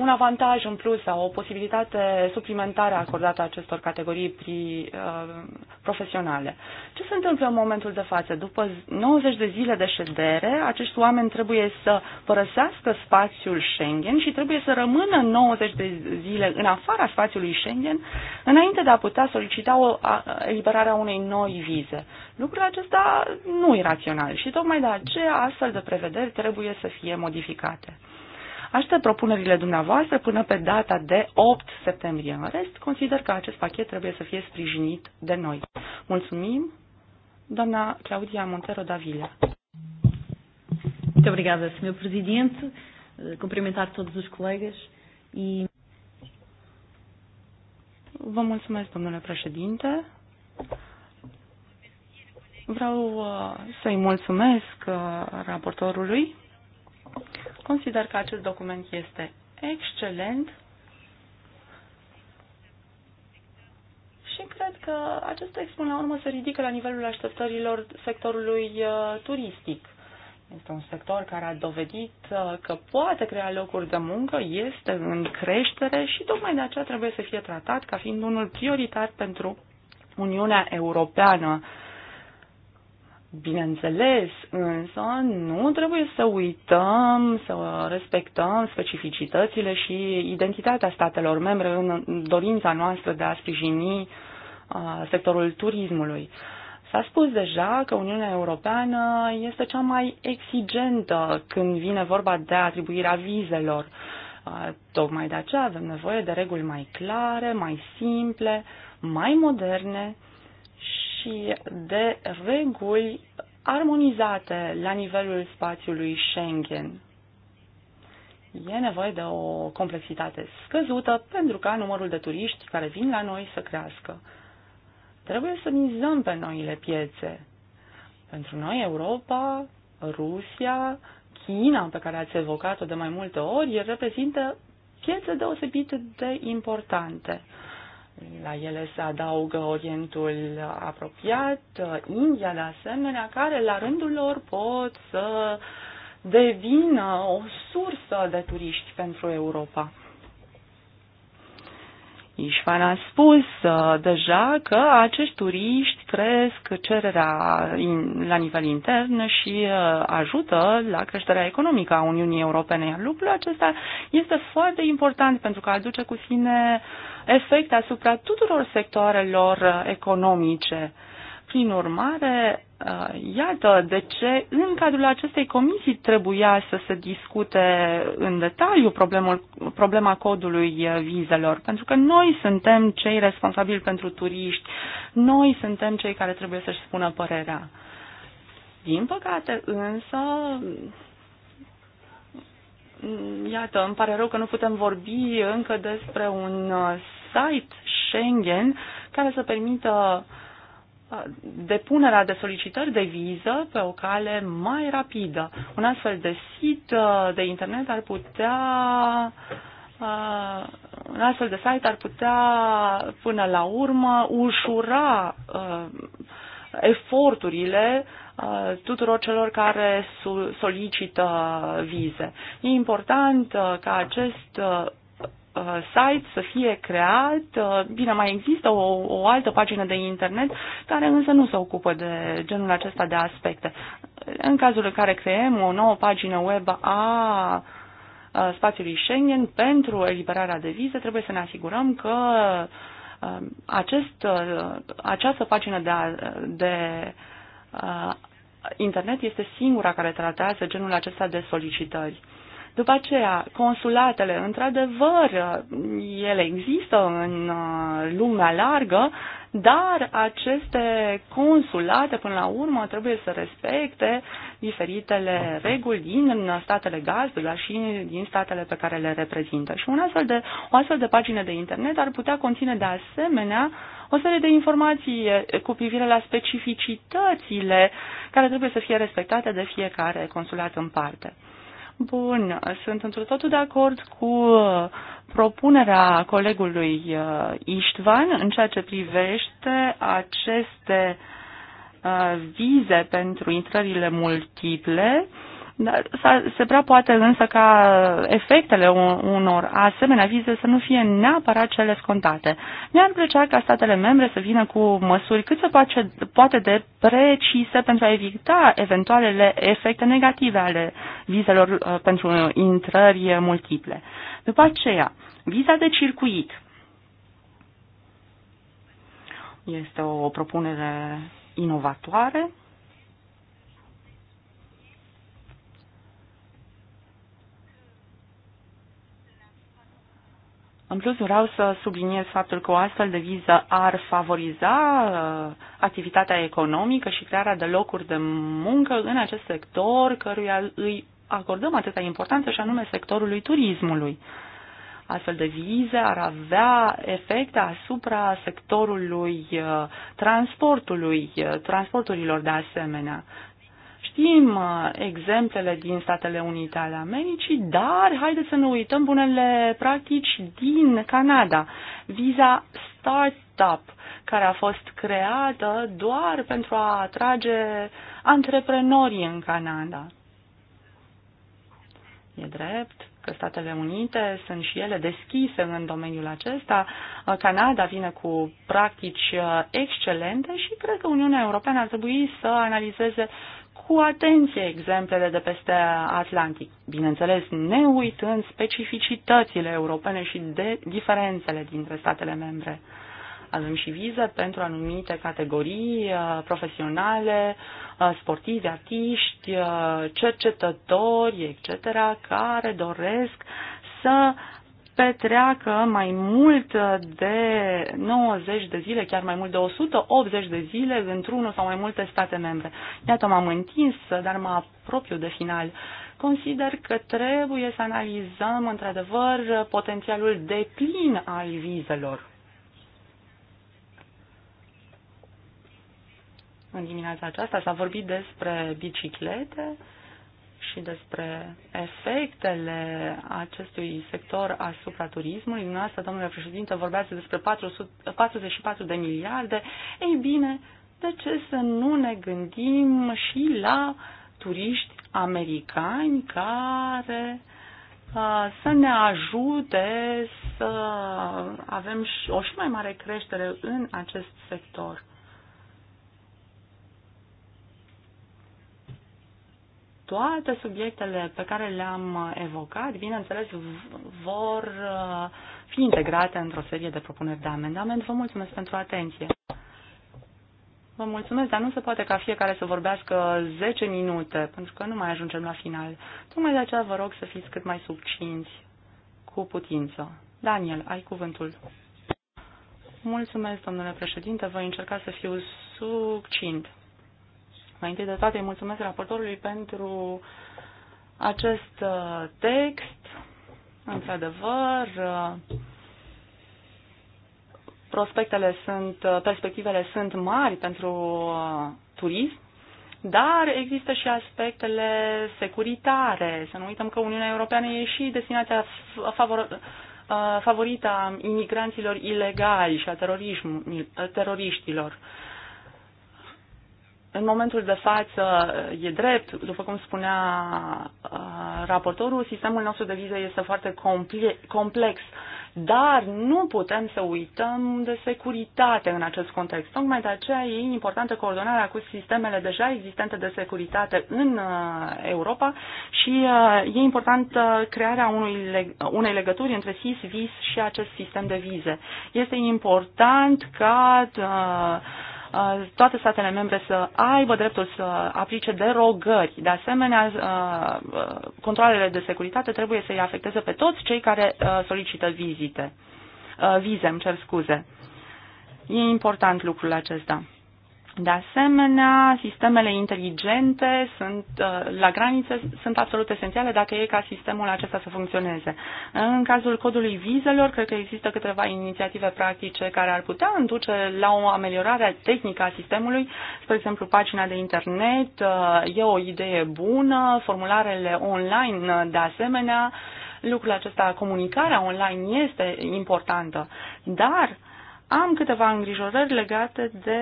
un avantaj în plus sau o posibilitate suplimentară acordată acestor categorii pri, uh, profesionale. Ce se întâmplă în momentul de față? După 90 de zile de ședere, acești oameni trebuie să părăsească spațiul Schengen și trebuie să rămână 90 de zile în afara spațiului Schengen înainte de a putea solicita o eliberarea unei noi vize. Lucrul acesta nu e rațional și tocmai de aceea astfel de prevederi trebuie să fie modificate. Aștept propunerile dumneavoastră până pe data de 8 septembrie. În rest, consider că acest pachet trebuie să fie sprijinit de noi. Mulțumim, doamna Claudia Montero Davila. Muito obrigada, Sr. Presidente. Cumprimentar todos os colegas e. Vă mulțumesc, domnule președinte. Vreau uh, să-i mulțumesc uh, raportorului Consider că acest document este excelent și cred că acest text până la urmă se ridică la nivelul așteptărilor sectorului uh, turistic. Este un sector care a dovedit uh, că poate crea locuri de muncă, este în creștere și tocmai de aceea trebuie să fie tratat ca fiind unul prioritar pentru Uniunea Europeană Bineînțeles, însă nu trebuie să uităm, să respectăm specificitățile și identitatea statelor membre în dorința noastră de a sprijini sectorul turismului. S-a spus deja că Uniunea Europeană este cea mai exigentă când vine vorba de atribuirea vizelor. Tocmai de aceea avem nevoie de reguli mai clare, mai simple, mai moderne și de reguli armonizate la nivelul spațiului Schengen. E nevoie de o complexitate scăzută pentru ca numărul de turiști care vin la noi să crească. Trebuie să mizăm pe noile piețe. Pentru noi, Europa, Rusia, China, pe care ați evocat-o de mai multe ori, reprezintă piețe deosebit de importante. La ele se adaugă Orientul apropiat, India de asemenea, care la rândul lor pot să devină o sursă de turiști pentru Europa. Ișvan a spus uh, deja că acești turiști cresc cererea la nivel intern și uh, ajută la creșterea economică a Uniunii Europene, iar lucrul acesta este foarte important pentru că aduce cu sine uh, efect asupra tuturor sectoarelor uh, economice. Prin urmare, uh, iată de ce în cadrul acestei comisii trebuia să se discute în detaliu problemul, problema codului uh, vizelor, pentru că noi suntem cei responsabili pentru turiști, noi suntem cei care trebuie să-și spună părerea. Din păcate, însă, Mm, iată, îmi pare rău că nu putem vorbi încă despre un uh, site Schengen care să permită uh, depunerea de solicitări de viză pe o cale mai rapidă. Un astfel de sit uh, de internet ar putea un astfel de site ar putea până la urmă ușura eforturile uh, Uh, tuturor celor care solicită vize. E important uh, ca acest uh, site să fie creat. Bine, mai există o, o altă pagină de internet care însă nu se ocupă de genul acesta de aspecte. În cazul în care creăm o nouă pagină web a spațiului Schengen pentru eliberarea de vize, trebuie să ne asigurăm că acest, această pagină de, de internet este singura care tratează genul acesta de solicitări. După aceea, consulatele, într-adevăr, ele există în uh, lumea largă, dar aceste consulate, până la urmă, trebuie să respecte diferitele reguli din statele gazdă, dar și din statele pe care le reprezintă. Și un astfel de, o astfel de pagină de internet ar putea conține, de asemenea, uh, o serie de informații cu privire la specificitățile care trebuie să fie respectate de fiecare consulat în parte. Bun, sunt într totul de acord cu propunerea colegului Istvan în ceea ce privește aceste vize pentru intrările multiple se prea poate însă ca efectele unor asemenea vize să nu fie neapărat cele scontate. Mi-ar plăcea ca statele membre să vină cu măsuri cât se poate, de precise pentru a evita eventualele efecte negative ale vizelor uh, pentru intrări multiple. După aceea, viza de circuit este o propunere inovatoare În plus, vreau să subliniez faptul că o astfel de viză ar favoriza uh, activitatea economică și crearea de locuri de muncă în acest sector căruia îi acordăm atâta importanță și anume sectorului turismului. Astfel de vize ar avea efecte asupra sectorului uh, transportului, uh, transporturilor de asemenea. Știm uh, exemplele din Statele Unite ale Americii, dar haideți să nu uităm bunele practici din Canada. Visa Startup, care a fost creată doar pentru a atrage antreprenorii în Canada. E drept că Statele Unite sunt și ele deschise în domeniul acesta. Uh, Canada vine cu practici uh, excelente și cred că Uniunea Europeană ar trebui să analizeze cu atenție exemplele de peste Atlantic, bineînțeles ne uitând specificitățile europene și de diferențele dintre statele membre. Avem și vize pentru anumite categorii uh, profesionale, uh, sportivi, artiști, uh, cercetători, etc., care doresc să petreacă mai mult de 90 de zile, chiar mai mult de 180 de zile într-unul sau mai multe state membre. Iată, m-am întins, dar mă apropiu de final. Consider că trebuie să analizăm, într-adevăr, potențialul de plin al vizelor. În dimineața aceasta s-a vorbit despre biciclete, uh, și despre efectele acestui sector asupra turismului. Dumneavoastră, domnule președinte, vorbeați despre 400, 44 de miliarde. Ei bine, de ce să nu ne gândim și la turiști americani care să ne ajute să avem o și mai mare creștere în acest sector. toate subiectele pe care le-am uh, evocat, bineînțeles, vor uh, fi integrate într-o serie de propuneri de amendament. Vă mulțumesc pentru atenție. Vă mulțumesc, dar nu se poate ca fiecare să vorbească 10 minute, pentru că nu mai ajungem la final. Tocmai de aceea vă rog să fiți cât mai subcinți, cu putință. Daniel, ai cuvântul. Mulțumesc, domnule președinte, voi încerca să fiu succint. Mai întâi de toate mulțumesc raportorului pentru acest uh, text. Într-adevăr, uh, prospectele sunt, uh, perspectivele sunt mari pentru turism, dar există și aspectele securitare. Să nu uităm că Uniunea Europeană e și destinația favor, favorită a imigranților ilegali și a teroriștilor. În momentul de față, e drept, după cum spunea uh, raportorul, sistemul nostru de vize este foarte complex, dar nu putem să uităm de securitate în acest context. Tocmai de aceea e importantă coordonarea cu sistemele deja existente de securitate în uh, Europa și uh, e important crearea unui, unei legături între SIS, VIS și acest sistem de vize. Este important ca uh, Uh, toate statele membre să aibă dreptul să aplice derogări. De asemenea, uh, uh, controlele de securitate trebuie să îi afecteze pe toți cei care solicită vizite. Vize, îmi cer scuze. E important lucrul acesta. De asemenea, sistemele inteligente sunt, uh, la graniță sunt absolut esențiale dacă e ca sistemul acesta să funcționeze. În cazul codului vizelor, cred că există câteva inițiative practice care ar putea înduce la o ameliorare tehnică a sistemului. Spre exemplu, pagina de internet uh, e o idee bună, formularele online uh, de asemenea lucrul acesta, comunicarea online este importantă, dar am câteva îngrijorări legate de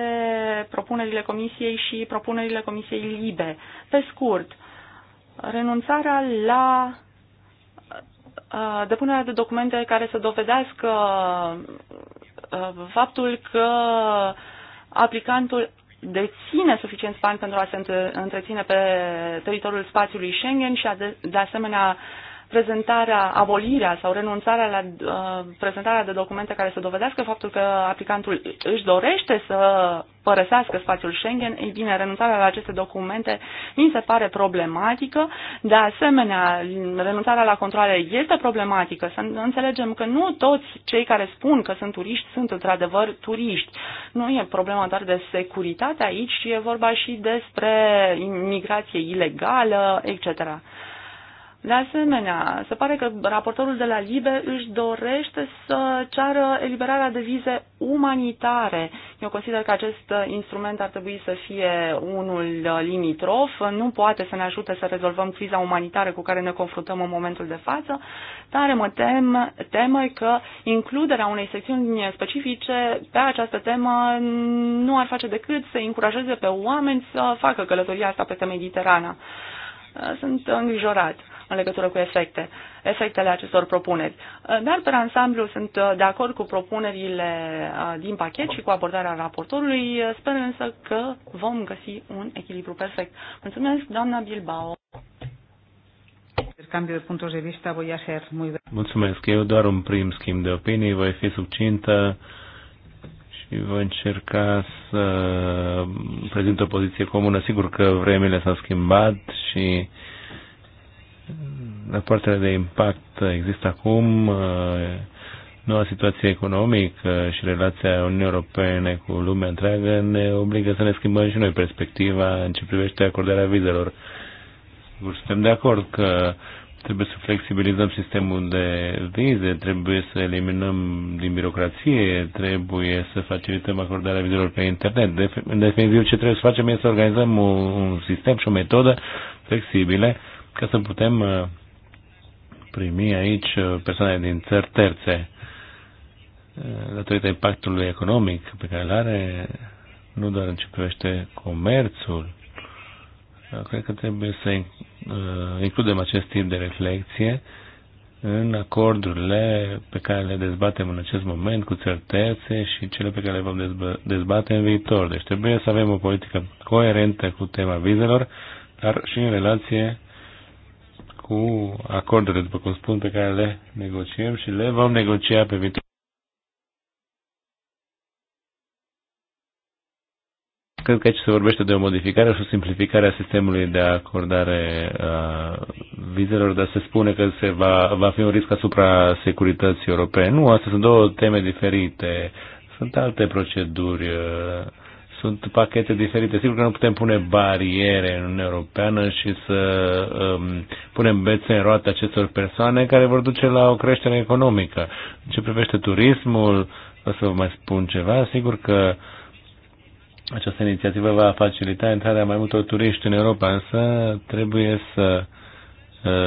propunerile Comisiei și propunerile Comisiei Libe. Pe scurt, renunțarea la uh, depunerea de documente care să dovedească uh, faptul că aplicantul deține suficient bani pentru a se întreține pe teritoriul spațiului Schengen și de, asemenea prezentarea, abolirea sau renunțarea la uh, prezentarea de documente care să dovedească faptul că aplicantul își dorește să părăsească spațiul Schengen, ei bine, renunțarea la aceste documente mi se pare problematică. De asemenea, renunțarea la controle este problematică. Să înțelegem că nu toți cei care spun că sunt turiști sunt într-adevăr turiști. Nu e problema doar de securitate aici, ci e vorba și despre migrație ilegală, etc. De asemenea, se pare că raportorul de la Libe își dorește să ceară eliberarea de vize umanitare. Eu consider că acest instrument ar trebui să fie unul limitrof, nu poate să ne ajute să rezolvăm criza umanitară cu care ne confruntăm în momentul de față, dar mă tem, temă că includerea unei secțiuni specifice pe această temă nu ar face decât să încurajeze pe oameni să facă călătoria asta peste Mediterana. Sunt îngrijorat în legătură cu efecte, efectele acestor propuneri. Dar, pe ansamblu, sunt uh, de acord cu propunerile uh, din pachet și cu abordarea raportorului. Uh, sper însă că vom găsi un echilibru perfect. Mulțumesc, doamna Bilbao. de voi Mulțumesc. Eu doar un prim schimb de opinii, voi fi subcintă și voi încerca să prezint o poziție comună. Sigur că vremile s-au schimbat și uh, rapoartele de impact există acum, uh, noua situație economică și relația Uniunii Europene cu lumea întreagă ne obligă să ne schimbăm și noi perspectiva în ce privește acordarea vizelor. Sigur, suntem de acord că trebuie să flexibilizăm sistemul de vize, trebuie să eliminăm din birocrație, trebuie să facilităm acordarea vizelor pe internet. De, în definitiv, ce trebuie să facem este să organizăm un, un sistem și o metodă flexibile ca să putem uh, primi aici uh, persoane din țări terțe. Uh, datorită impactului economic pe care îl are, nu doar în ce privește comerțul, cred că trebuie să includem acest tip de reflexie în acordurile pe care le dezbatem în acest moment cu țări terțe și cele pe care le vom dezbate în viitor. Deci trebuie să avem o politică coerentă cu tema vizelor, dar și în relație cu acordurile, după cum spun, pe care le negociem și le vom negocia pe viitor. Cred că aici se vorbește de o modificare și o simplificare a sistemului de acordare a vizelor, dar se spune că se va, va fi un risc asupra securității europene. Nu, astea sunt două teme diferite. Sunt alte proceduri sunt pachete diferite. Sigur că nu putem pune bariere în Uniunea Europeană și să um, punem bețe în roate acestor persoane care vor duce la o creștere economică. În ce privește turismul, o să vă mai spun ceva, sigur că această inițiativă va facilita intrarea mai multor turiști în Europa, însă trebuie să uh,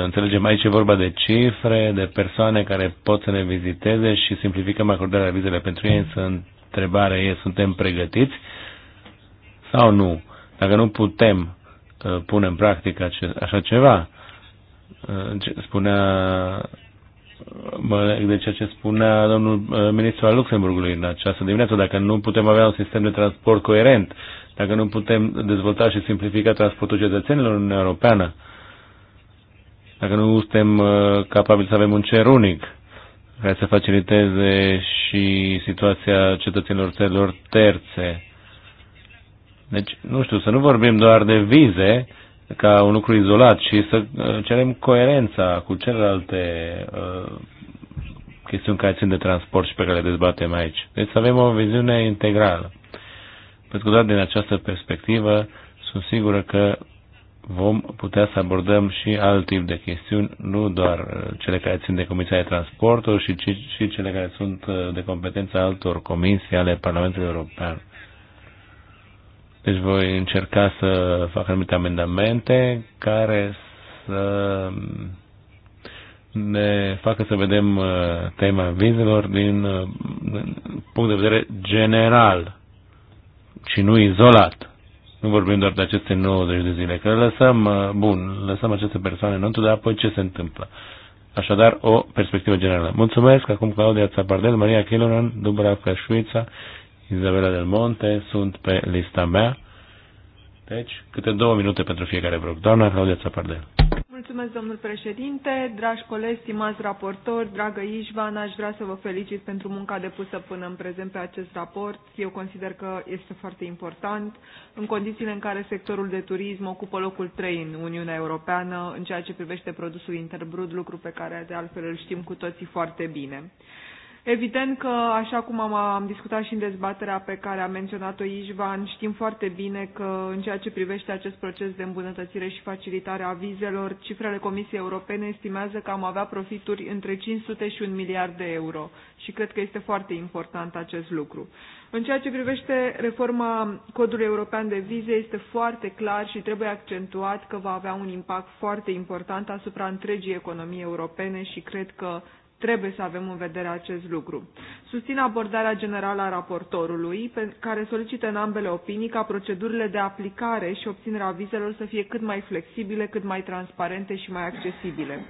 Înțelegem, aici e vorba de cifre, de persoane care pot să ne viziteze și simplificăm acordarea vizelor pentru ei, însă întrebarea e, suntem pregătiți? sau nu, dacă nu putem uh, pune în practică așa ceva. Uh, spunea mă leg de ceea ce spunea domnul uh, ministru al Luxemburgului în această dimineață, dacă nu putem avea un sistem de transport coerent, dacă nu putem dezvolta și simplifica transportul cetățenilor în Uniunea Europeană, dacă nu suntem capabili să avem un cer unic care să faciliteze și situația cetățenilor țărilor terțe, deci, nu știu, să nu vorbim doar de vize ca un lucru izolat, ci să uh, cerem coerența cu celelalte uh, chestiuni care țin de transport și pe care le dezbatem aici. Deci să avem o viziune integrală. Pentru că doar din această perspectivă sunt sigură că vom putea să abordăm și alt tip de chestiuni, nu doar uh, cele care țin de Comisia de Transporturi, și, ci și cele care sunt uh, de competența altor comisii ale Parlamentului European. Deci voi încerca să fac anumite amendamente care să ne facă să vedem uh, tema vizelor uh, din punct de vedere general și nu izolat. Nu vorbim doar de aceste 90 de zile, că lăsăm, uh, bun, lăsăm aceste persoane înăuntru, dar apoi ce se întâmplă? Așadar, o perspectivă generală. Mulțumesc acum Claudia Țapardel, Maria Chilonan, Dubravka Șuița Izabela del Monte sunt pe lista mea. Deci, câte două minute pentru fiecare vreo. Doamna Claudia Țapardel. Mulțumesc, domnul președinte, dragi colegi, stimați raportori, dragă Ișvan, aș vrea să vă felicit pentru munca depusă până în prezent pe acest raport. Eu consider că este foarte important în condițiile în care sectorul de turism ocupă locul 3 în Uniunea Europeană în ceea ce privește produsul interbrut, lucru pe care de altfel îl știm cu toții foarte bine. Evident că, așa cum am, am discutat și în dezbaterea pe care a menționat-o Ișvan, știm foarte bine că în ceea ce privește acest proces de îmbunătățire și facilitare a vizelor, cifrele Comisiei Europene estimează că am avea profituri între 500 și 1 miliard de euro și cred că este foarte important acest lucru. În ceea ce privește reforma codului european de vize, este foarte clar și trebuie accentuat că va avea un impact foarte important asupra întregii economii europene și cred că Trebuie să avem în vedere acest lucru. Susțin abordarea generală a raportorului, care solicită în ambele opinii ca procedurile de aplicare și obținerea vizelor să fie cât mai flexibile, cât mai transparente și mai accesibile.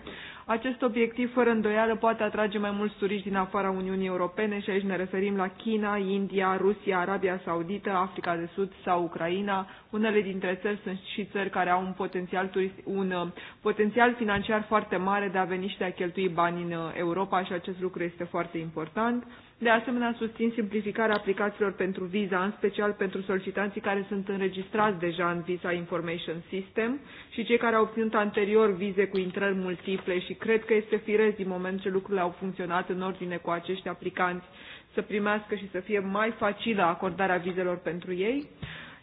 Acest obiectiv, fără îndoială, poate atrage mai mulți turiști din afara Uniunii Europene și aici ne referim la China, India, Rusia, Arabia Saudită, Africa de Sud sau Ucraina. Unele dintre țări sunt și țări care au un potențial, turist, un uh, potențial financiar foarte mare de a veni și de a cheltui bani în uh, Europa și acest lucru este foarte important. De asemenea, susțin simplificarea aplicațiilor pentru viza, în special pentru solicitanții care sunt înregistrați deja în Visa Information System și cei care au obținut anterior vize cu intrări multiple și cred că este firesc din moment ce lucrurile au funcționat în ordine cu acești aplicanți să primească și să fie mai facilă acordarea vizelor pentru ei.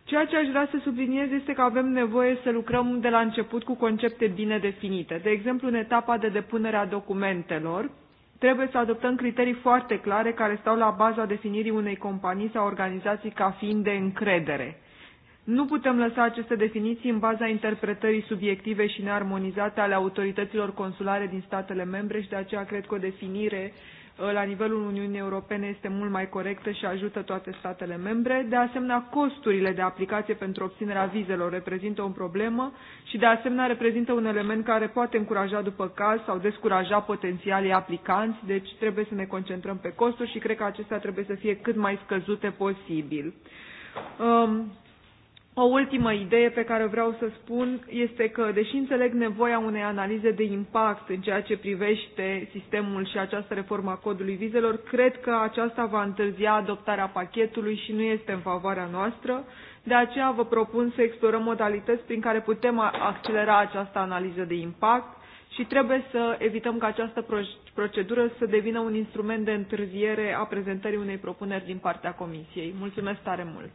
Ceea ce aș vrea să subliniez este că avem nevoie să lucrăm de la început cu concepte bine definite. De exemplu, în etapa de depunere a documentelor, Trebuie să adoptăm criterii foarte clare care stau la baza definirii unei companii sau organizații ca fiind de încredere. Nu putem lăsa aceste definiții în baza interpretării subiective și nearmonizate ale autorităților consulare din statele membre și de aceea cred că o definire uh, Eh, la nivelul Uniunii Europene este mult mai corectă și ajută toate statele membre. De asemenea, costurile de aplicație pentru obținerea vizelor reprezintă o problemă și de asemenea reprezintă un element care poate încuraja după caz sau descuraja potențialii aplicanți, deci trebuie să ne concentrăm pe costuri și cred că acestea trebuie să fie cât mai scăzute posibil. Um, o ultimă idee pe care vreau să spun este că, deși înțeleg nevoia unei analize de impact în ceea ce privește sistemul și această reformă a codului vizelor, cred că aceasta va întârzia adoptarea pachetului și nu este în favoarea noastră. De aceea vă propun să explorăm modalități prin care putem accelera această analiză de impact și trebuie să evităm ca această procedură să devină un instrument de întârziere a prezentării unei propuneri din partea Comisiei. Mulțumesc tare mult!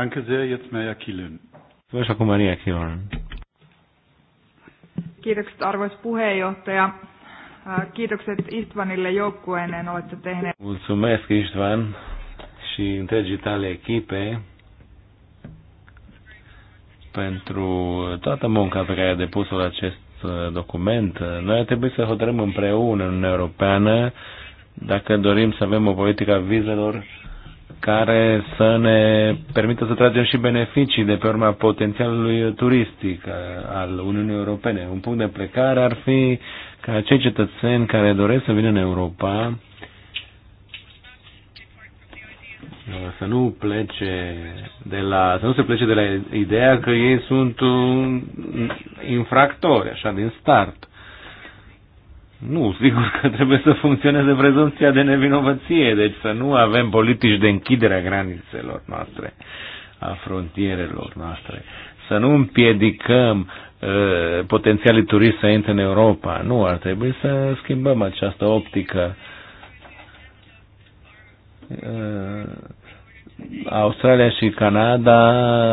Danke sehr, jetzt Merja Kielen. Myös aku Maria Kiitokset puheenjohtaja. Kiitokset Istvanille olette tehneet. Mulțumesc Istvan și întregii tale echipe pentru toată munca pe care a depus-o la acest ă, document. Noi trebuie să hotărâm împreună în Uniunea Europeană dacă dorim să avem o politică a vizelor care să ne permită să tragem și beneficii de pe urma potențialului turistic al Uniunii Europene. Un punct de plecare ar fi ca cei cetățeni care doresc să vină în Europa să nu plece de la, să nu se plece de la ideea că ei sunt infractori, așa, din start. Nu, sigur că trebuie să funcționeze prezumția de nevinovăție, deci să nu avem politici de închidere a granițelor noastre, a frontierelor noastre, să nu împiedicăm uh, potențialii turiști să intre în Europa. Nu, ar trebui să schimbăm această optică. Uh, Australia și Canada,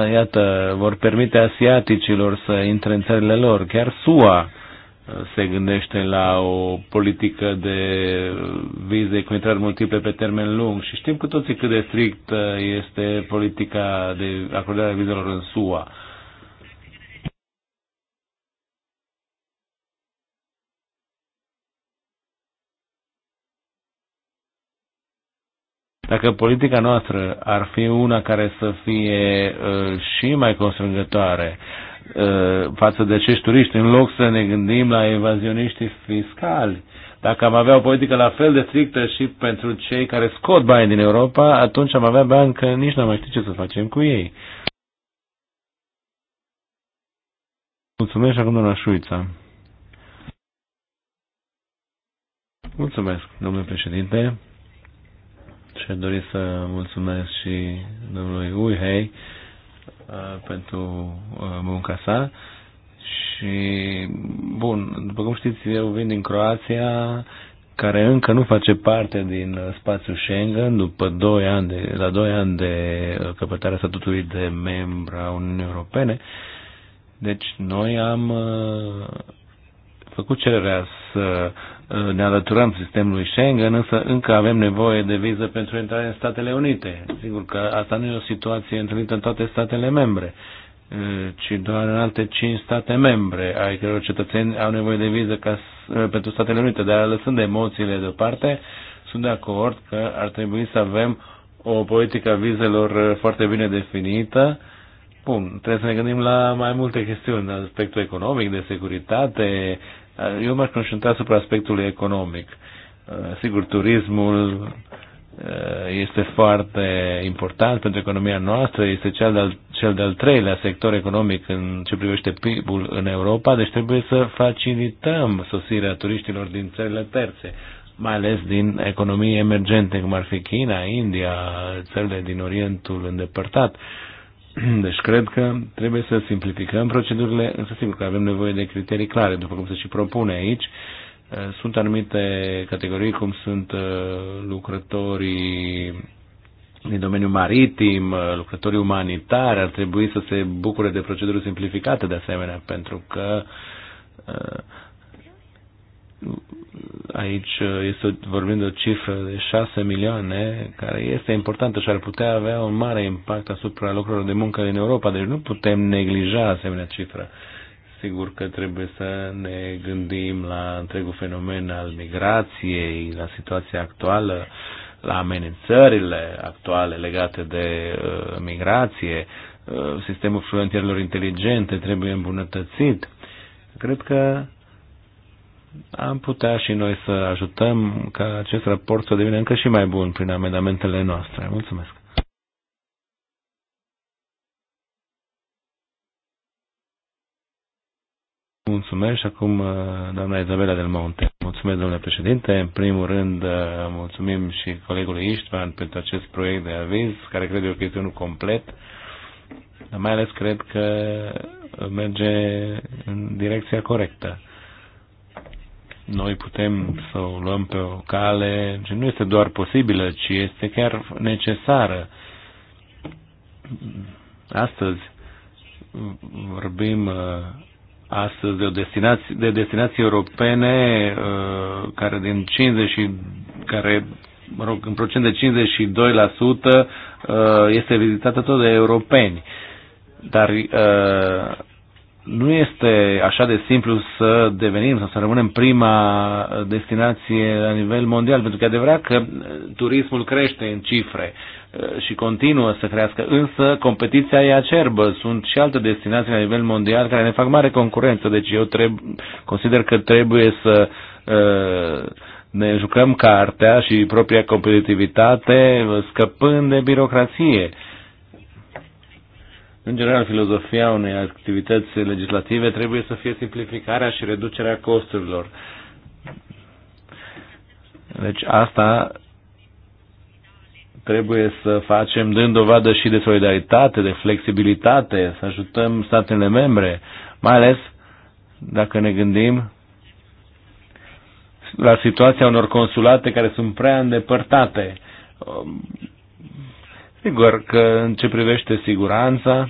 iată, vor permite asiaticilor să intre în țările lor, chiar SUA se gândește la o politică de vize cu intrări multiple pe termen lung și știm cu toții cât de strict uh, este politica de acordare a vizelor în SUA. Dacă politica noastră ar fi una care să fie uh, și mai constrângătoare, uh, Uh, față de acești turiști, în loc să ne gândim la evazioniștii fiscali. Dacă am avea o politică la fel de strictă și pentru cei care scot bani din Europa, atunci am avea bani că nici nu am mai ști ce să facem cu ei. Mulțumesc acum doamna Șuița. Mulțumesc, domnule președinte. Și dori să mulțumesc și domnului Uihei Uh, pentru uh, munca sa. Și, bun, după cum știți, eu vin din Croația, care încă nu face parte din uh, spațiul Schengen după 2 ani de, la 2 ani de căpătarea statutului de membru a Uniunii Europene. Deci noi am făcut cererea să uh, ne alăturăm sistemului Schengen, însă încă avem nevoie de viză pentru intrare în Statele Unite. Sigur că asta nu e o situație întâlnită în toate statele membre, uh, ci doar în alte cinci state membre ai căror cetățeni au nevoie de viză ca, uh, pentru Statele Unite, dar lăsând emoțiile deoparte, sunt de acord că ar trebui să avem o politică a vizelor foarte bine definită, Bun, trebuie să ne gândim la mai multe chestiuni, aspectul economic, de securitate, eu m-aș concentra asupra aspectului economic. Eh, sigur, turismul eh, este foarte important pentru economia noastră, este cel de-al, cel de-al treilea sector economic în ce privește PIB-ul în Europa, deci trebuie să facilităm sosirea turiștilor din țările terțe, mai ales din economii emergente, cum ar fi China, India, țările din Orientul îndepărtat. Uh, Deci cred că trebuie să simplificăm procedurile, însă sigur că avem nevoie de criterii clare, după cum se și propune aici. Uh, sunt anumite categorii, cum sunt uh, lucrătorii din domeniul maritim, uh, lucrătorii umanitari, ar trebui să se bucure de proceduri simplificate de asemenea, pentru că aici uh, este, vorbind de o cifră de 6 milioane, care este importantă și ar putea avea un mare impact asupra locurilor de muncă din Europa, deci nu putem neglija asemenea cifră. Sigur că trebuie să ne gândim la întregul fenomen al migrației, la situația actuală, la amenințările actuale legate de uh, migrație, uh, sistemul frontierelor inteligente trebuie îmbunătățit. Cred că am putea și noi să ajutăm ca acest raport să devină încă și mai bun prin amendamentele noastre. Mulțumesc! Mulțumesc și acum uh, doamna Izabela del Monte. Mulțumesc, domnule președinte. În primul rând, uh, mulțumim și colegului Istvan pentru acest proiect de aviz, care cred eu că este unul complet, dar mai ales cred că merge în direcția corectă noi putem să o luăm pe o cale ce nu este doar posibilă, ci este chiar necesară. Astăzi vorbim uh, astăzi de, o destinație, de destinații europene uh, care din 50 și care mă rog, în procent de 52% uh, este vizitată tot de europeni. Dar nu este așa de simplu să devenim sau să rămânem prima destinație la nivel mondial, pentru că e adevărat că uh, turismul crește în cifre uh, și continuă să crească, însă competiția e acerbă, sunt și alte destinații la nivel mondial care ne fac mare concurență, deci eu treb- consider că trebuie să uh, ne jucăm cartea și propria competitivitate scăpând de birocrație. În general, filozofia unei activități legislative trebuie să fie simplificarea și reducerea costurilor. Deci asta trebuie să facem dând dovadă și de solidaritate, de flexibilitate, să ajutăm statele membre, mai ales dacă ne gândim la situația unor consulate care sunt prea îndepărtate. Sigur că în ce privește siguranța,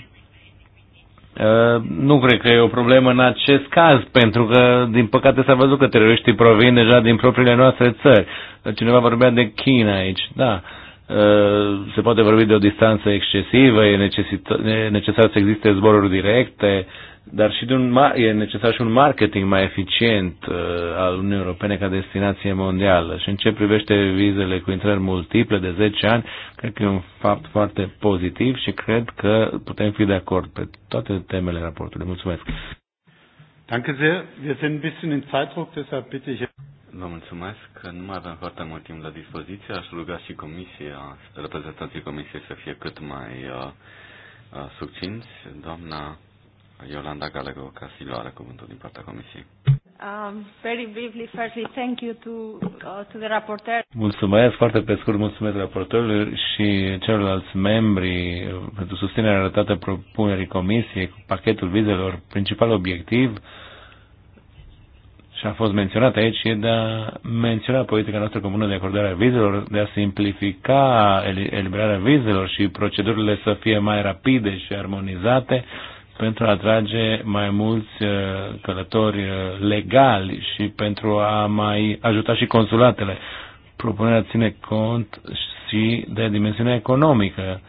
ă, nu cred că e o problemă în acest caz, pentru că, din păcate, s-a văzut că teroriștii provin deja din propriile noastre țări. Cineva vorbea de China aici, da. Ă, se poate vorbi de o distanță excesivă, e necesar să existe zboruri directe, dar și de un, e necesar și un marketing mai eficient uh, al Uniunii Europene ca destinație mondială. Și în ce privește vizele cu intrări multiple de 10 ani, cred că e un fapt foarte pozitiv și cred că putem fi de acord pe toate temele raportului. Mulțumesc! Danke sehr. Wir sind ein bisschen in Zeitdruck, deshalb bitte ich. Vă mulțumesc că nu mai avem foarte mult timp la dispoziție. Aș ruga și comisia, reprezentanții comisiei să fie cât mai uh, uh, succinți. Doamna Iolanda Galego ca să luare cuvântul din partea Comisiei. Um, very briefly, firstly, thank you to, uh, to the rapporteur. Mulțumesc foarte pe scurt, mulțumesc raportorului și celorlalți membri pentru susținerea arătată propunerii Comisiei cu pachetul vizelor. Principal obiectiv și a fost menționat aici, e de a menționa politica noastră comună de acordare a vizelor, de a simplifica eliberarea vizelor și procedurile să fie mai rapide și armonizate pentru a atrage mai mulți uh, călători uh, legali și pentru a mai ajuta și consulatele. Propunerea ține cont și de dimensiunea economică,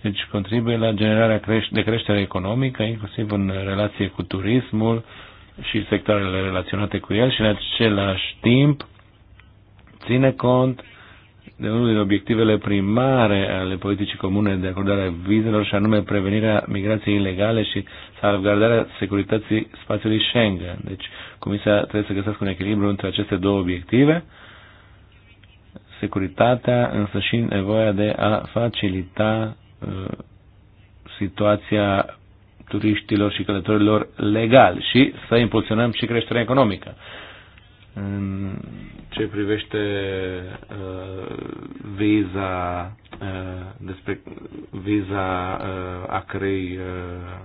deci contribuie la generarea de creștere economică, inclusiv în relație cu turismul și sectoarele relaționate cu el și în același timp ține cont de unul din obiectivele primare ale politicii comune de acordare a vizelor și anume prevenirea migrației ilegale și salvgardarea securității spațiului Schengen. Deci Comisia trebuie să găsească un echilibru între aceste două obiective, securitatea, însă și nevoia de a facilita uh, situația turiștilor și călătorilor legal și să impulsionăm și creșterea economică. În ce privește uh, viza, uh, despre viza uh, a cărei uh,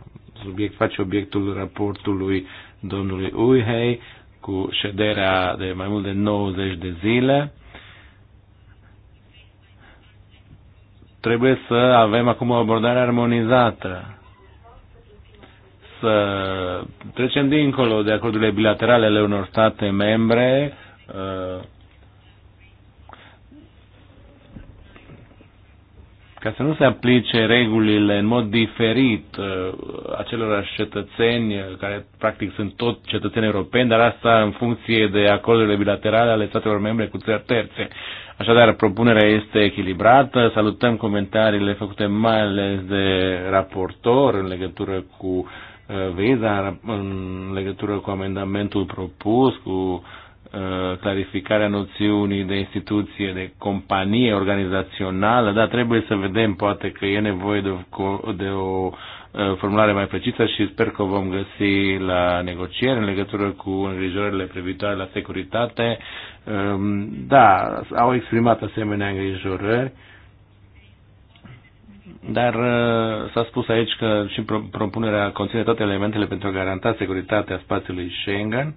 subiect face obiectul raportului domnului Uihei cu șederea de mai mult de 90 de zile. Trebuie să avem acum o abordare armonizată să trecem dincolo de acordurile bilaterale ale unor state membre, uh, ca să nu se aplice regulile în mod diferit uh, acelorași cetățeni uh, care practic sunt tot cetățeni europeni, dar asta în funcție de acordurile bilaterale ale statelor membre cu țări terțe. Așadar, propunerea este echilibrată, salutăm comentariile făcute mai ales de raportor în legătură cu Uh, Viza în legătură cu amendamentul propus, cu uh, clarificarea noțiunii de instituție, de companie organizațională, dar trebuie să vedem, poate că e nevoie de o, de o uh, formulare mai precisă și sper că o vom găsi la negocieri în legătură cu îngrijorările privitoare la securitate. Um, da, au exprimat asemenea îngrijorări dar uh, s-a spus aici că și propunerea conține toate elementele pentru a garanta securitatea spațiului Schengen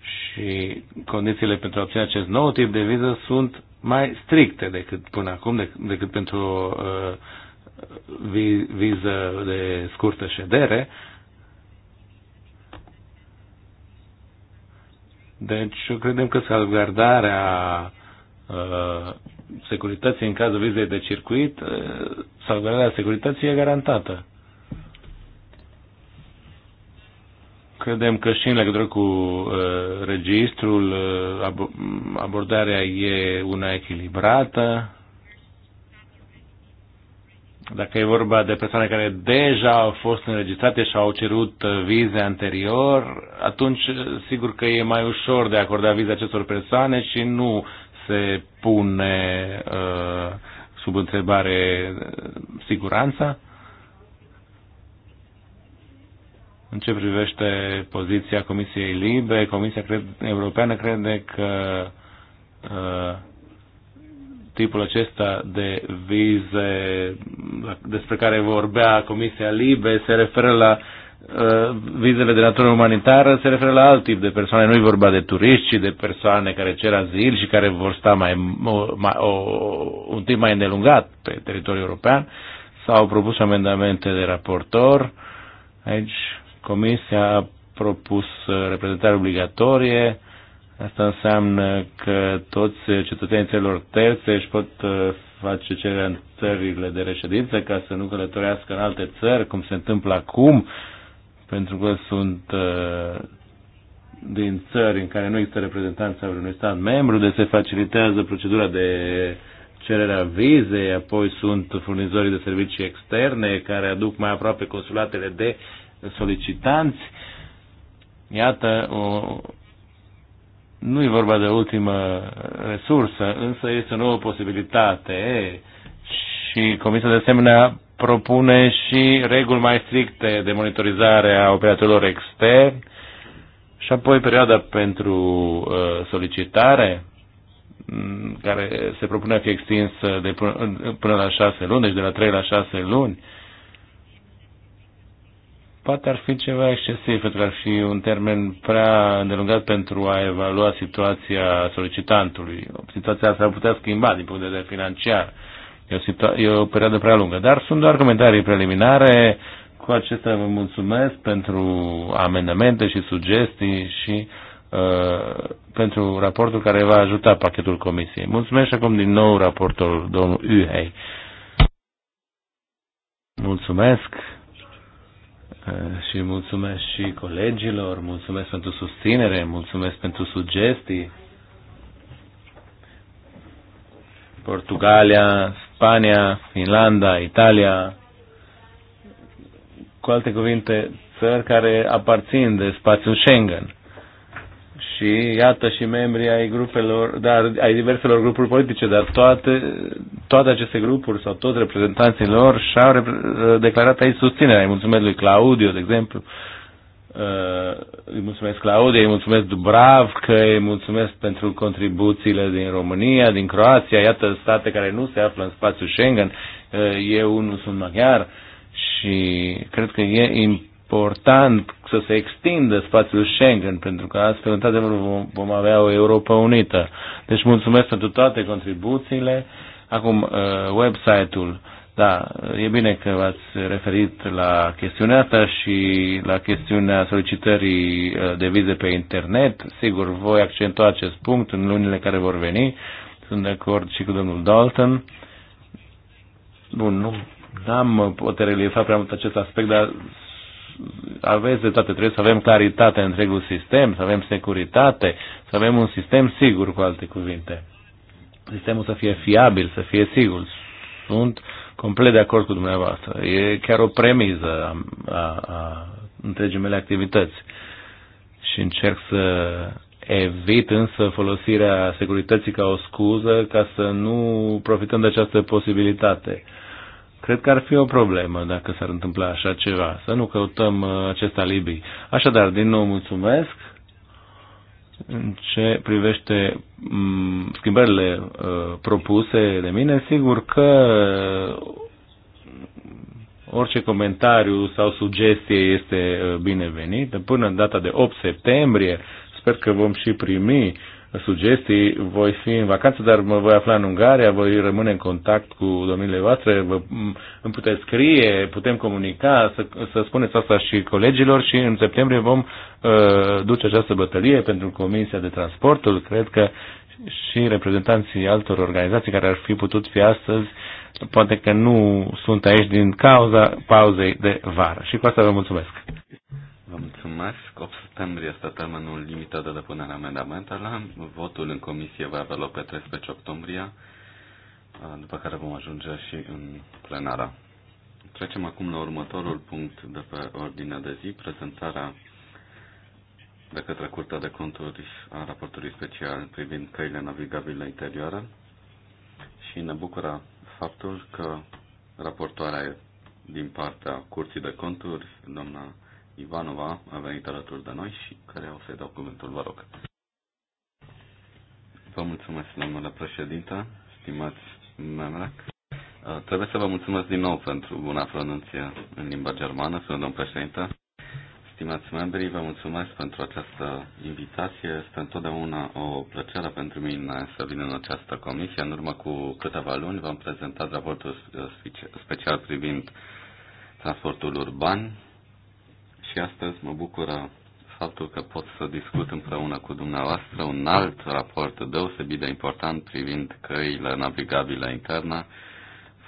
și condițiile pentru a obține acest nou tip de viză sunt mai stricte decât până acum, decât pentru uh, viză de scurtă ședere. Deci credem că salvgardarea uh, securității în cazul vizei de circuit, salvarea securității e garantată. Credem că și în legătură cu uh, registrul, uh, abordarea e una echilibrată. Dacă e vorba de persoane care deja au fost înregistrate și au cerut vize anterior, atunci sigur că e mai ușor de a acorda vize acestor persoane și nu se pune uh, sub întrebare uh, siguranța? În ce privește poziția Comisiei Libe, Comisia cred, Europeană crede că uh, tipul acesta de vize despre care vorbea Comisia Libe se referă la Uh, vizele de natură umanitară se referă la alt tip de persoane, nu e vorba de turiști, ci de persoane care cer azil și care vor sta mai, mai, o, un timp mai îndelungat pe teritoriul european. S-au propus amendamente de raportor. Aici Comisia a propus uh, reprezentare obligatorie. Asta înseamnă că toți cetățenii țărilor terțe își pot uh, face cererea în țările de reședință ca să nu călătorească în alte țări, cum se întâmplă acum pentru că sunt uh, din țări în care nu există reprezentanța unui stat membru, de se facilitează procedura de cererea vizei, apoi sunt furnizorii de servicii externe care aduc mai aproape consulatele de solicitanți. Iată, o, nu e vorba de ultimă resursă, însă este o nouă posibilitate și Comisia de asemenea propune și reguli mai stricte de monitorizare a operatorilor externi și apoi perioada pentru uh, solicitare mm, care se propune a fi extinsă de până, până la șase luni, deci de la trei la șase luni. Poate ar fi ceva excesiv, pentru că ar fi un termen prea îndelungat pentru a evalua situația solicitantului. Situația asta ar putea schimba din punct de vedere financiar. E o, e o perioadă prea lungă. Dar sunt doar comentarii preliminare. Cu acestea vă mulțumesc pentru amendamente și sugestii și uh, pentru raportul care va ajuta pachetul comisiei. Mulțumesc și acum din nou raportul domnul Uhei. Mulțumesc uh, și mulțumesc și colegilor, mulțumesc pentru susținere, mulțumesc pentru sugestii. Portugalia, Spania, Finlanda, Italia, cu alte cuvinte, țări care aparțin de spațiul Schengen. Și iată și membrii ai grupelor, dar ai diverselor grupuri politice, dar toate, toate aceste grupuri sau toți reprezentanții lor și-au declarat aici susținerea. mulțumesc lui Claudiu, de exemplu, uh, Uh, îi mulțumesc Claudia, îi mulțumesc Dubrav, că îi mulțumesc pentru contribuțiile din România, din Croația, iată state care nu se află în spațiul Schengen, uh, eu nu sunt maghiar și cred că e important să se extindă spațiul Schengen, pentru că astfel, într-adevăr, vom, vom avea o Europa unită. Deci mulțumesc pentru toate contribuțiile. Acum, uh, website-ul da, e bine că v-ați referit la chestiunea asta și la chestiunea solicitării uh, de vize pe internet. Sigur, voi accentua acest punct în lunile care vor veni. Sunt de acord și cu domnul Dalton. Bun, nu am de reliefa prea mult acest aspect, dar aveți de toate, trebuie să avem claritate în întregul sistem, să avem securitate, să avem un sistem sigur, cu alte cuvinte. Sistemul să fie fiabil, să fie sigur. Sunt complet de acord cu dumneavoastră. E chiar o premiză a, a, a întregii mele activități. Și încerc să evit însă folosirea securității ca o scuză ca să nu profităm de această posibilitate. Cred că ar fi o problemă dacă s-ar întâmpla așa ceva, să nu căutăm uh, acest alibi. Așadar, din nou mulțumesc în ce privește mm, schimbările uh, propuse de mine, sigur că orice comentariu sau sugestie este uh, binevenită. Până în data de 8 septembrie, sper că vom și primi sugestii. Voi fi în vacanță, dar mă voi afla în Ungaria, voi rămâne în contact cu domnile voastre, vă, îmi puteți scrie, putem comunica, să, să spuneți asta și colegilor și în septembrie vom uh, duce această bătălie pentru Comisia de Transportul. Cred că și reprezentanții altor organizații care ar fi putut fi astăzi, poate că nu sunt aici din cauza pauzei de vară. Și cu asta vă mulțumesc. Vă mulțumesc. 8 septembrie este termenul limită de depunere a amendamentelor. Votul în comisie va avea loc pe 13 octombrie, după care vom ajunge și în plenară. Trecem acum la următorul punct de pe ordinea de zi, prezentarea de către Curtea de Conturi a raportului special privind căile navigabile interioare și ne bucură faptul că raportoarea din partea Curții de Conturi, doamna Ivanova a venit alături de noi și care o să-i dau cuvântul, vă rog. Vă mulțumesc, domnule președinte, stimați membre. Uh, trebuie să vă mulțumesc din nou pentru buna pronunție în limba germană, sunt domn președinte. Stimați membrii, vă mulțumesc pentru această invitație. Este întotdeauna o plăcere pentru mine să vin în această comisie. În urmă cu câteva luni v-am prezentat raportul special privind transportul urban și astăzi mă bucură faptul că pot să discut împreună cu dumneavoastră un alt raport deosebit de important privind căile navigabile interne,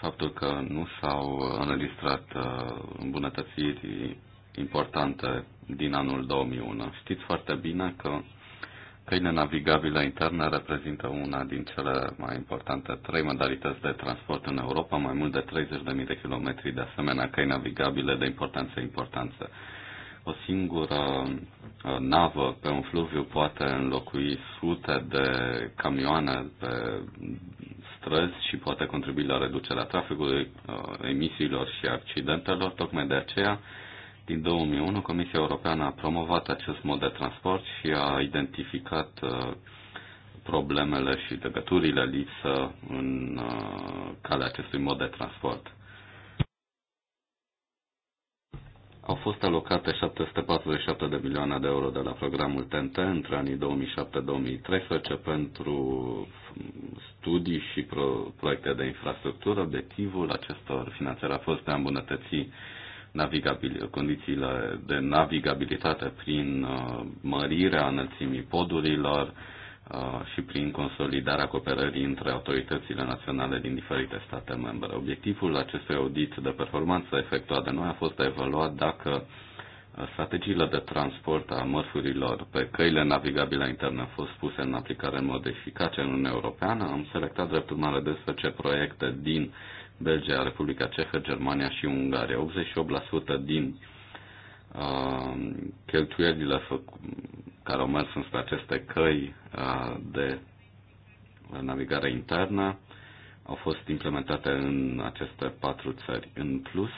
faptul că nu s-au înregistrat uh, îmbunătățiri importante din anul 2001. Știți foarte bine că căile navigabile interne reprezintă una din cele mai importante trei modalități de transport în Europa, mai mult de 30.000 de kilometri de asemenea căi navigabile de importanță importanță. O singură uh, navă pe un fluviu poate înlocui sute de camioane pe străzi și poate contribui la reducerea traficului, uh, emisiilor și accidentelor. Tocmai de aceea, din 2001, Comisia Europeană a promovat acest mod de transport și a identificat uh, problemele și legăturile lipsă în calea acestui mod de transport. Au fost alocate 747 de milioane de euro de la programul TNT între anii 2007-2013 pentru studii și pro- proiecte de infrastructură. Obiectivul acestor finanțări a fost de a îmbunătăți condițiile de navigabilitate prin uh, mărirea înălțimii podurilor, Uh, și prin consolidarea cooperării între autoritățile naționale din diferite state membre. Obiectivul acestui audit de performanță efectuat de noi a fost a evaluat dacă uh, strategiile de transport a mărfurilor pe căile navigabile interne au fost puse în aplicare în mod eficace în Uniunea Europeană. Am selectat drept urmare ce proiecte din Belgia, Republica Cehă, Germania și Ungaria. 88% din uh, cheltuielile care au mers înspre aceste căi de navigare internă au fost implementate în aceste patru țări. În plus,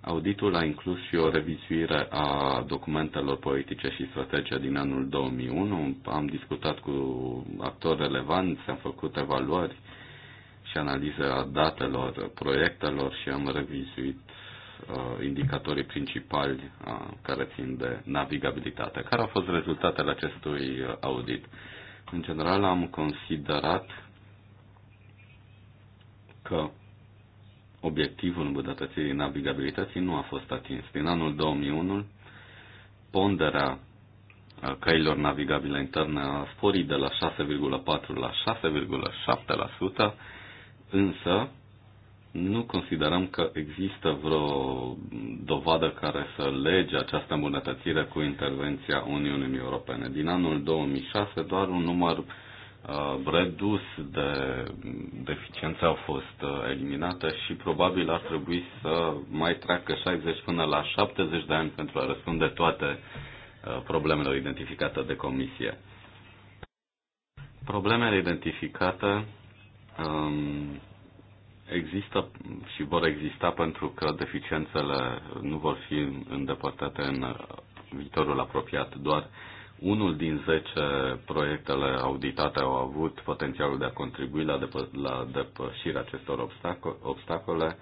auditul a inclus și o revizuire a documentelor politice și strategice din anul 2001. Am discutat cu actori relevanți, am făcut evaluări și analize a datelor, proiectelor și am revizuit uh, indicatorii principali uh, care țin de navigabilitate. Care au fost rezultatele acestui uh, audit? În general am considerat că obiectivul îmbunătățirii navigabilității nu a fost atins. Din anul 2001, ponderea uh, căilor navigabile interne a sporit de la 6,4 la 6,7%, însă nu considerăm că există vreo dovadă care să lege această îmbunătățire cu intervenția Uniunii Europene. Din anul 2006 doar un număr uh, redus de deficiențe au fost uh, eliminate și probabil ar trebui să mai treacă 60 până la 70 de ani pentru a răspunde toate uh, problemele identificate de comisie. Problemele identificate um, există și vor exista pentru că deficiențele nu vor fi îndepărtate în viitorul apropiat. Doar unul din 10 proiectele auditate au avut potențialul de a contribui la, depă- la depășirea acestor obstaco- obstacole,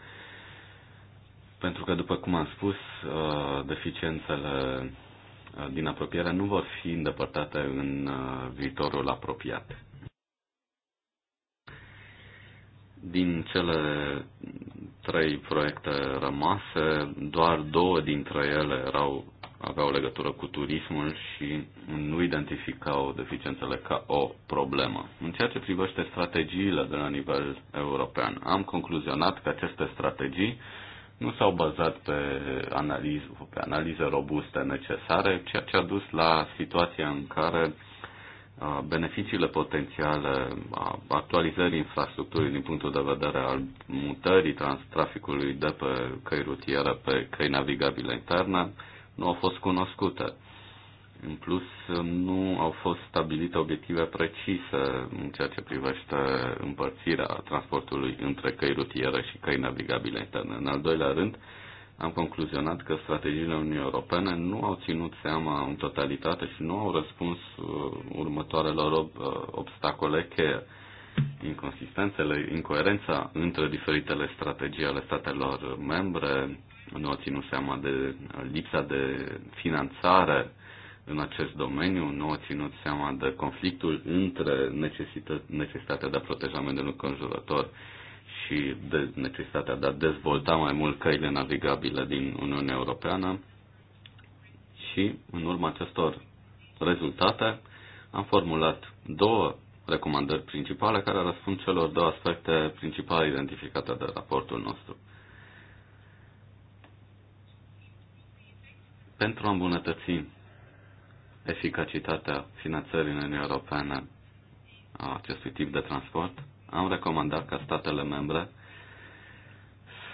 pentru că, după cum am spus, uh, deficiențele uh, din apropiere nu vor fi îndepărtate în uh, viitorul apropiat. Din cele trei proiecte rămase, doar două dintre ele erau, aveau legătură cu turismul și nu identificau deficiențele ca o problemă. În ceea ce privește strategiile de la nivel european, am concluzionat că aceste strategii nu s-au bazat pe, analiz, pe analize robuste necesare, ceea ce a dus la situația în care beneficiile potențiale a actualizării infrastructurii din punctul de vedere al mutării traficului de pe căi rutiere pe căi navigabile interne nu au fost cunoscute. În plus, nu au fost stabilite obiective precise în ceea ce privește împărțirea transportului între căi rutiere și căi navigabile interne. În al doilea rând, am concluzionat că strategiile Uniunii Europene nu au ținut seama în totalitate și nu au răspuns uh, următoarelor uh, obstacole cheie. Inconsistențele, incoerența între diferitele strategii ale statelor membre, nu au ținut seama de uh, lipsa de finanțare în acest domeniu, nu au ținut seama de conflictul între necesitatea de a proteja mediul înconjurător și de necesitatea de a dezvolta mai mult căile navigabile din Uniunea Europeană și, în urma acestor rezultate, am formulat două recomandări principale care răspund celor două aspecte principale identificate de raportul nostru. Pentru a îmbunătăți eficacitatea finanțării în Uniunea Europeană a acestui tip de transport, am recomandat ca statele membre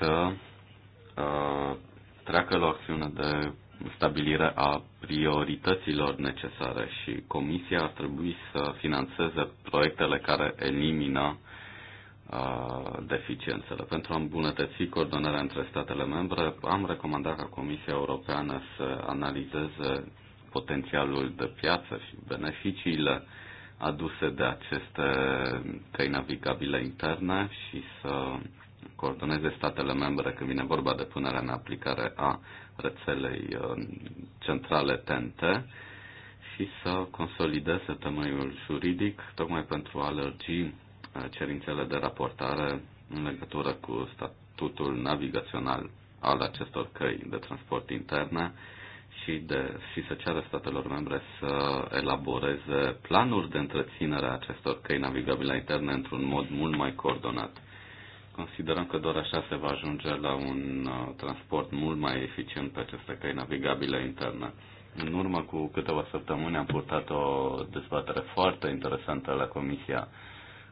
să uh, treacă la o acțiune de stabilire a priorităților necesare și Comisia ar trebui să financeze proiectele care elimină uh, deficiențele. Pentru a îmbunătăți coordonarea între statele membre, am recomandat ca Comisia Europeană să analizeze potențialul de piață și beneficiile uh, aduse de aceste căi navigabile interne și să coordoneze statele membre când vine vorba de punerea în aplicare a rețelei uh, centrale TNT și să consolideze temeiul juridic tocmai pentru a lărgi uh, cerințele de raportare în legătură cu statutul navigațional al acestor căi de transport interne și, de, și să ceară statelor membre să elaboreze planuri de întreținere a acestor căi navigabile interne într-un mod mult mai coordonat. Considerăm că doar așa se va ajunge la un uh, transport mult mai eficient pe aceste căi navigabile interne. În urmă cu câteva săptămâni am purtat o dezbatere foarte interesantă la Comisia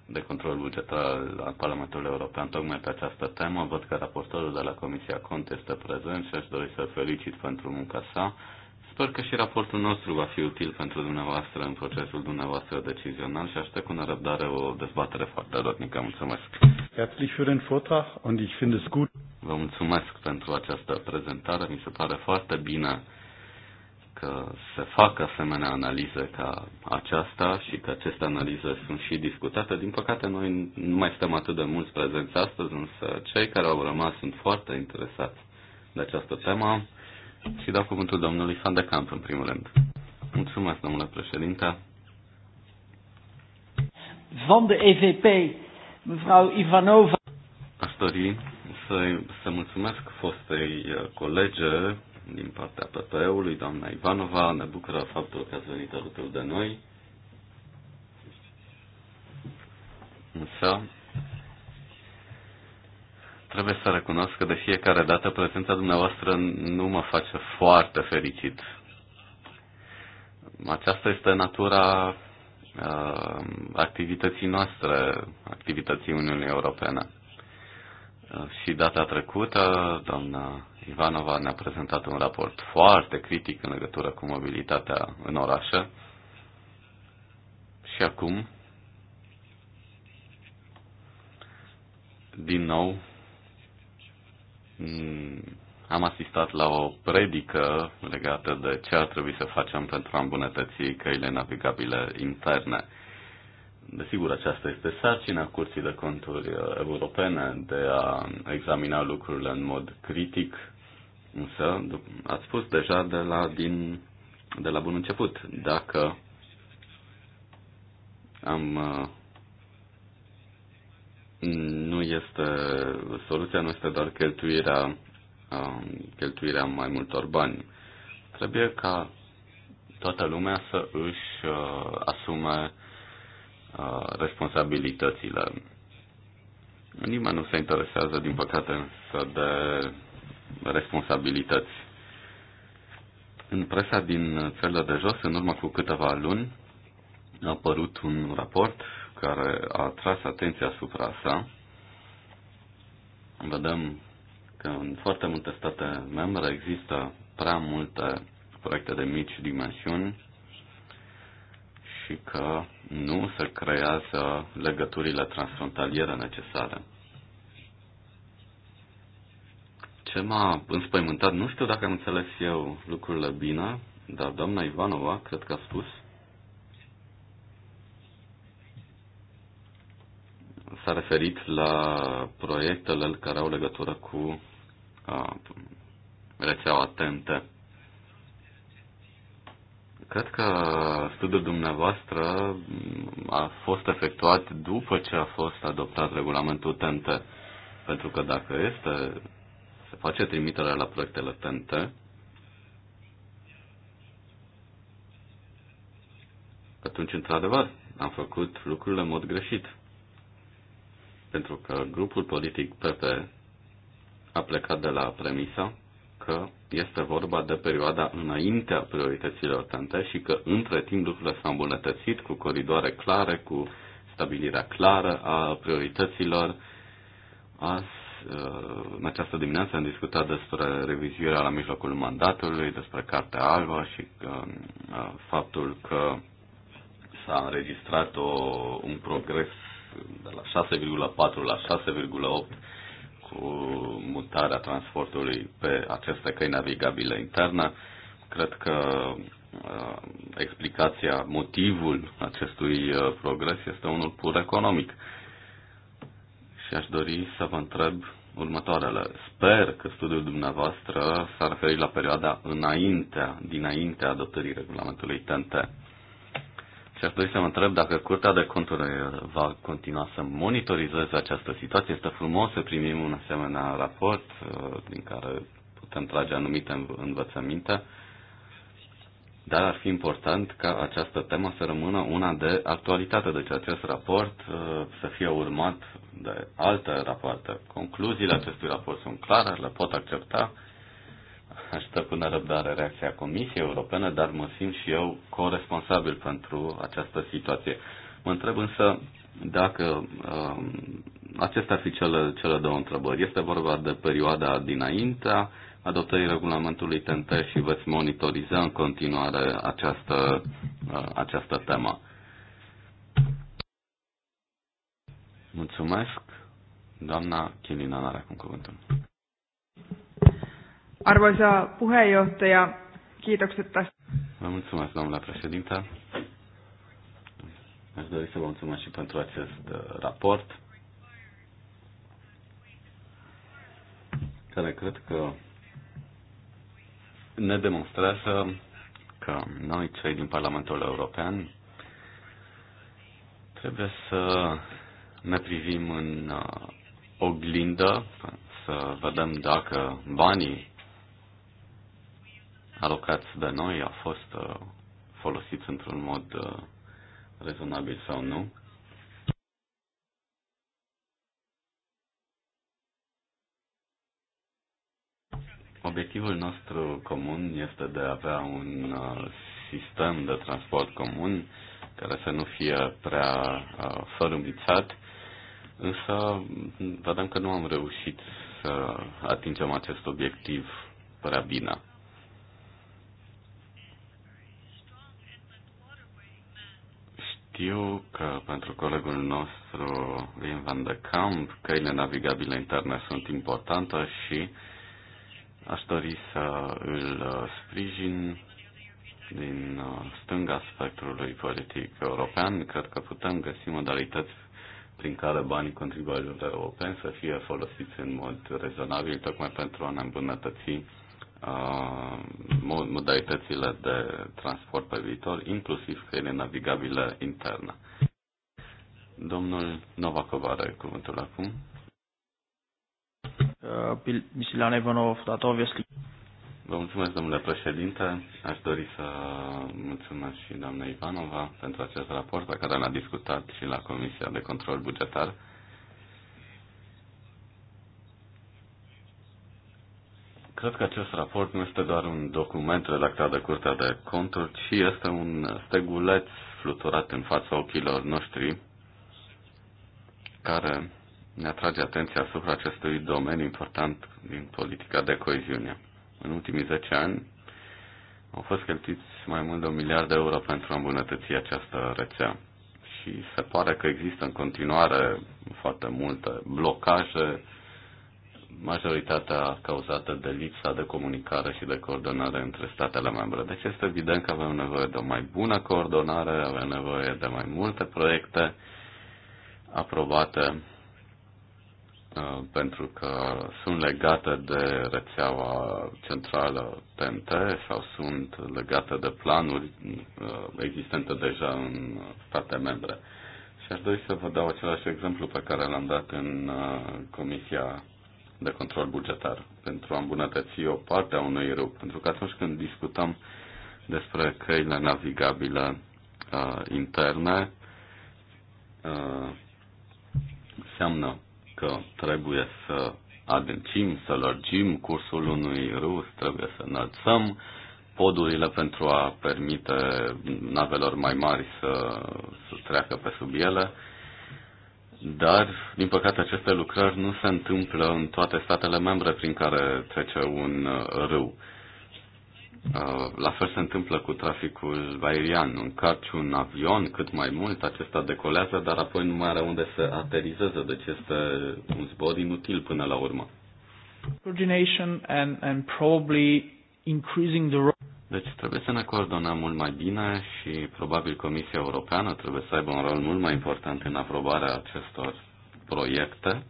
de control bugetar al Parlamentului European tocmai pe această temă. Văd că raportorul de la Comisia Conte este prezent și aș dori să felicit pentru munca sa. Sper că și raportul nostru va fi util pentru dumneavoastră în procesul dumneavoastră decizional și aștept cu nerăbdare o dezbatere foarte rotnică. Mulțumesc! Vă mulțumesc pentru această prezentare. Mi se pare foarte bine că se facă asemenea analize ca aceasta și că aceste analize sunt și discutate. Din păcate, noi nu mai suntem atât de mulți prezenți astăzi, însă cei care au rămas sunt foarte interesați de această temă și dau cuvântul domnului Van de Camp, în primul rând. Mulțumesc, domnule președinte. Van de EVP, mevrouw Ivanova. Aș dori să, să mulțumesc fostei eh, colege din partea PPE-ului, doamna Ivanova. Ne bucură faptul că ați venit alături de noi. Însă, trebuie să recunosc că de fiecare dată prezența dumneavoastră nu mă face foarte fericit. Aceasta este natura uh, activității noastre, activității Uniunii Europene. Uh, și data trecută, doamna Ivanova ne-a prezentat un raport foarte critic în legătură cu mobilitatea în orașă. Și acum, din nou, mm, am asistat la o predică legată de ce ar trebui să facem pentru a îmbunătăți căile navigabile interne. Desigur, aceasta este sarcina Curții de Conturi uh, Europene de a examina lucrurile în mod critic Însă, ați spus deja de la, din, de la bun început, dacă am uh, nu este soluția nu este doar cheltuirea um, cheltuirea mai multor bani. Trebuie ca toată lumea să își uh, asume uh, responsabilitățile. Nimeni nu se interesează, din păcate, însă de responsabilități. În presa din țările de jos, în urmă cu câteva luni, a apărut un raport care a atras atenția asupra sa. Vedem că în foarte multe state membre există prea multe proiecte de mici dimensiuni și că nu se creează legăturile transfrontaliere necesare. ce înspăimântat, nu știu dacă am înțeles eu lucrurile bine, dar doamna Ivanova cred că a spus s-a referit la proiectele care au legătură cu a, rețeaua TNT. Cred că studiul dumneavoastră a fost efectuat după ce a fost adoptat regulamentul TNT. Pentru că dacă este face trimiterea la proiectele TNT, atunci, într-adevăr, am făcut lucrurile în mod greșit. Pentru că grupul politic PP a plecat de la premisa că este vorba de perioada înaintea priorităților tente și că între timp lucrurile s-au îmbunătățit cu coridoare clare, cu stabilirea clară a priorităților, a Uh, în această dimineață am discutat despre revizuirea la mijlocul mandatului, despre Cartea Albă și um, uh, faptul că s-a înregistrat o, un progres de la 6,4 la 6,8 cu mutarea transportului pe aceste căi navigabile interne. Cred că uh, explicația, motivul acestui progres este unul pur economic și aș dori să vă întreb următoarele. Sper că studiul dumneavoastră s-a referit la perioada înaintea, dinaintea adoptării regulamentului TNT. Și aș dori să vă întreb dacă Curtea de Conturi va continua să monitorizeze această situație. Este frumos să primim un asemenea raport uh, din care putem trage anumite învățăminte dar ar fi important ca această temă să rămână una de actualitate, deci acest raport uh, să fie urmat de alte rapoarte. Concluziile acestui raport sunt clare, le pot accepta. Aștept cu nerăbdare reacția Comisiei Europene, dar mă simt și eu corresponsabil pentru această situație. Mă întreb însă dacă um, acestea ar fi cele, cele două întrebări. Este vorba de perioada dinaintea adoptării regulamentului TNT și veți monitoriza în continuare această, uh, această temă. Mulțumesc. Doamna Chilina are acum cuvântul. Arvoisa puheenjohtaja, kiitokset tästä. Vă mulțumesc, domnule președinte. Aș dori să vă mulțumesc și pentru acest uh, raport, care cred că ne demonstrează că noi, cei din Parlamentul European, trebuie să ne privim în uh, oglindă, să vedem dacă banii alocați de noi au fost uh, folosiți într-un mod uh, rezonabil sau nu. Obiectivul nostru comun este de a avea un uh, sistem de transport comun care să nu fie prea uh, fărâmbițat, însă vedem că nu am reușit să atingem acest obiectiv prea bine. știu că pentru colegul nostru Wim van de Camp, căile navigabile interne sunt importante și Aș dori să îl uh, sprijin din uh, stânga spectrului politic european. Cred că putem găsi modalități prin care banii contribuabililor europeni să fie folosiți în mod rezonabil, tocmai pentru a ne îmbunătăți uh, modalitățile de transport pe viitor, inclusiv căile navigabile interne. Domnul Novakov are cuvântul acum. Uh, Misilan Ivanov, that obviously... Vă mulțumesc, domnule președinte. Aș dori să mulțumesc și doamna Ivanova pentru acest raport pe care l-a discutat și la Comisia de Control Bugetar. Cred că acest raport nu este doar un document redactat de Curtea de Conturi, ci este un steguleț fluturat în fața ochilor noștri, care ne atrage atenția asupra acestui domeniu important din politica de coeziune. În ultimii 10 ani au fost cheltuiți mai mult de un miliard de euro pentru a îmbunătăți această rețea și se pare că există în continuare foarte multe blocaje, majoritatea cauzată de lipsa de comunicare și de coordonare între statele membre. Deci este evident că avem nevoie de o mai bună coordonare, avem nevoie de mai multe proiecte aprobate Uh, pentru că sunt legate de rețeaua centrală TNT sau sunt legate de planuri uh, existente deja în state membre. Și aș dori să vă dau același exemplu pe care l-am dat în uh, Comisia de Control Bugetar pentru a îmbunătăți o parte a unui râu. Pentru că atunci când discutăm despre căile navigabile uh, interne, uh, înseamnă că trebuie să adâncim, să lărgim cursul unui râu, trebuie să înălțăm podurile pentru a permite navelor mai mari să, să treacă pe sub ele. Dar, din păcate, aceste lucrări nu se întâmplă în toate statele membre prin care trece un uh, râu. Uh, la fel se întâmplă cu traficul aerian. Încarci un avion cât mai mult, acesta decolează, dar apoi nu mai are unde să aterizeze, deci este un zbor inutil până la urmă. And, and probably increasing the deci trebuie să ne coordonăm mult mai bine și probabil Comisia Europeană trebuie să aibă un rol mult mai important în aprobarea acestor proiecte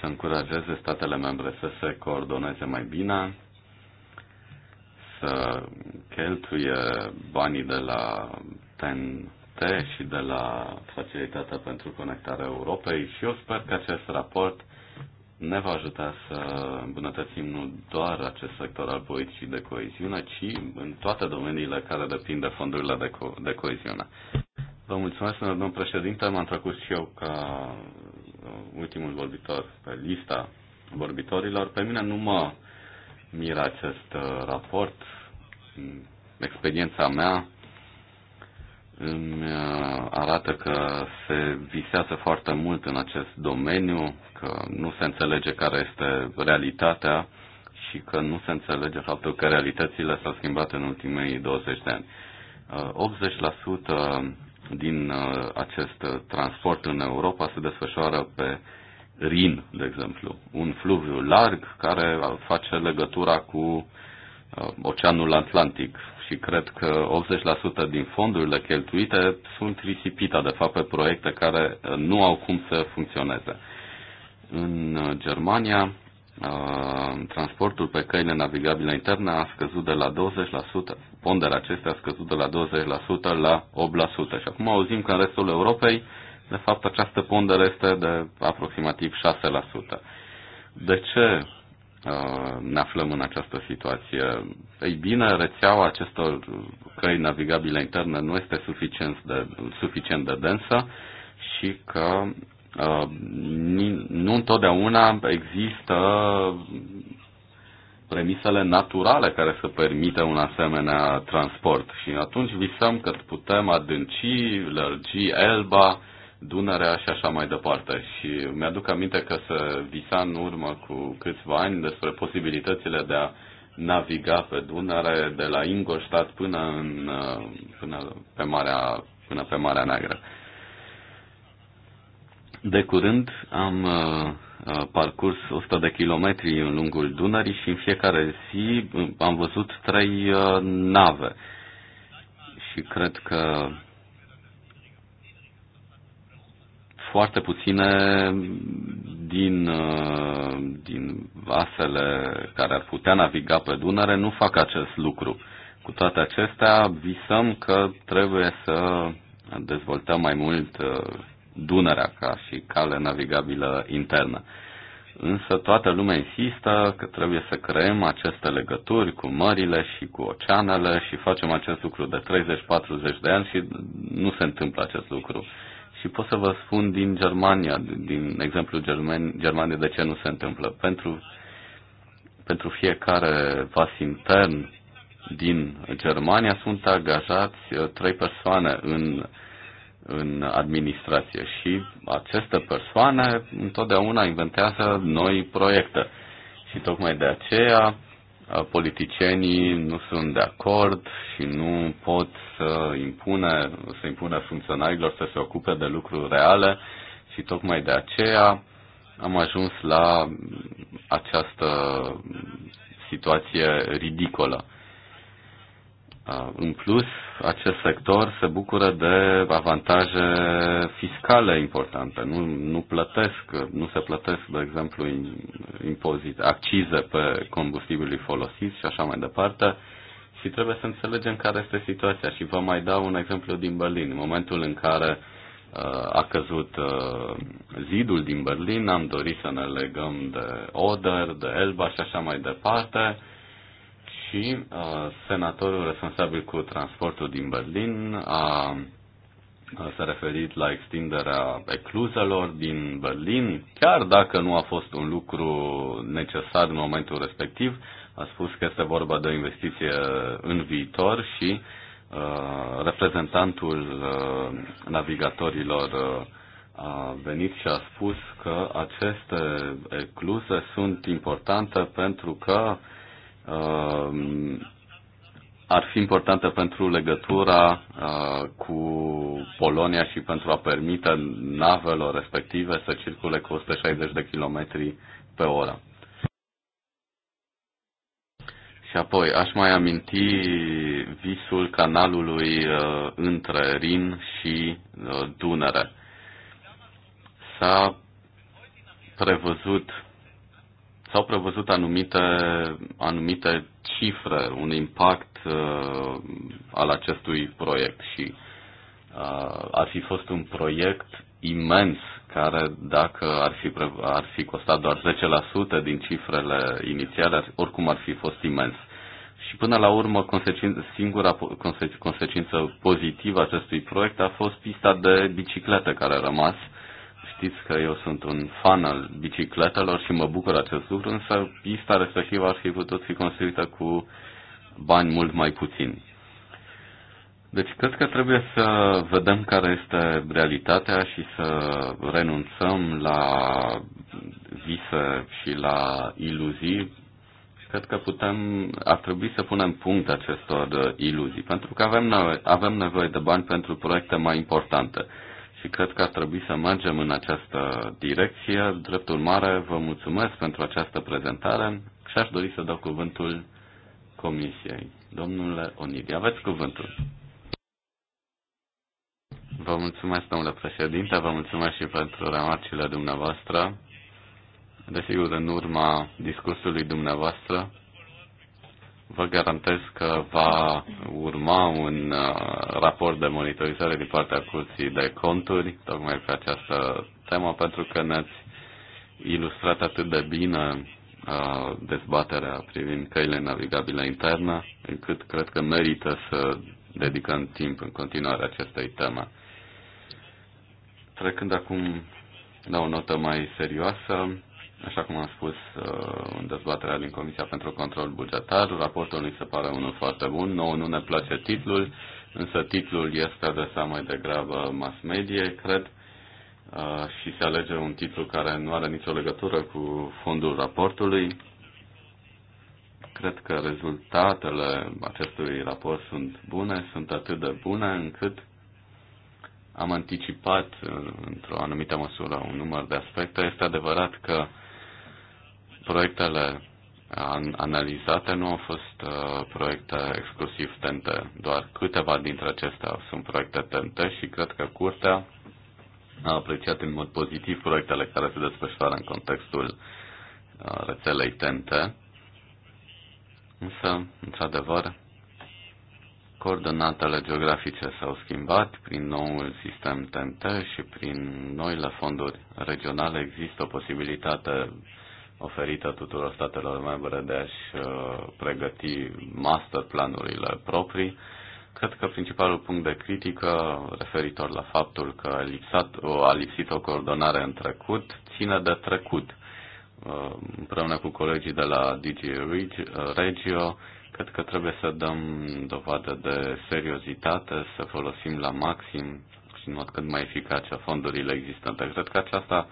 să încurajeze statele membre să se coordoneze mai bine, să cheltuie banii de la TNT și de la Facilitatea pentru Conectarea Europei și eu sper că acest raport ne va ajuta să îmbunătățim nu doar acest sector al politicii de coeziune, ci în toate domeniile care depind de fondurile de, co- de coeziune. Vă mulțumesc, domnul președinte. M-am trecut și eu ca ultimul vorbitor pe lista vorbitorilor, pe mine nu mă miră acest uh, raport. Experiența mea îmi uh, arată că se visează foarte mult în acest domeniu, că nu se înțelege care este realitatea și că nu se înțelege faptul că realitățile s-au schimbat în ultimii 20 de ani. 80% uh, din uh, acest uh, transport în Europa se desfășoară pe Rin, de exemplu, un fluviu larg care face legătura cu uh, Oceanul Atlantic și cred că 80% din fondurile cheltuite sunt risipite, de fapt, pe proiecte care nu au cum să funcționeze. În Germania, transportul pe căile navigabile interne a scăzut de la 20%, ponderea acestea a scăzut de la 20% la 8%. Și acum auzim că în restul Europei, de fapt, această pondere este de aproximativ 6%. De ce ne aflăm în această situație? Ei bine, rețeaua acestor căi navigabile interne nu este suficient de, suficient de densă și că Uh, nu întotdeauna există premisele naturale care să permită un asemenea transport. Și atunci visăm că putem adânci, lărgi Elba, Dunărea și așa mai departe. Și mi-aduc aminte că se visa în urmă cu câțiva ani despre posibilitățile de a naviga pe Dunăre de la Ingolstadt până, în, uh, până, pe, Marea, până pe Marea Neagră. Uh, de curând am uh, uh, parcurs 100 de kilometri în lungul Dunării și în fiecare zi uh, am văzut trei nave. Și cred că foarte puține din, din vasele care ar putea naviga pe Dunăre nu fac acest lucru. Cu toate acestea, visăm că trebuie să dezvoltăm mai mult Dunărea ca și cale navigabilă internă. Însă toată lumea insistă că trebuie să creăm aceste legături cu mările și cu oceanele și facem acest lucru de 30-40 de ani și nu se întâmplă acest lucru. Și pot să vă spun din Germania, din exemplu Germania, de ce nu se întâmplă. Pentru, pentru fiecare vas intern din Germania sunt angajați uh, trei persoane în în administrație și aceste persoane întotdeauna inventează noi proiecte. Și tocmai de aceea uh, politicienii nu sunt de acord și nu pot să impune, să impune funcționarilor să se ocupe de lucruri reale și tocmai de aceea am ajuns la această situație ridicolă. În plus, acest sector se bucură de avantaje fiscale importante. Nu, nu plătesc, nu se plătesc, de exemplu, impozite, accize pe combustibilii folosiți și așa mai departe. Și trebuie să înțelegem care este situația. Și vă mai dau un exemplu din Berlin. În momentul în care a căzut zidul din Berlin, am dorit să ne legăm de Oder, de Elba și așa mai departe și uh, senatorul responsabil cu transportul din Berlin a s-a referit la extinderea ecluzelor din Berlin, chiar dacă nu a fost un lucru necesar în momentul respectiv, a spus că este vorba de o investiție în viitor și uh, reprezentantul uh, navigatorilor uh, a venit și a spus că aceste ecluze sunt importante pentru că Um, ar fi importantă pentru legătura uh, cu Polonia și pentru a permite navelor respective să circule cu 160 de km pe oră. Și apoi aș mai aminti visul canalului uh, între Rin și uh, Dunăre. S-a prevăzut s-au prevăzut anumite, anumite cifre, un impact uh, al acestui proiect și uh, ar fi fost un proiect imens care dacă ar fi, ar fi costat doar 10% din cifrele inițiale, oricum ar fi fost imens. Și până la urmă, consecin, singura consecință pozitivă acestui proiect a fost pista de biciclete care a rămas uh, știți că eu sunt un fan al bicicletelor și mă bucur acest lucru, însă pista respectivă ar fi putut fi construită cu bani mult mai puțini. Deci cred că trebuie să vedem care este realitatea și să renunțăm la vise și la iluzii. Cred că putem, ar trebui să punem punct acestor iluzii, pentru că avem nevoie, avem nevoie de bani pentru proiecte mai importante și cred că ar trebui să mergem în această direcție. Drept urmare, vă mulțumesc pentru această prezentare și aș dori să dau cuvântul Comisiei. Domnule Onidi, aveți cuvântul. Vă mulțumesc, domnule președinte, vă mulțumesc și pentru remarcile dumneavoastră. Desigur, în urma discursului dumneavoastră, Vă garantez că va urma un uh, raport de monitorizare din partea Curții de Conturi, tocmai pe această temă, pentru că ne-ați ilustrat atât de bine uh, dezbaterea privind căile navigabile interne, încât cred că merită să dedicăm timp în continuare acestei teme. Trecând acum la o notă mai serioasă, Așa cum am spus uh, în dezbaterea din Comisia pentru Control Bugetar, raportul mi se pare unul foarte bun. nou nu ne place titlul, însă titlul este adesea mai degrabă mass media, cred, uh, și se alege un titlu care nu are nicio legătură cu fondul raportului. Cred că rezultatele acestui raport sunt bune, sunt atât de bune încât am anticipat uh, într-o anumită măsură un număr de aspecte. Este adevărat că proiectele analizate nu au fost uh, proiecte exclusiv TNT, doar câteva dintre acestea sunt proiecte TNT și cred că curtea a apreciat în mod pozitiv proiectele care se desfășoară în contextul uh, rețelei TNT. Însă, într-adevăr, coordonatele geografice s-au schimbat prin noul sistem TNT și prin noile fonduri regionale există o posibilitate oferită tuturor statelor membre de a-și uh, pregăti master planurile proprii. Cred că principalul punct de critică referitor la faptul că a, lipsat, a lipsit o coordonare în trecut ține de trecut. Uh, împreună cu colegii de la DG Regio, cred că trebuie să dăm dovadă de seriozitate, să folosim la maxim și în mod cât mai eficace fondurile existente. Cred că aceasta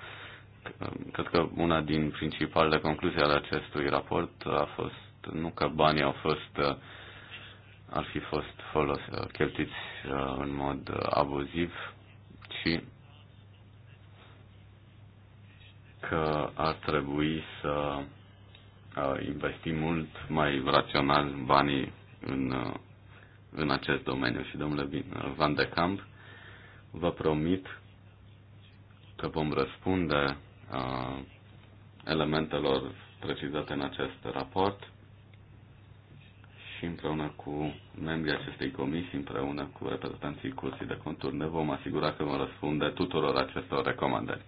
Cred că una din principalele concluzii ale acestui raport a fost nu că banii au fost ar fi fost folos, cheltuiți uh, în mod abuziv, ci că ar trebui să uh, investim mult mai rațional banii în, uh, în acest domeniu. Și domnule Van de Camp, vă promit că vom răspunde elementelor precizate în acest raport și împreună cu membrii acestei comisii, împreună cu reprezentanții Curții de Conturi, ne vom asigura că vom răspunde tuturor acestor recomandări.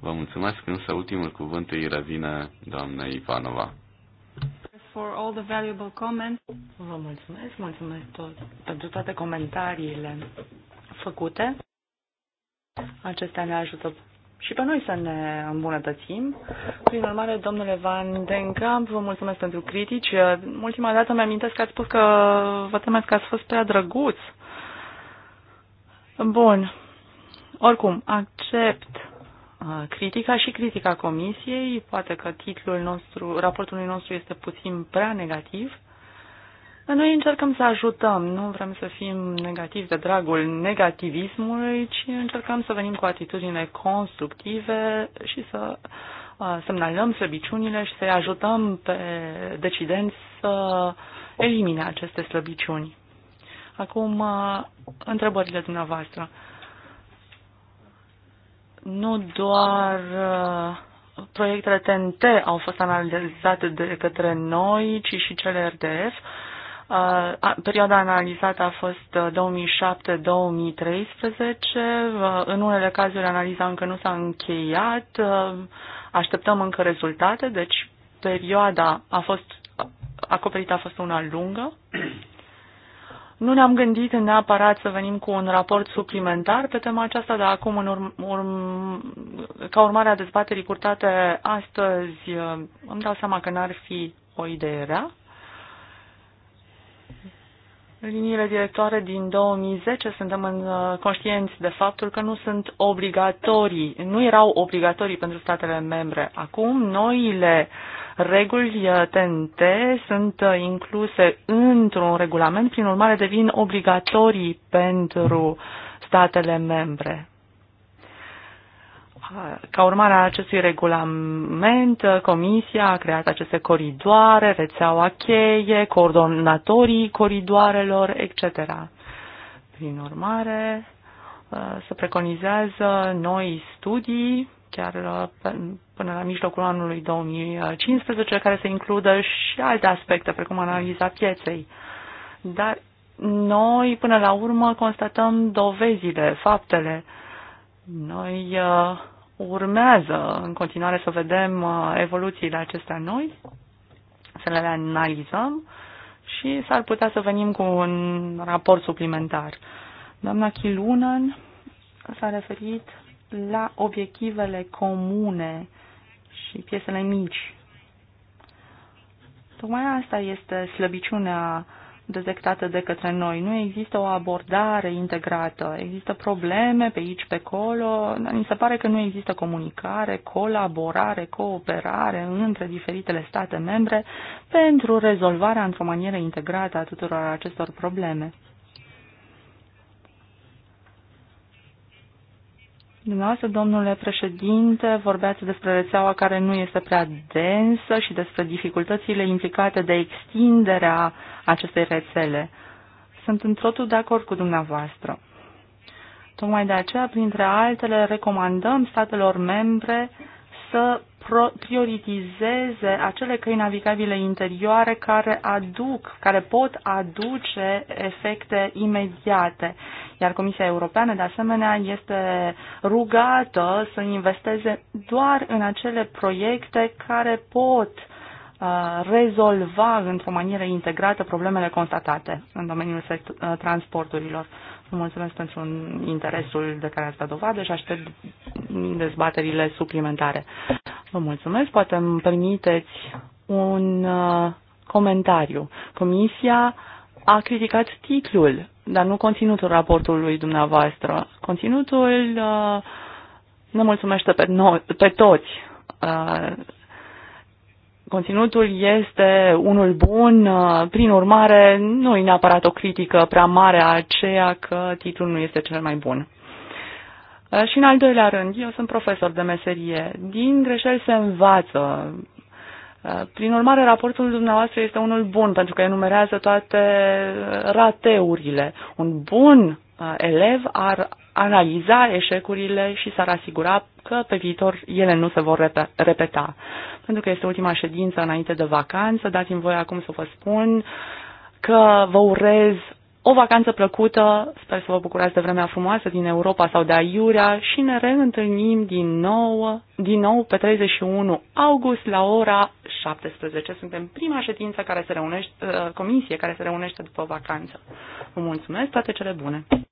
Vă mulțumesc, însă ultimul cuvânt îi revine doamna Ivanova. For all the valuable comments. Vă mulțumesc, mulțumesc tot, pentru toate comentariile făcute. Acestea ne ajută și pe noi să ne îmbunătățim. Prin urmare, domnule Van Den Kamp, vă mulțumesc pentru critici. Ultima dată mi-amintesc că ați spus că vă temeți că ați fost prea drăguț. Bun. Oricum, accept uh, critica și critica comisiei. Poate că titlul nostru, raportului nostru este puțin prea negativ. Noi încercăm să ajutăm, nu vrem să fim negativi de dragul negativismului, ci încercăm să venim cu atitudine constructive și să uh, semnalăm slăbiciunile și să-i ajutăm pe decidenți să elimine aceste slăbiciuni. Acum, uh, întrebările dumneavoastră. Nu doar uh, proiectele TNT au fost analizate de către noi, ci și cele RDF. Perioada analizată a fost 2007-2013. Uh, uh, în unele cazuri analiza încă nu s-a încheiat. Uh, așteptăm încă rezultate, deci perioada a fost acoperită a fost una lungă. Nu ne-am gândit neapărat să venim cu un raport suplimentar pe tema aceasta, dar acum, în urm, urm, ca urmare a dezbaterii curtate astăzi, îmi dau seama că n-ar fi o idee rea liniile directoare din 2010 suntem în, uh, conștienți de faptul că nu sunt obligatorii, nu erau obligatorii pentru statele membre. Acum noile reguli TNT uh, sunt uh, incluse într-un regulament, prin urmare devin obligatorii pentru statele membre. Ca urmare a acestui regulament, Comisia a creat aceste coridoare, rețeaua cheie, coordonatorii coridoarelor, etc. Prin urmare, uh, se preconizează noi studii, chiar uh, până la mijlocul anului 2015, care să includă și alte aspecte, precum analiza pieței. Dar noi, până la urmă, constatăm dovezile, faptele. Noi uh, urmează în continuare să vedem uh, evoluțiile acestea noi, să le analizăm și s-ar putea să venim cu un raport suplimentar. Doamna Chilunan s-a referit la obiectivele comune și piesele mici. Tocmai asta este slăbiciunea uh, dezectată de către noi. Nu există o abordare integrată. Există probleme pe aici, pe acolo. Mi se pare că nu există comunicare, colaborare, cooperare între diferitele state membre pentru rezolvarea într-o manieră integrată a tuturor acestor probleme. Dumneavoastră, domnule președinte, vorbeați despre rețeaua care nu este prea densă și despre dificultățile implicate de extinderea acestei rețele. Sunt într totul de acord cu dumneavoastră. Tocmai de aceea, printre altele, recomandăm statelor membre să prioritizeze acele căi navigabile interioare care aduc, care pot aduce efecte imediate. Iar Comisia Europeană, de asemenea, este rugată să investeze doar în acele proiecte care pot uh, rezolva într-o manieră integrată problemele constatate în domeniul uh, transporturilor. Vă mulțumesc pentru interesul de care ați dat dovadă și aștept dezbaterile suplimentare. Vă mulțumesc. Poate îmi permiteți un uh, comentariu. Comisia a criticat titlul, dar nu conținutul raportului dumneavoastră. Conținutul uh, ne mulțumește pe, no- pe toți uh, Conținutul este unul bun, uh, prin urmare nu e neapărat o critică prea mare a aceea că titlul nu este cel mai bun. Uh, și în al doilea rând, eu sunt profesor de meserie. Din greșeli se învață. Uh, prin urmare, raportul dumneavoastră este unul bun, pentru că enumerează toate rateurile. Un bun Uh, elev ar analiza eșecurile și s-ar asigura că pe viitor ele nu se vor repeta. Pentru că este ultima ședință înainte de vacanță, dați-mi voi acum să vă spun că vă urez o vacanță plăcută, sper să vă bucurați de vremea frumoasă din Europa sau de Aiurea și ne reîntâlnim din nou, din nou pe 31 august la ora 17. Suntem prima ședință care se reunește, uh, comisie care se reunește după vacanță. Vă mulțumesc, toate cele bune!